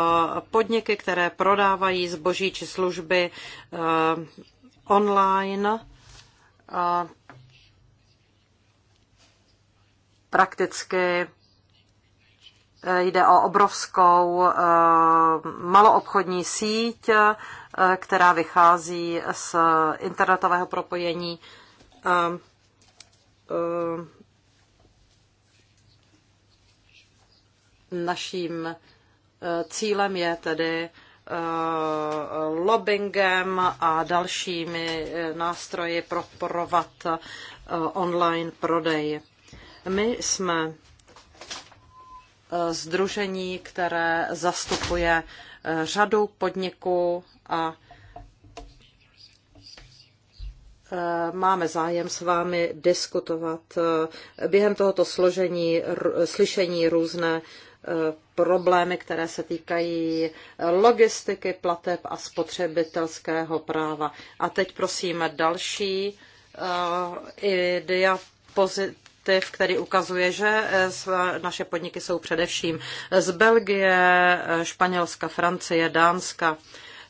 S3: podniky, které prodávají zboží či služby eh, online. A prakticky eh, jde o obrovskou maloobchodní síť, která vychází z internetového propojení Naším eh, cílem je tedy eh, lobbyingem a dalšími eh, nástroji proporovat online prodej. My jsme združení, které zastupuje řadu podniků a máme zájem s vámi diskutovat během tohoto složení, slyšení různé Eh, problémy, které se týkají logistiky, plateb a spotřebitelského práva. A teď prosím další eh, diapozitiv, který ukazuje, že eh, naše podniky jsou především z Belgie, Španělska, Francie, Dánska.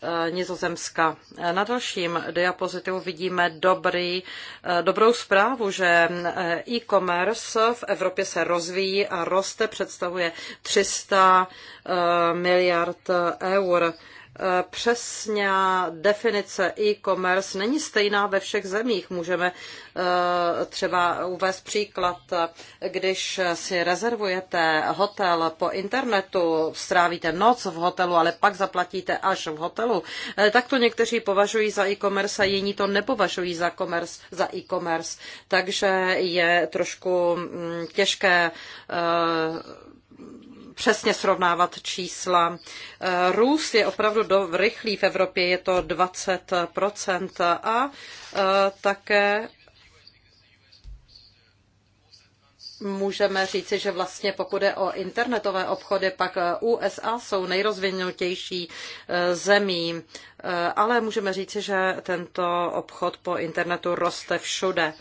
S3: Eh, Nizozemska. Na dalším diapozitivu vidíme dobrý, eh, dobrou zprávu, že eh, e-commerce v Evropě se rozvíjí a roste, představuje 300 miliard eur přesná definice e-commerce není stejná ve všech zemích. Můžeme eh, třeba uvést příklad, když si rezervujete hotel po internetu, strávíte noc v hotelu, ale pak zaplatíte až v hotelu, eh, tak to někteří považují za e-commerce a jiní to nepovažují za, commerce, za e-commerce. Takže je trošku mm, těžké eh, přesně srovnávat čísla. Eh, růst je opravdu do, rychlý v Evropě, je to 20% a eh, také můžeme říci, že vlastně pokud je o internetové obchody, pak eh, USA jsou nejrozvinutější zemí, ale můžeme říci, že tento obchod po internetu roste všude.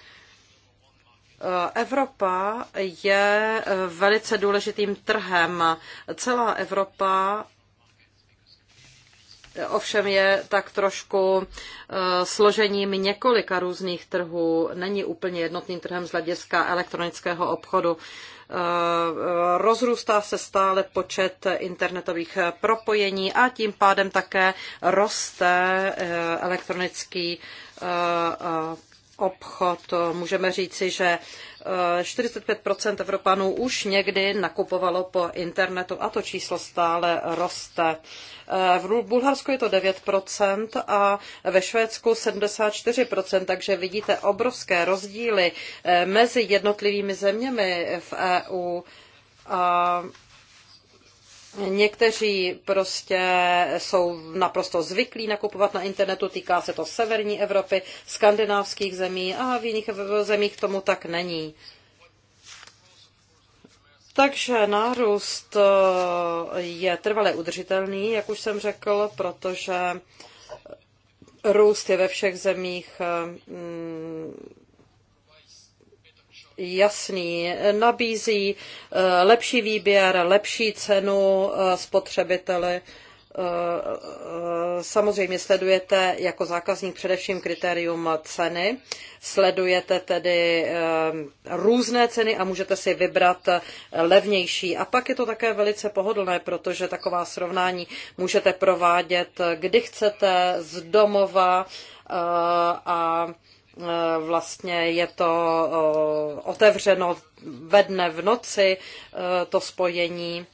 S3: Evropa je eh, velice důležitým trhem. Celá Evropa eh, ovšem je tak trošku eh, složením několika různých trhů. Není úplně jednotným trhem z hlediska elektronického obchodu. Rozrůstá se stále počet internetových propojení a tím pádem také roste elektronický obchod. Můžeme říci, že 45 eh, Evropanů už někdy nakupovalo po internetu a to číslo stále roste. Eh, v Bulharsku je to 9 a ve Švédsku 74 takže vidíte obrovské rozdíly eh, mezi jednotlivými zeměmi v EU. A Někteří prostě jsou naprosto zvyklí nakupovat na internetu, týká se to severní Evropy, skandinávských zemí a v jiných zemích tomu tak není. Takže nárůst eh, je trvale udržitelný, jak už jsem řekl, protože růst je ve všech zemích eh, mm, jasný, nabízí eh, lepší výběr, lepší cenu eh, spotřebiteli. Eh, samozřejmě sledujete jako zákazník především kritérium ceny, sledujete tedy různé ceny a můžete si vybrat levnější. A pak je to také velice pohodlné, protože taková srovnání můžete provádět, kdy chcete, z domova a Eh, vlastně je to eh, otevřeno ve dne v noci, eh, to spojení.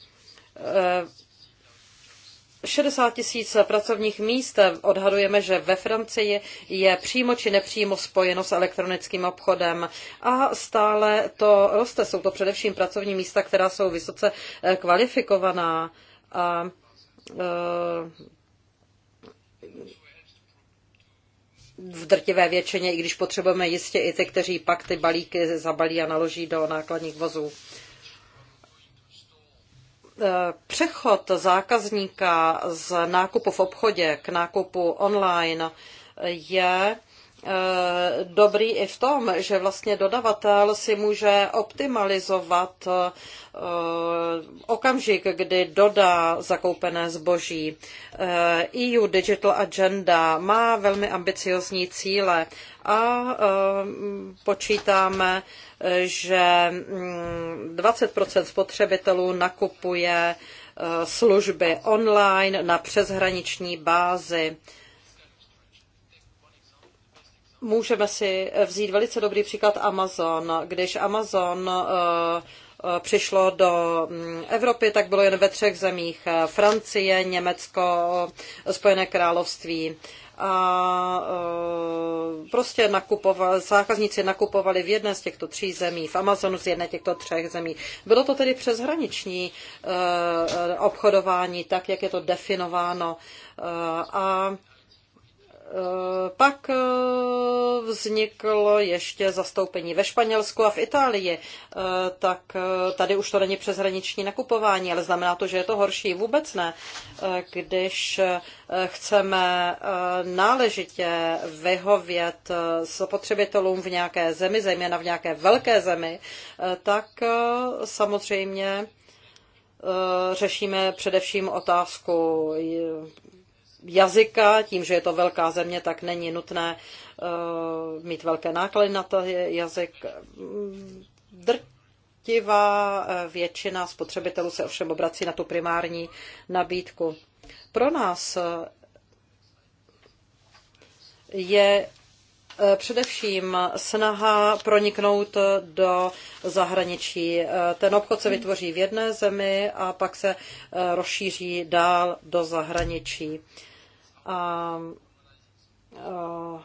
S3: 60 tisíc pracovních míst odhadujeme, že ve Francii je přímo či nepřímo spojeno s elektronickým obchodem a stále to roste. Jsou to především pracovní místa, která jsou vysoce kvalifikovaná. A v drtivé většině, i když potřebujeme jistě i ty, kteří pak ty balíky zabalí a naloží do nákladních vozů. E, přechod zákazníka z nákupu v obchodě k nákupu online je Eh, dobrý i v tom, že vlastně dodavatel si může optimalizovat eh, okamžik, kdy dodá zakoupené zboží. EU eh, e Digital Agenda má velmi ambiciozní cíle a počítáme, že 20 mm, spotřebitelů nakupuje služby online na přeshraniční bázi. Můžeme si vzít velice dobrý příklad Amazon. Když Amazon eh, eh, přišlo do mm, Evropy, tak bylo jen ve třech zemích. Francie, Německo, Spojené království a eh, prostě nakupovali, zákazníci nakupovali v jedné z těchto tří zemí, v Amazonu z jedné těchto třech zemí. Bylo to tedy přeshraniční obchodování, tak jak je to definováno. A Eh, pak eh, vzniklo ještě zastoupení ve Španělsku a v Itálii, eh, tak tady už to není přeshraniční nakupování, ale znamená to, že je to horší? Vůbec ne. Když chceme náležitě vyhovět spotřebitelům v nějaké zemi, zejména v nějaké velké zemi, tak samozřejmě řešíme především otázku jazyka, tím, že je to velká země, tak není nutné eh, mít velké náklady na to jazyk. Mm, drtivá eh, většina spotřebitelů se ovšem obrací na tu primární nabídku. Pro nás eh, je především snaha proniknout do zahraničí. Ten obchod se vytvoří v jedné zemi a pak se rozšíří dál do zahraničí. A, eh, a, eh,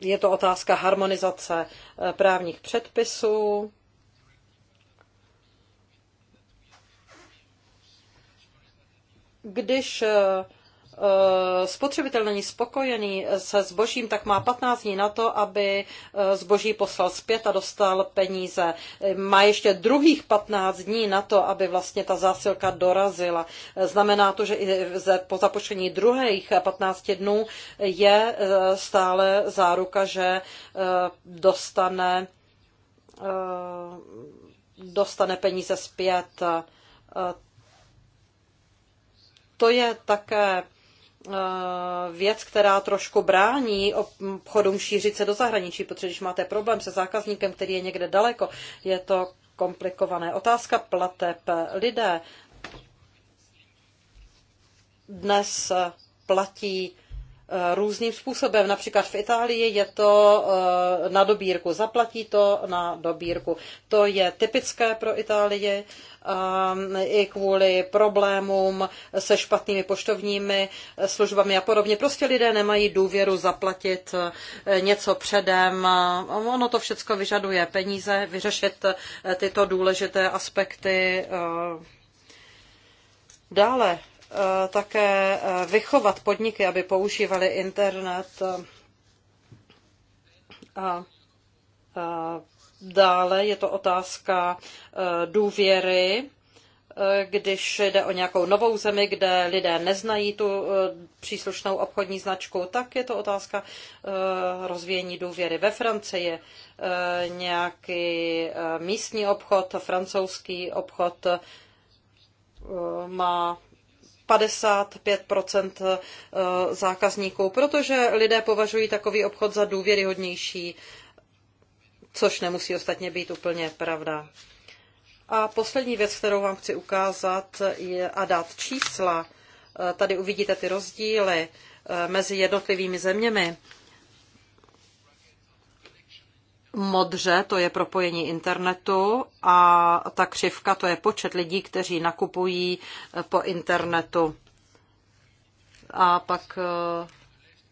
S3: je to otázka harmonizace eh, právních předpisů. Když Eh, spotřebitel není spokojený se zbožím, tak má 15 dní na to, aby eh, zboží poslal zpět a dostal peníze. Má ještě druhých 15 dní na to, aby vlastně ta zásilka dorazila. Eh, znamená to, že i po započtení druhých 15 dnů je stále záruka, že dostane dostane peníze zpět. To je také Eh, věc, která trošku brání obchodům šířit se do zahraničí, protože když máte problém se zákazníkem, který je někde daleko, je to komplikované. Otázka plateb. Lidé dnes platí Eh, různým způsobem. Například v Itálii je to eh, na dobírku, zaplatí to na dobírku. To je typické pro Itálii eh, i kvůli problémům se špatnými poštovními službami a podobně. Prostě lidé nemají důvěru zaplatit něco předem. Ono to všechno vyžaduje peníze, vyřešit tyto důležité aspekty. Dále Eh, také eh, vychovat podniky, aby používali internet eh, a dále je to otázka důvěry, když jde o nějakou novou zemi, kde lidé neznají tu příslušnou obchodní značku, tak je to otázka rozvíjení důvěry. Ve Francii nějaký místní obchod, francouzský obchod má 55 eh, zákazníků, protože lidé považují takový obchod za důvěryhodnější, což nemusí ostatně být úplně pravda. A poslední věc, kterou vám chci ukázat je, a dát čísla, eh, tady uvidíte ty rozdíly eh, mezi jednotlivými zeměmi modře to je propojení internetu a ta křivka to je počet lidí, kteří nakupují eh, po internetu. A pak eh,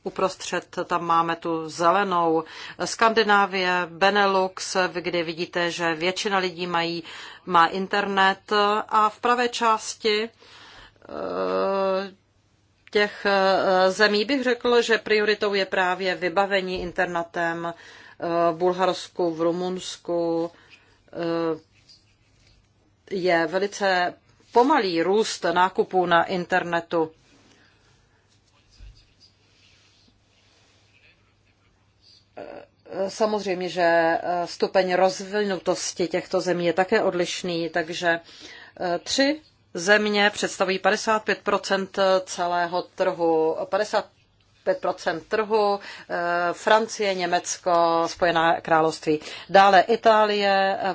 S3: uprostřed tam máme tu zelenou Skandinávie, Benelux, kde vidíte, že většina lidí mají, má internet a v pravé části eh, těch zemí bych řekl, že prioritou je právě vybavení internetem v eh, Bulharsku, v Rumunsku eh, je velice pomalý růst nákupů na internetu. Eh, samozřejmě, že stupeň rozvinutosti těchto zemí je také odlišný, takže tři země představují 55 celého trhu. 5 trhu, eh, Francie, Německo, Spojená království. Dále Itálie, eh,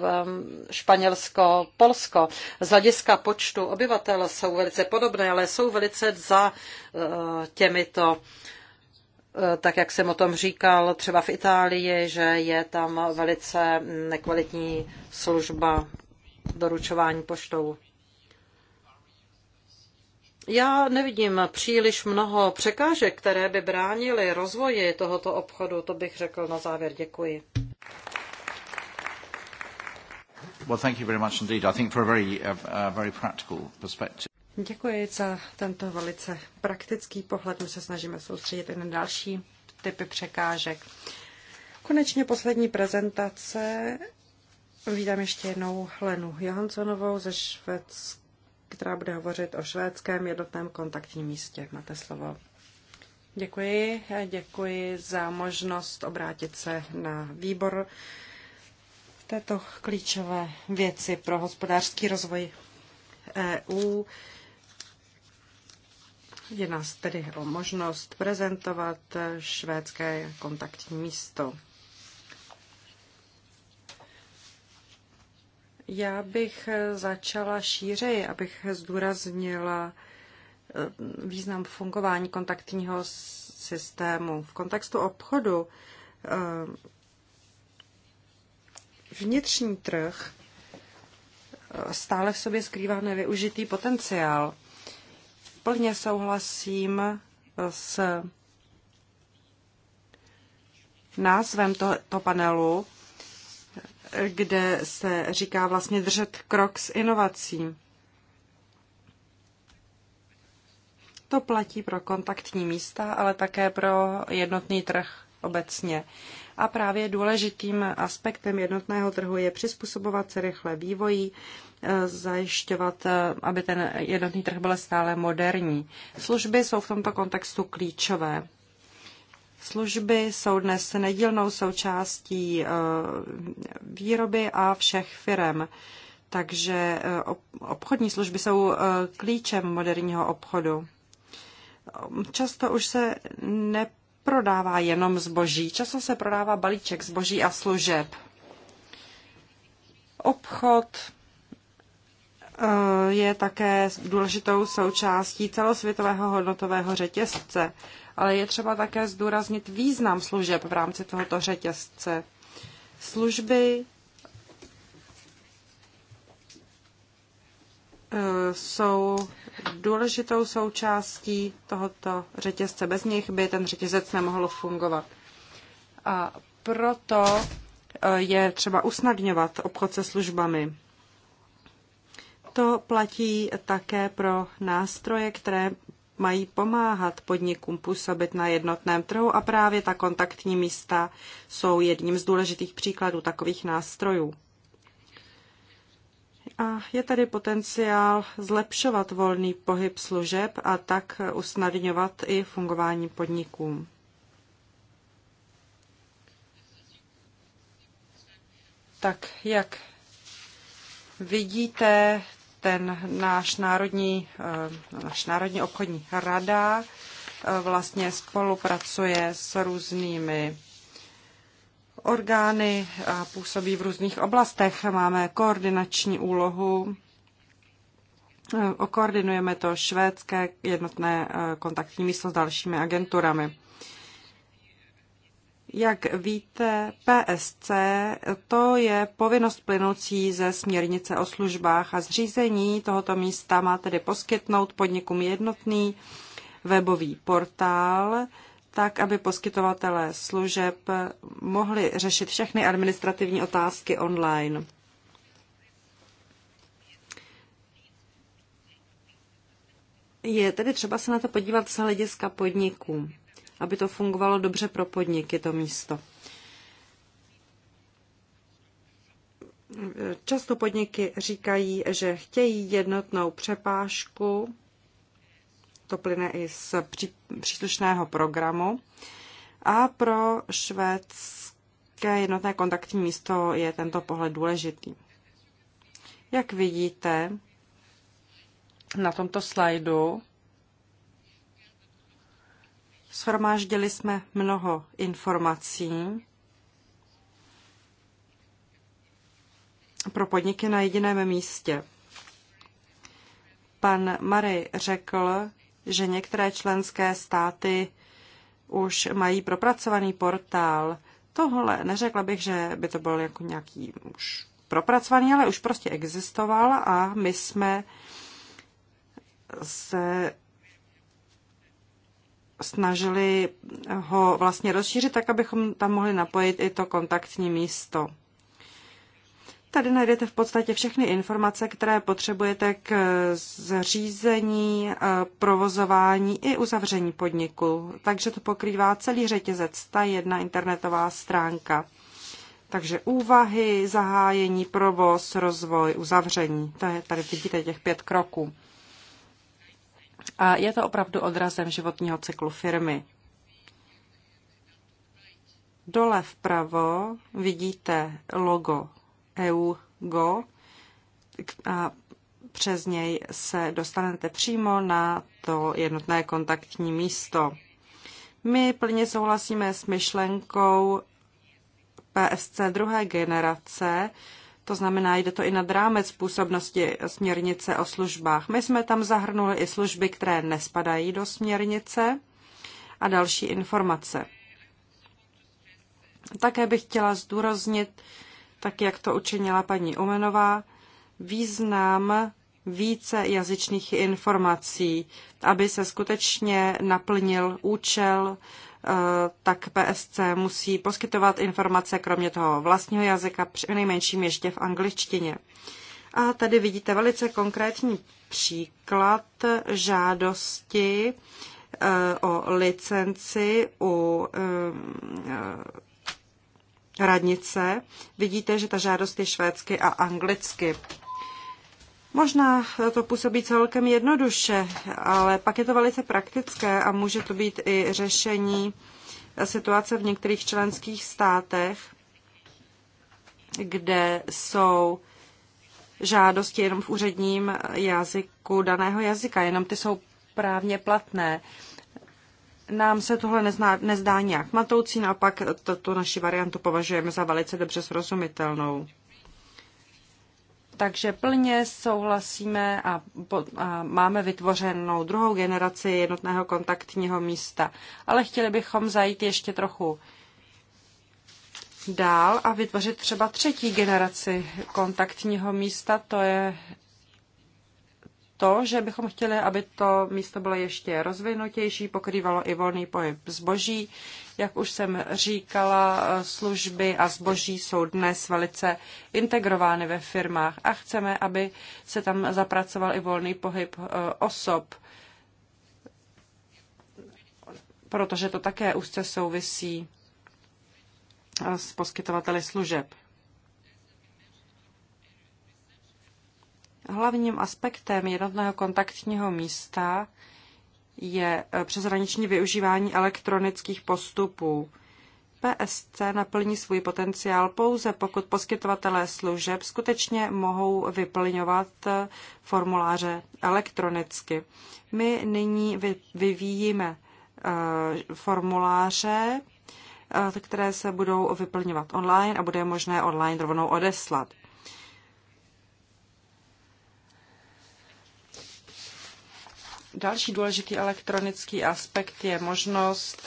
S3: Španělsko, Polsko. Z hlediska počtu obyvatel jsou velice podobné, ale jsou velice za eh, těmito tak jak jsem o tom říkal, třeba v Itálii, že je tam velice nekvalitní služba doručování poštou. Já nevidím příliš mnoho překážek, které by bránily rozvoji tohoto obchodu. To bych řekl na závěr. Děkuji.
S1: Uh, uh,
S2: Děkuji za tento velice praktický pohled. My se snažíme soustředit i na další typy překážek. Konečně poslední prezentace. Vítám ještě jednou Lenu Johanssonovou ze Švédska která bude hovořit o švédském jednotném kontaktním místě. Máte slovo. Děkuji. Děkuji za možnost obrátit se na výbor v této klíčové věci pro hospodářský rozvoj EU. Je nás tedy o možnost prezentovat švédské kontaktní místo. Já bych eh, začala šířeji, abych zdůraznila eh, význam fungování kontaktního systému. V kontextu obchodu eh, vnitřní trh stále v sobě skrývá nevyužitý potenciál. Plně souhlasím s názvem tohoto panelu kde se říká vlastně držet krok s inovací. To platí pro kontaktní místa, ale také pro jednotný trh obecně. A právě důležitým aspektem jednotného trhu je přizpůsobovat se rychle vývoji, eh, zajišťovat, eh, aby ten jednotný trh byl stále moderní. Služby jsou v tomto kontextu klíčové. Služby jsou dnes nedílnou součástí eh, výroby a všech firem. Takže eh, obchodní služby jsou eh, klíčem moderního obchodu. Často už se neprodává jenom zboží, často se prodává balíček zboží a služeb. Obchod Eh, je také důležitou součástí celosvětového hodnotového řetězce, ale je třeba také zdůraznit význam služeb v rámci tohoto řetězce. Služby eh, jsou důležitou součástí tohoto řetězce. Bez nich by ten řetězec nemohl fungovat. A proto eh, je třeba usnadňovat obchod se službami. To platí také pro nástroje, které mají pomáhat podnikům působit na jednotném trhu a právě ta kontaktní místa jsou jedním z důležitých příkladů takových nástrojů. A je tady potenciál zlepšovat volný pohyb služeb a tak usnadňovat i fungování podnikům. Tak jak vidíte, ten náš národní, eh, náš národní obchodní rada eh, vlastně spolupracuje s různými orgány a působí v různých oblastech. Máme koordinační úlohu, Okoordinujeme eh, to švédské jednotné kontaktní místo s dalšími agenturami. Jak víte, PSC to je povinnost plynoucí ze směrnice o službách a zřízení tohoto místa má tedy poskytnout podnikům jednotný webový portál, tak, aby poskytovatelé služeb mohli řešit všechny administrativní otázky online. Je tedy třeba se na to podívat z hlediska podniků aby to fungovalo dobře pro podniky, to místo. Často podniky říkají, že chtějí jednotnou přepážku, to plyne i z příslušného programu. A pro švédské jednotné kontaktní místo je tento pohled důležitý. Jak vidíte na tomto slajdu, Shromáždili jsme mnoho informací pro podniky na jediném místě. Pan Mary řekl, že některé členské státy už mají propracovaný portál. Tohle neřekla bych, že by to byl jako nějaký už propracovaný, ale už prostě existoval a my jsme se snažili ho vlastně rozšířit, tak abychom tam mohli napojit i to kontaktní místo. Tady najdete v podstatě všechny informace, které potřebujete k zřízení, eh, provozování i uzavření podniku. Takže to pokrývá celý řetězec, ta jedna internetová stránka. Takže úvahy, zahájení, provoz, rozvoj, uzavření. To je, tady vidíte těch pět kroků a je to opravdu odrazem životního cyklu firmy. Dole vpravo vidíte logo EUGO a přes něj se dostanete přímo na to jednotné kontaktní místo. My plně souhlasíme s myšlenkou PSC druhé generace, to znamená, jde to i nad rámec působnosti směrnice o službách. My jsme tam zahrnuli i služby, které nespadají do směrnice a další informace. Také bych chtěla zdůraznit, tak jak to učinila paní Umenová, význam více jazyčných informací, aby se skutečně naplnil účel Eh, tak PSC musí poskytovat informace kromě toho vlastního jazyka, nejmenším ještě v angličtině. A tady vidíte velice konkrétní příklad žádosti eh, o licenci u eh, radnice. Vidíte, že ta žádost je švédsky a anglicky. Možná to působí celkem jednoduše, ale pak je to velice praktické a může to být i řešení situace v některých členských státech, kde jsou žádosti jenom v úředním jazyku daného jazyka, jenom ty jsou právně platné. Nám se tohle nezná, nezdá nějak matoucí, naopak tu naši variantu považujeme za velice dobře srozumitelnou. Takže plně souhlasíme a, po, a máme vytvořenou druhou generaci jednotného kontaktního místa. Ale chtěli bychom zajít ještě trochu dál a vytvořit třeba třetí generaci kontaktního místa. To je to, že bychom chtěli, aby to místo bylo ještě rozvinutější, pokrývalo i volný pohyb zboží, jak už jsem říkala, služby a zboží jsou dnes velice integrovány ve firmách a chceme, aby se tam zapracoval i volný pohyb e, osob, protože to také úzce souvisí e, s poskytovateli služeb. Hlavním aspektem jednotného kontaktního místa je eh, přeshraniční využívání elektronických postupů. PSC naplní svůj potenciál pouze, pokud poskytovatelé služeb skutečně mohou vyplňovat eh, formuláře elektronicky. My nyní vyvíjíme eh, formuláře, které se budou vyplňovat online a bude možné online rovnou odeslat. Další důležitý elektronický aspekt je možnost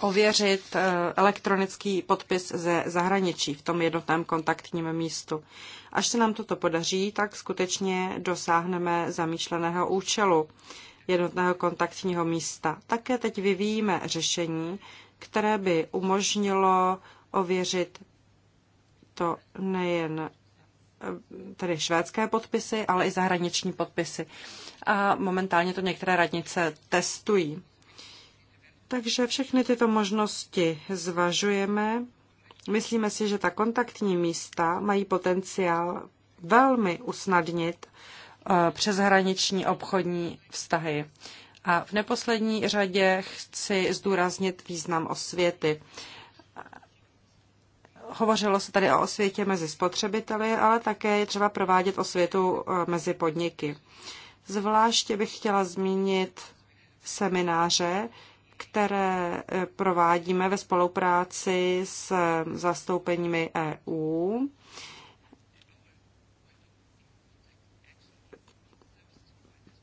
S2: ověřit eh, elektronický podpis ze zahraničí v tom jednotném kontaktním místu. Až se nám toto podaří, tak skutečně dosáhneme zamýšleného účelu jednotného kontaktního místa. Také teď vyvíjíme řešení, které by umožnilo ověřit to nejen tedy švédské podpisy, ale i zahraniční podpisy. A momentálně to některé radnice testují. Takže všechny tyto možnosti zvažujeme. Myslíme si, že ta kontaktní místa mají potenciál velmi usnadnit eh, přeshraniční obchodní vztahy. A v neposlední řadě chci zdůraznit význam osvěty. Hovořilo se tady o osvětě mezi spotřebiteli, ale také je třeba provádět osvětu e, mezi podniky. Zvláště bych chtěla zmínit semináře, které e, provádíme ve spolupráci s zastoupeními EU.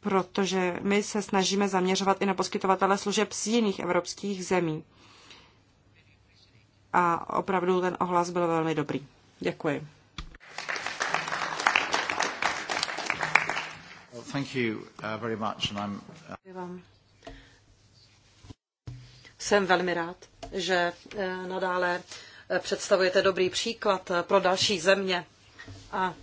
S2: protože my se snažíme zaměřovat i na poskytovatele služeb z jiných evropských zemí a opravdu ten ohlas byl velmi dobrý. Děkuji.
S1: Thank you uh, very much uh,
S3: Jsem velmi rád, že eh, nadále eh, představujete dobrý příklad eh, pro další země. A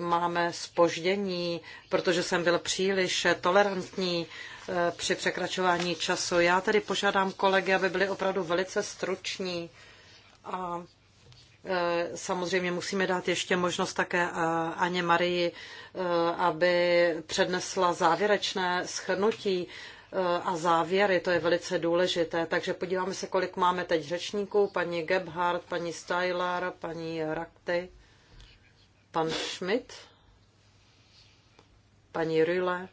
S3: máme spoždění, protože jsem byl příliš tolerantní Eh, při překračování času. Já tedy požádám kolegy, aby byli opravdu velice struční a eh, Samozřejmě musíme dát ještě možnost také eh, Aně Marii, aby přednesla závěrečné schrnutí a závěry, to je velice důležité. Takže podíváme se, kolik máme teď řečníků. Paní Gebhardt, paní Styler, paní Rakty, pan Schmidt, paní Rüller.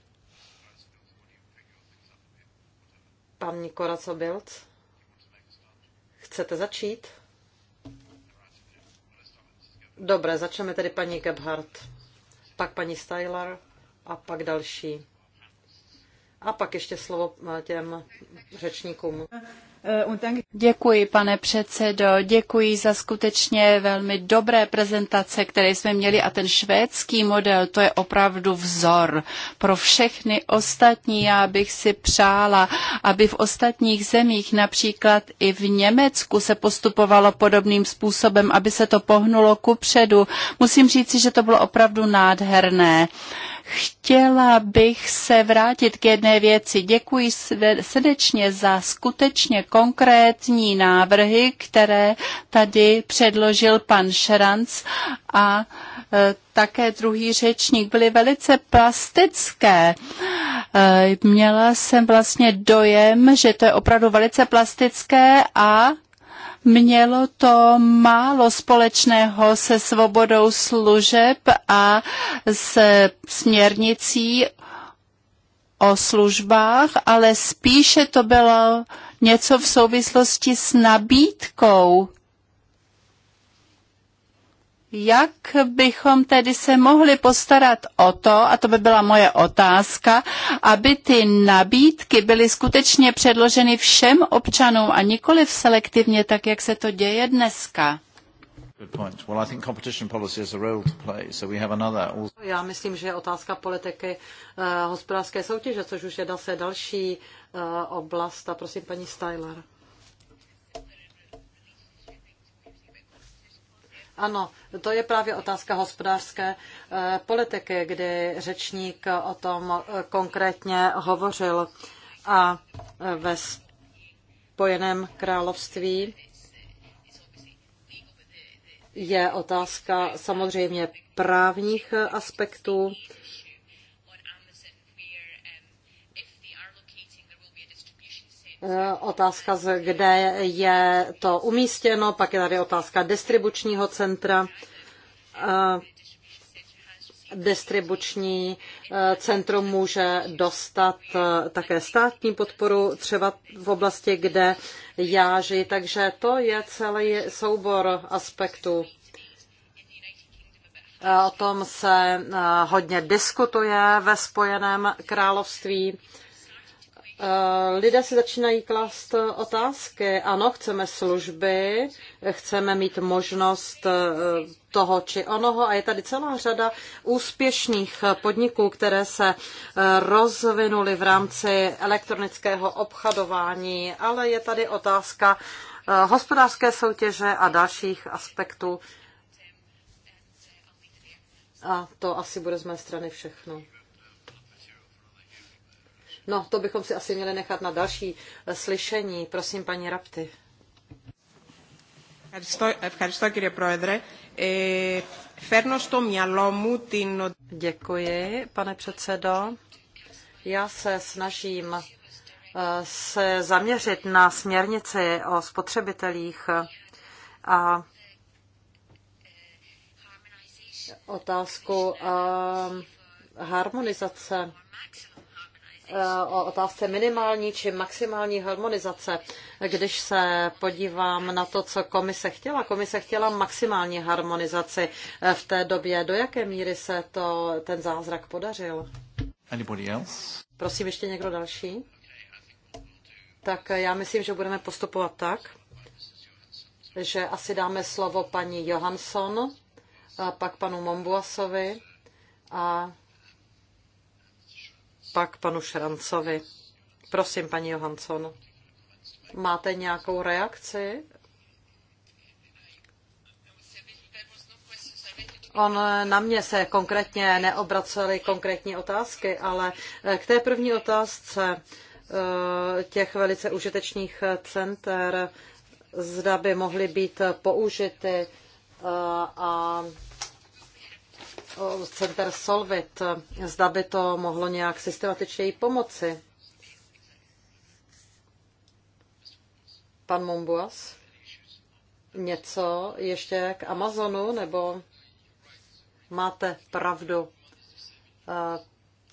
S3: Pan Koraco Bild, chcete začít? Dobré, začneme tedy paní Gebhardt, pak paní Styler a pak další. A pak ještě slovo těm řečníkům.
S4: Eh, děkuji, pane předsedo, děkuji za skutečně velmi dobré prezentace, které jsme měli a ten švédský model, to je opravdu vzor pro všechny ostatní. Já bych si přála, aby v ostatních zemích, například i v Německu, se postupovalo podobným způsobem, aby se to pohnulo ku předu. Musím říci, že to bylo opravdu nádherné. Chtěla bych se vrátit k jedné věci. Děkuji srdečně za skutečně konkrétní návrhy, které tady předložil pan Šranc a e, také druhý řečník byly velice plastické. E, měla jsem vlastně dojem, že to je opravdu velice plastické a Mělo to málo společného se svobodou služeb a se směrnicí o službách, ale spíše to bylo něco v souvislosti s nabídkou jak bychom tedy se mohli postarat o to, a to by byla moje otázka, aby ty nabídky byly skutečně předloženy všem občanům a nikoli v selektivně, tak jak se to děje dneska?
S3: Já myslím, že otázka politiky uh, hospodářské soutěže, což už je zase další uh, oblast, a prosím paní Styler. Ano, to je právě otázka hospodářské eh, politiky, kdy řečník o tom eh, konkrétně hovořil. A eh, ve Spojeném království je otázka samozřejmě právních aspektů Eh, otázka, kde je to umístěno, pak je tady otázka distribučního centra. Eh, distribuční eh, centrum může dostat také státní podporu, třeba v oblasti, kde já žiji. Takže to je celý soubor aspektů. O tom se hodně diskutuje ve Spojeném království. Eh, lidé si začínají klást otázky. Ano, chceme služby, chceme mít možnost eh, toho či onoho a je tady celá řada úspěšných podniků, které se eh, rozvinuly v rámci elektronického obchodování, ale je tady otázka hospodářské soutěže a dalších aspektů. A to asi bude z mé strany všechno. No, to bychom si asi měli nechat na další eh, slyšení. Prosím, paní Rapty. Děkuji, pane předsedo. Já se snažím eh, se zaměřit na směrnici o spotřebitelích a otázku eh, harmonizace Eh, o otázce minimální či maximální harmonizace. Když se podívám na to, co komise chtěla, komise chtěla maximální harmonizaci eh, v té době. Do jaké míry se to, ten zázrak podařil? else? Prosím, ještě někdo další? Tak eh, já myslím, že budeme postupovat tak, že asi dáme slovo paní Johansson, pak panu Mombuasovi a pak panu Šrancovi. Prosím, paní Johansson, máte nějakou reakci? On na mě se konkrétně neobraceli konkrétní otázky, ale k té první otázce eh, těch velice užitečných center, zda by mohly být použity eh, a center Solvit, zda by to mohlo nějak systematičněji pomoci. Pan Mombuas? Něco ještě k Amazonu, nebo máte pravdu? Eh,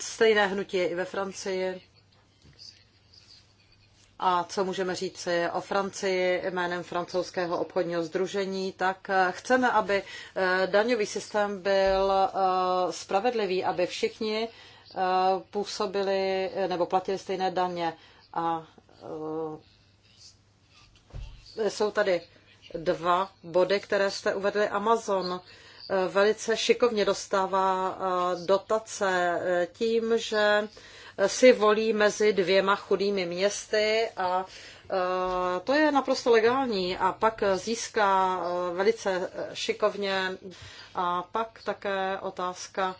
S3: stejné hnutí je i ve Francii a co můžeme říct o Francii jménem francouzského obchodního združení, tak eh, chceme, aby eh, daňový systém byl eh, spravedlivý, aby všichni působili nebo platili stejné daně. A jsou tady dva body, které jste uvedli. Amazon velice šikovně dostává dotace tím, že si volí mezi dvěma chudými městy a e, to je naprosto legální a pak získá e, velice šikovně a pak také otázka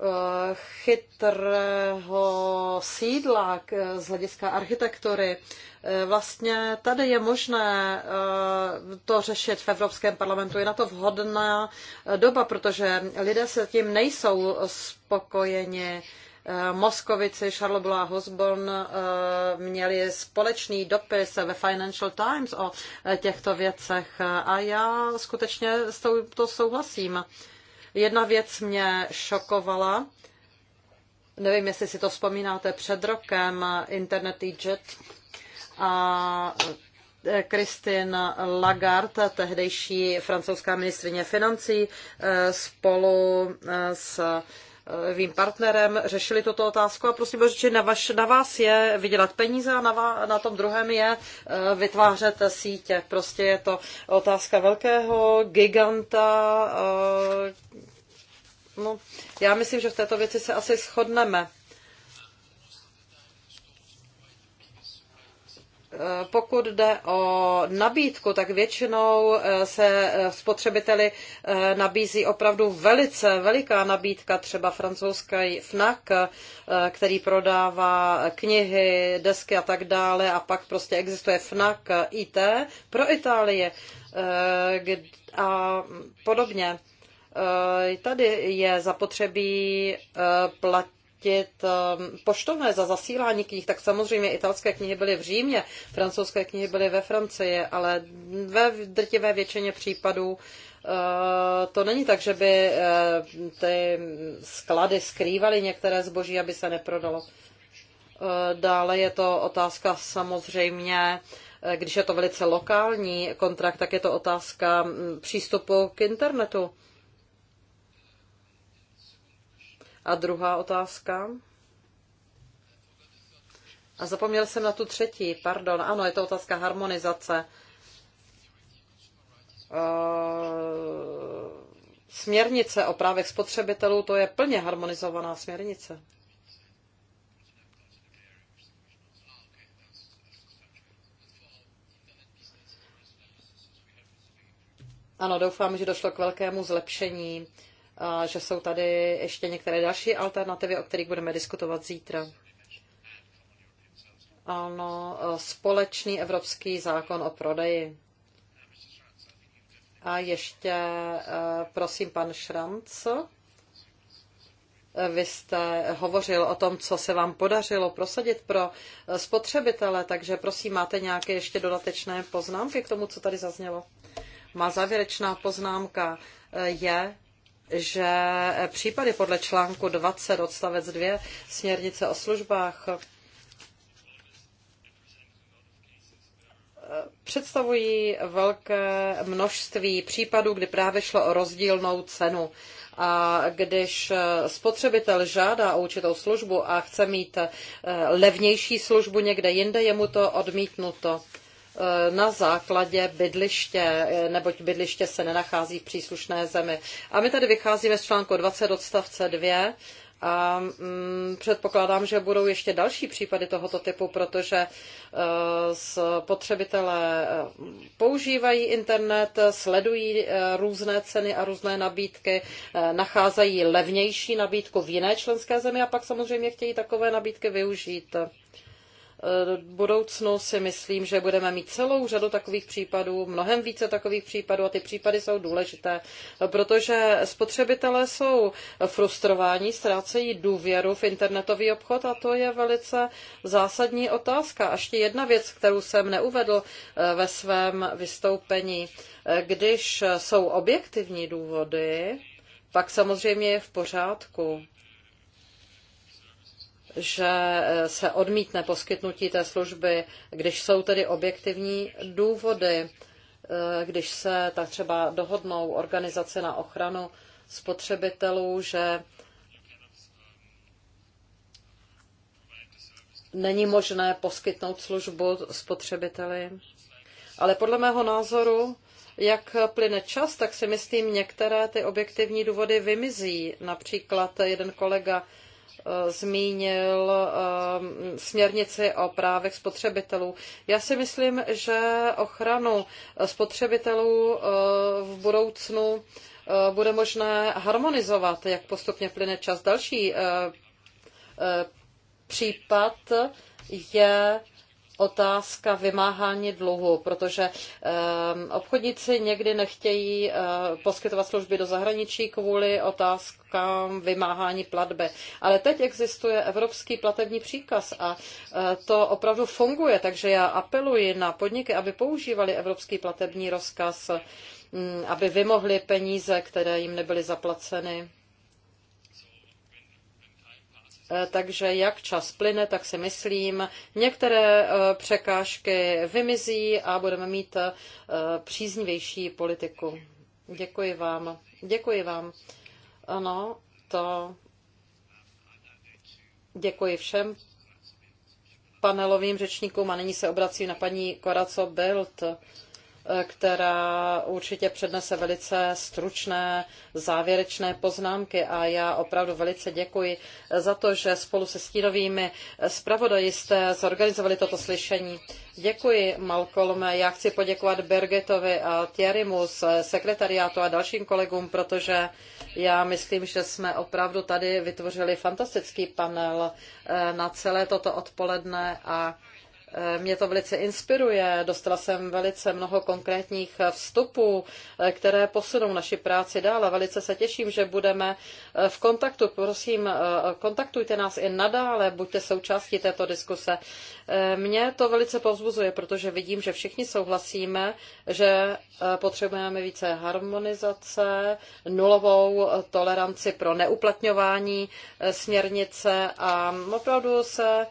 S3: Eh, chytrého sídla z hlediska architektury. Eh, vlastně tady je možné eh, to řešit v Evropském parlamentu. Je na to vhodná doba, protože lidé se tím nejsou spokojeni. Moskovici, Charlebois a Hosborn měli společný dopis ve Financial Times o těchto věcech a já skutečně s touto souhlasím. Jedna věc mě šokovala. Nevím, jestli si to vzpomínáte před rokem, Internet Egypt a Christine Lagarde, tehdejší francouzská ministrině financí, eh, spolu eh, s Eh, vým partnerem řešili tuto otázku a prostě bylo řečeno, na, vaš, na vás je vydělat peníze a na, na tom druhém je eh, vytvářet sítě. Prostě je to otázka velkého giganta. Eh, no, já myslím, že v této věci se asi shodneme. Eh, pokud jde o nabídku, tak většinou eh, se eh, spotřebiteli nabízí opravdu velice veliká nabídka, třeba francouzský FNAC, který prodává knihy, desky a tak dále a pak prostě existuje FNAC IT pro Itálii a podobně. Tady je zapotřebí platit platit ehm, poštovné za zasílání knih, tak samozřejmě italské knihy byly v Římě, francouzské knihy byly ve Francii, ale ve drtivé většině případů eh, to není tak, že by eh, ty sklady skrývaly některé zboží, aby se neprodalo. Eh, dále je to otázka samozřejmě, když je to velice lokální kontrakt, tak je to otázka mm, přístupu k internetu A druhá otázka. A zapomněl jsem na tu třetí, pardon. Ano, je to otázka harmonizace. směrnice o právech spotřebitelů, to je plně harmonizovaná směrnice. Ano, doufám, že došlo k velkému zlepšení že jsou tady ještě některé další alternativy, o kterých budeme diskutovat zítra. Ano, společný evropský zákon o prodeji. A ještě eh, prosím pan Šranc. Vy jste hovořil o tom, co se vám podařilo prosadit pro eh, spotřebitele, takže prosím, máte nějaké ještě dodatečné poznámky k tomu, co tady zaznělo? Má závěrečná poznámka eh, je, že případy podle článku 20 odstavec 2 směrnice o službách eh, představují velké množství případů, kdy právě šlo o rozdílnou cenu. A když eh, spotřebitel žádá o určitou službu a chce mít eh, levnější službu někde jinde, je mu to odmítnuto. Eh, na základě bydliště, eh, neboť bydliště se nenachází v příslušné zemi. A my tady vycházíme z článku 20 odstavce 2 a mm, předpokládám, že budou ještě další případy tohoto typu, protože eh, spotřebitelé používají internet, sledují různé ceny a různé nabídky, nacházejí levnější nabídku v jiné členské zemi a pak samozřejmě chtějí takové nabídky využít v eh, budoucnu si myslím, že budeme mít celou řadu takových případů, mnohem více takových případů a ty případy jsou důležité, protože spotřebitelé jsou frustrováni, ztrácejí důvěru v internetový obchod a to je velice zásadní otázka. A ještě jedna věc, kterou jsem neuvedl eh, ve svém vystoupení. Eh, když jsou objektivní důvody, pak samozřejmě je v pořádku že eh, se odmítne poskytnutí té služby, když jsou tedy objektivní důvody, eh, když se tak třeba dohodnou organizace na ochranu spotřebitelů, že není možné poskytnout službu spotřebiteli. Ale podle mého názoru, jak plyne čas, tak si myslím, některé ty objektivní důvody vymizí. Například jeden kolega Eh, zmínil eh, směrnici o právech spotřebitelů. Já si myslím, že ochranu spotřebitelů eh, v budoucnu bude možné harmonizovat, jak postupně plyne čas. Další případ je otázka vymáhání dluhu, protože ehm, obchodníci někdy nechtějí eh, poskytovat služby do zahraničí kvůli otázkám vymáhání platby. Ale teď existuje evropský platební příkaz a eh, to opravdu funguje, takže já apeluji na podniky, aby používali evropský platební rozkaz, hm, aby vymohli peníze, které jim nebyly zaplaceny Eh, takže jak čas plyne, tak si myslím, některé eh, překážky vymizí a budeme mít eh, příznivější politiku. Děkuji vám. Děkuji vám. Ano, to děkuji všem panelovým řečníkům a nyní se obracím na paní Koraco Belt která určitě přednese velice stručné závěrečné poznámky a já opravdu velice děkuji za to, že spolu se stínovými zpravodaji jste zorganizovali toto slyšení. Děkuji, Malcolm. Já chci poděkovat Bergetovi a Thierrymu z sekretariátu a dalším kolegům, protože já myslím, že jsme opravdu tady vytvořili fantastický panel eh, na celé toto odpoledne a Eh, mě to velice inspiruje, dostala jsem velice mnoho konkrétních eh, vstupů, eh, které posunou naši práci dál a velice se těším, že budeme v kontaktu. Prosím, kontaktujte nás i nadále, buďte součástí této diskuse. Mě to velice povzbuzuje, protože vidím, že všichni souhlasíme, že potřebujeme více harmonizace, nulovou toleranci pro neuplatňování směrnice a opravdu se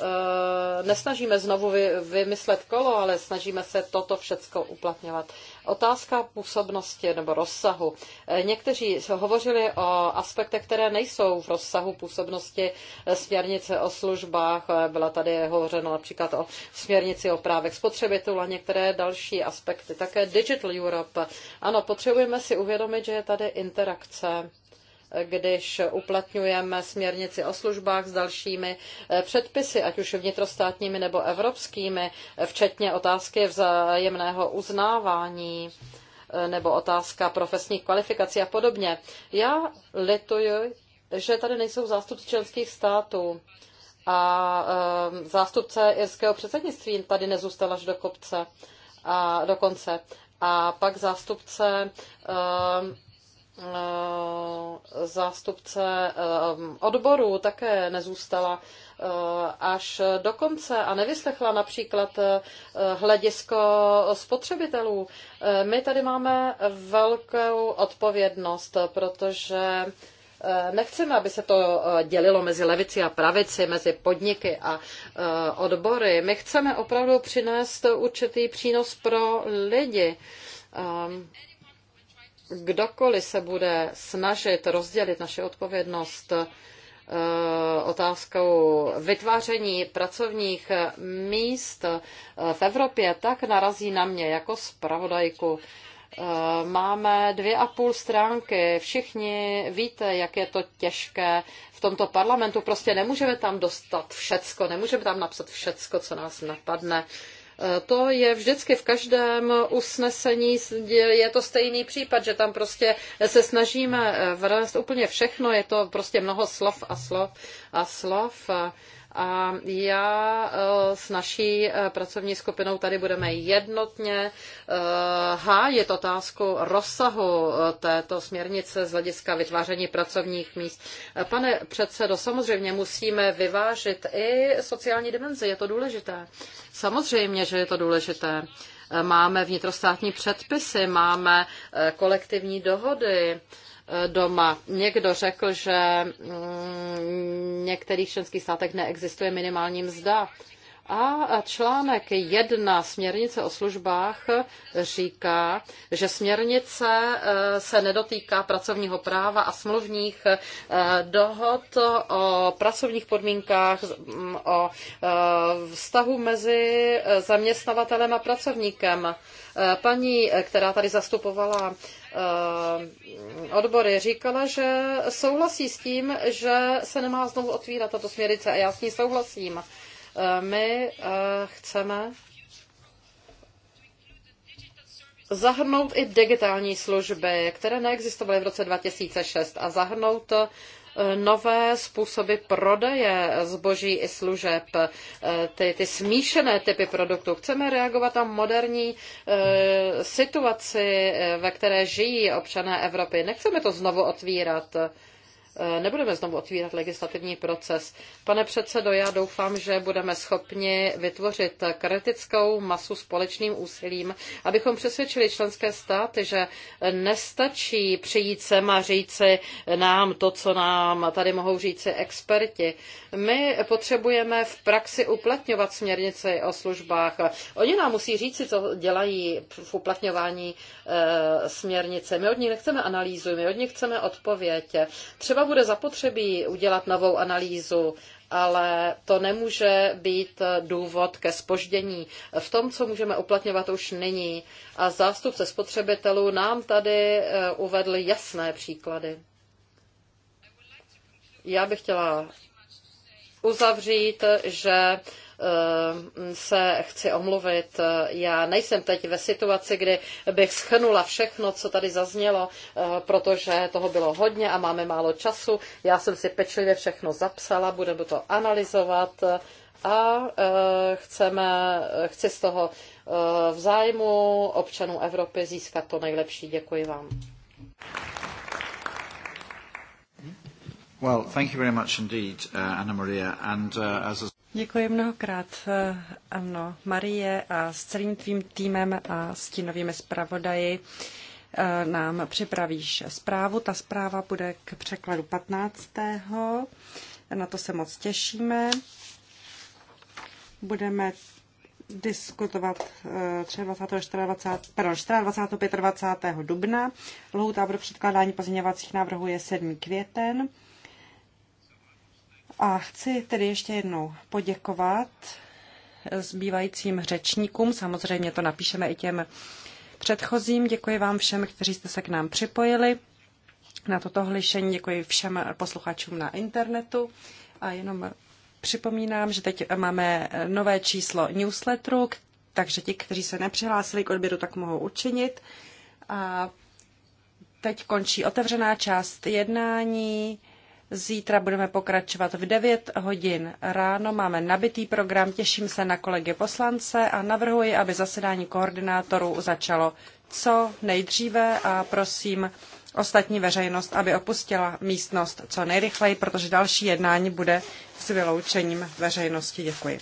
S3: Eh, nesnažíme znovu vymyslet kolo, ale snažíme se toto všecko uplatňovat. Otázka působnosti nebo rozsahu. Eh, někteří hovořili o aspektech, které nejsou v rozsahu působnosti eh, směrnice o službách. Byla tady hovořeno například o směrnici o právech spotřebitelů a některé další aspekty. Také Digital Europe. Ano, potřebujeme si uvědomit, že je tady interakce když uplatňujeme směrnici o službách s dalšími eh, předpisy, ať už vnitrostátními nebo evropskými, eh, včetně otázky vzájemného uznávání eh, nebo otázka profesních kvalifikací a podobně. Já lituji, že tady nejsou zástupci členských států a zástupce irského předsednictví tady nezůstal až do kopce a do konce. A pak zástupce Eh, zástupce eh, odboru také nezůstala eh, až do konce a nevyslechla například hledisko spotřebitelů. My tady máme velkou odpovědnost, protože nechceme, aby se to dělilo mezi levici a pravici, mezi podniky a odbory. My chceme opravdu přinést určitý přínos pro lidi kdokoliv se bude snažit rozdělit naši odpovědnost eh, otázkou vytváření pracovních míst eh, v Evropě, tak narazí na mě jako spravodajku. Eh, máme dvě a půl stránky. Všichni víte, jak je to těžké v tomto parlamentu. Prostě nemůžeme tam dostat všecko, nemůžeme tam napsat všecko, co nás napadne. To je vždycky v každém usnesení, je to stejný případ, že tam prostě se snažíme eh, vrást úplně všechno, je to prostě mnoho slov a slov a slov. A a já eh, s naší eh, pracovní skupinou tady budeme jednotně eh, hájit otázku rozsahu této směrnice z hlediska vytváření pracovních míst. Pane předsedo, samozřejmě musíme vyvážit i sociální dimenzi, je to důležité. Samozřejmě, že je to důležité. Máme vnitrostátní předpisy, máme kolektivní dohody, Eh, doma. Někdo řekl, že v mm, některých členských státech neexistuje minimální mzda. A článek jedna směrnice o službách říká, že směrnice eh, se nedotýká pracovního práva a smluvních eh, dohod o pracovních podmínkách, mm, o vztahu mezi zaměstnavatelem a pracovníkem. Paní, která tady zastupovala Eh, odbory říkala, že souhlasí s tím, že se nemá znovu otvírat tato směrnice a já s ní souhlasím. Eh, my eh, chceme zahrnout i digitální služby, které neexistovaly v roce 2006 a zahrnout nové způsoby prodeje zboží i služeb, eh, ty, ty smíšené typy produktů. Chceme reagovat na moderní eh, situaci, eh, ve které žijí občané Evropy. Nechceme to znovu otvírat. Eh, nebudeme znovu otvírat legislativní proces. Pane předsedo, já doufám, že budeme schopni vytvořit kritickou masu společným úsilím, abychom přesvědčili členské státy, že nestačí přijít sem a říci nám to, co nám tady mohou říci experti. My potřebujeme v praxi uplatňovat směrnici o službách. Oni nám musí říci, co dělají v uplatňování eh, směrnice. My od nich nechceme analýzu, my od nich chceme odpověď. Třeba bude zapotřebí udělat novou analýzu, ale to nemůže být důvod ke spoždění v tom, co můžeme uplatňovat už nyní. A zástupce spotřebitelů nám tady eh, uvedl jasné příklady. Já bych chtěla uzavřít, že Ehm, se chci omluvit. Já nejsem teď ve situaci, kdy bych schrnula všechno, co tady zaznělo, eh, protože toho bylo hodně a máme málo času. Já jsem si pečlivě všechno zapsala, budeme to analyzovat a eh, chceme, chci z toho eh, v zájmu občanů Evropy získat to nejlepší. Děkuji vám.
S1: Well, thank you very much indeed, uh, Anna Maria. And uh, as a
S2: Děkuji mnohokrát, eh, ano, Marie a s celým tvým týmem a s novými zpravodaji eh, nám připravíš zprávu. Ta zpráva bude k překladu 15. Na to se moc těšíme. Budeme diskutovat 23. Eh, 20, pardon, 24. 25. dubna. Lhůta pro předkládání pozměňovacích návrhů je 7. květen. A chci tedy ještě jednou poděkovat zbývajícím řečníkům. Samozřejmě to napíšeme i těm předchozím. Děkuji vám všem, kteří jste se k nám připojili na toto hlišení. Děkuji všem posluchačům na internetu. A jenom připomínám, že teď máme nové číslo newsletteru, takže ti, kteří se nepřihlásili k odběru, tak mohou učinit. A teď končí otevřená část jednání. Zítra budeme pokračovat v 9 hodin ráno. Máme nabitý program, těším se na kolegy poslance a navrhuji, aby zasedání koordinátorů začalo co nejdříve a prosím ostatní veřejnost, aby opustila místnost co nejrychleji, protože další jednání bude s vyloučením veřejnosti. Děkuji.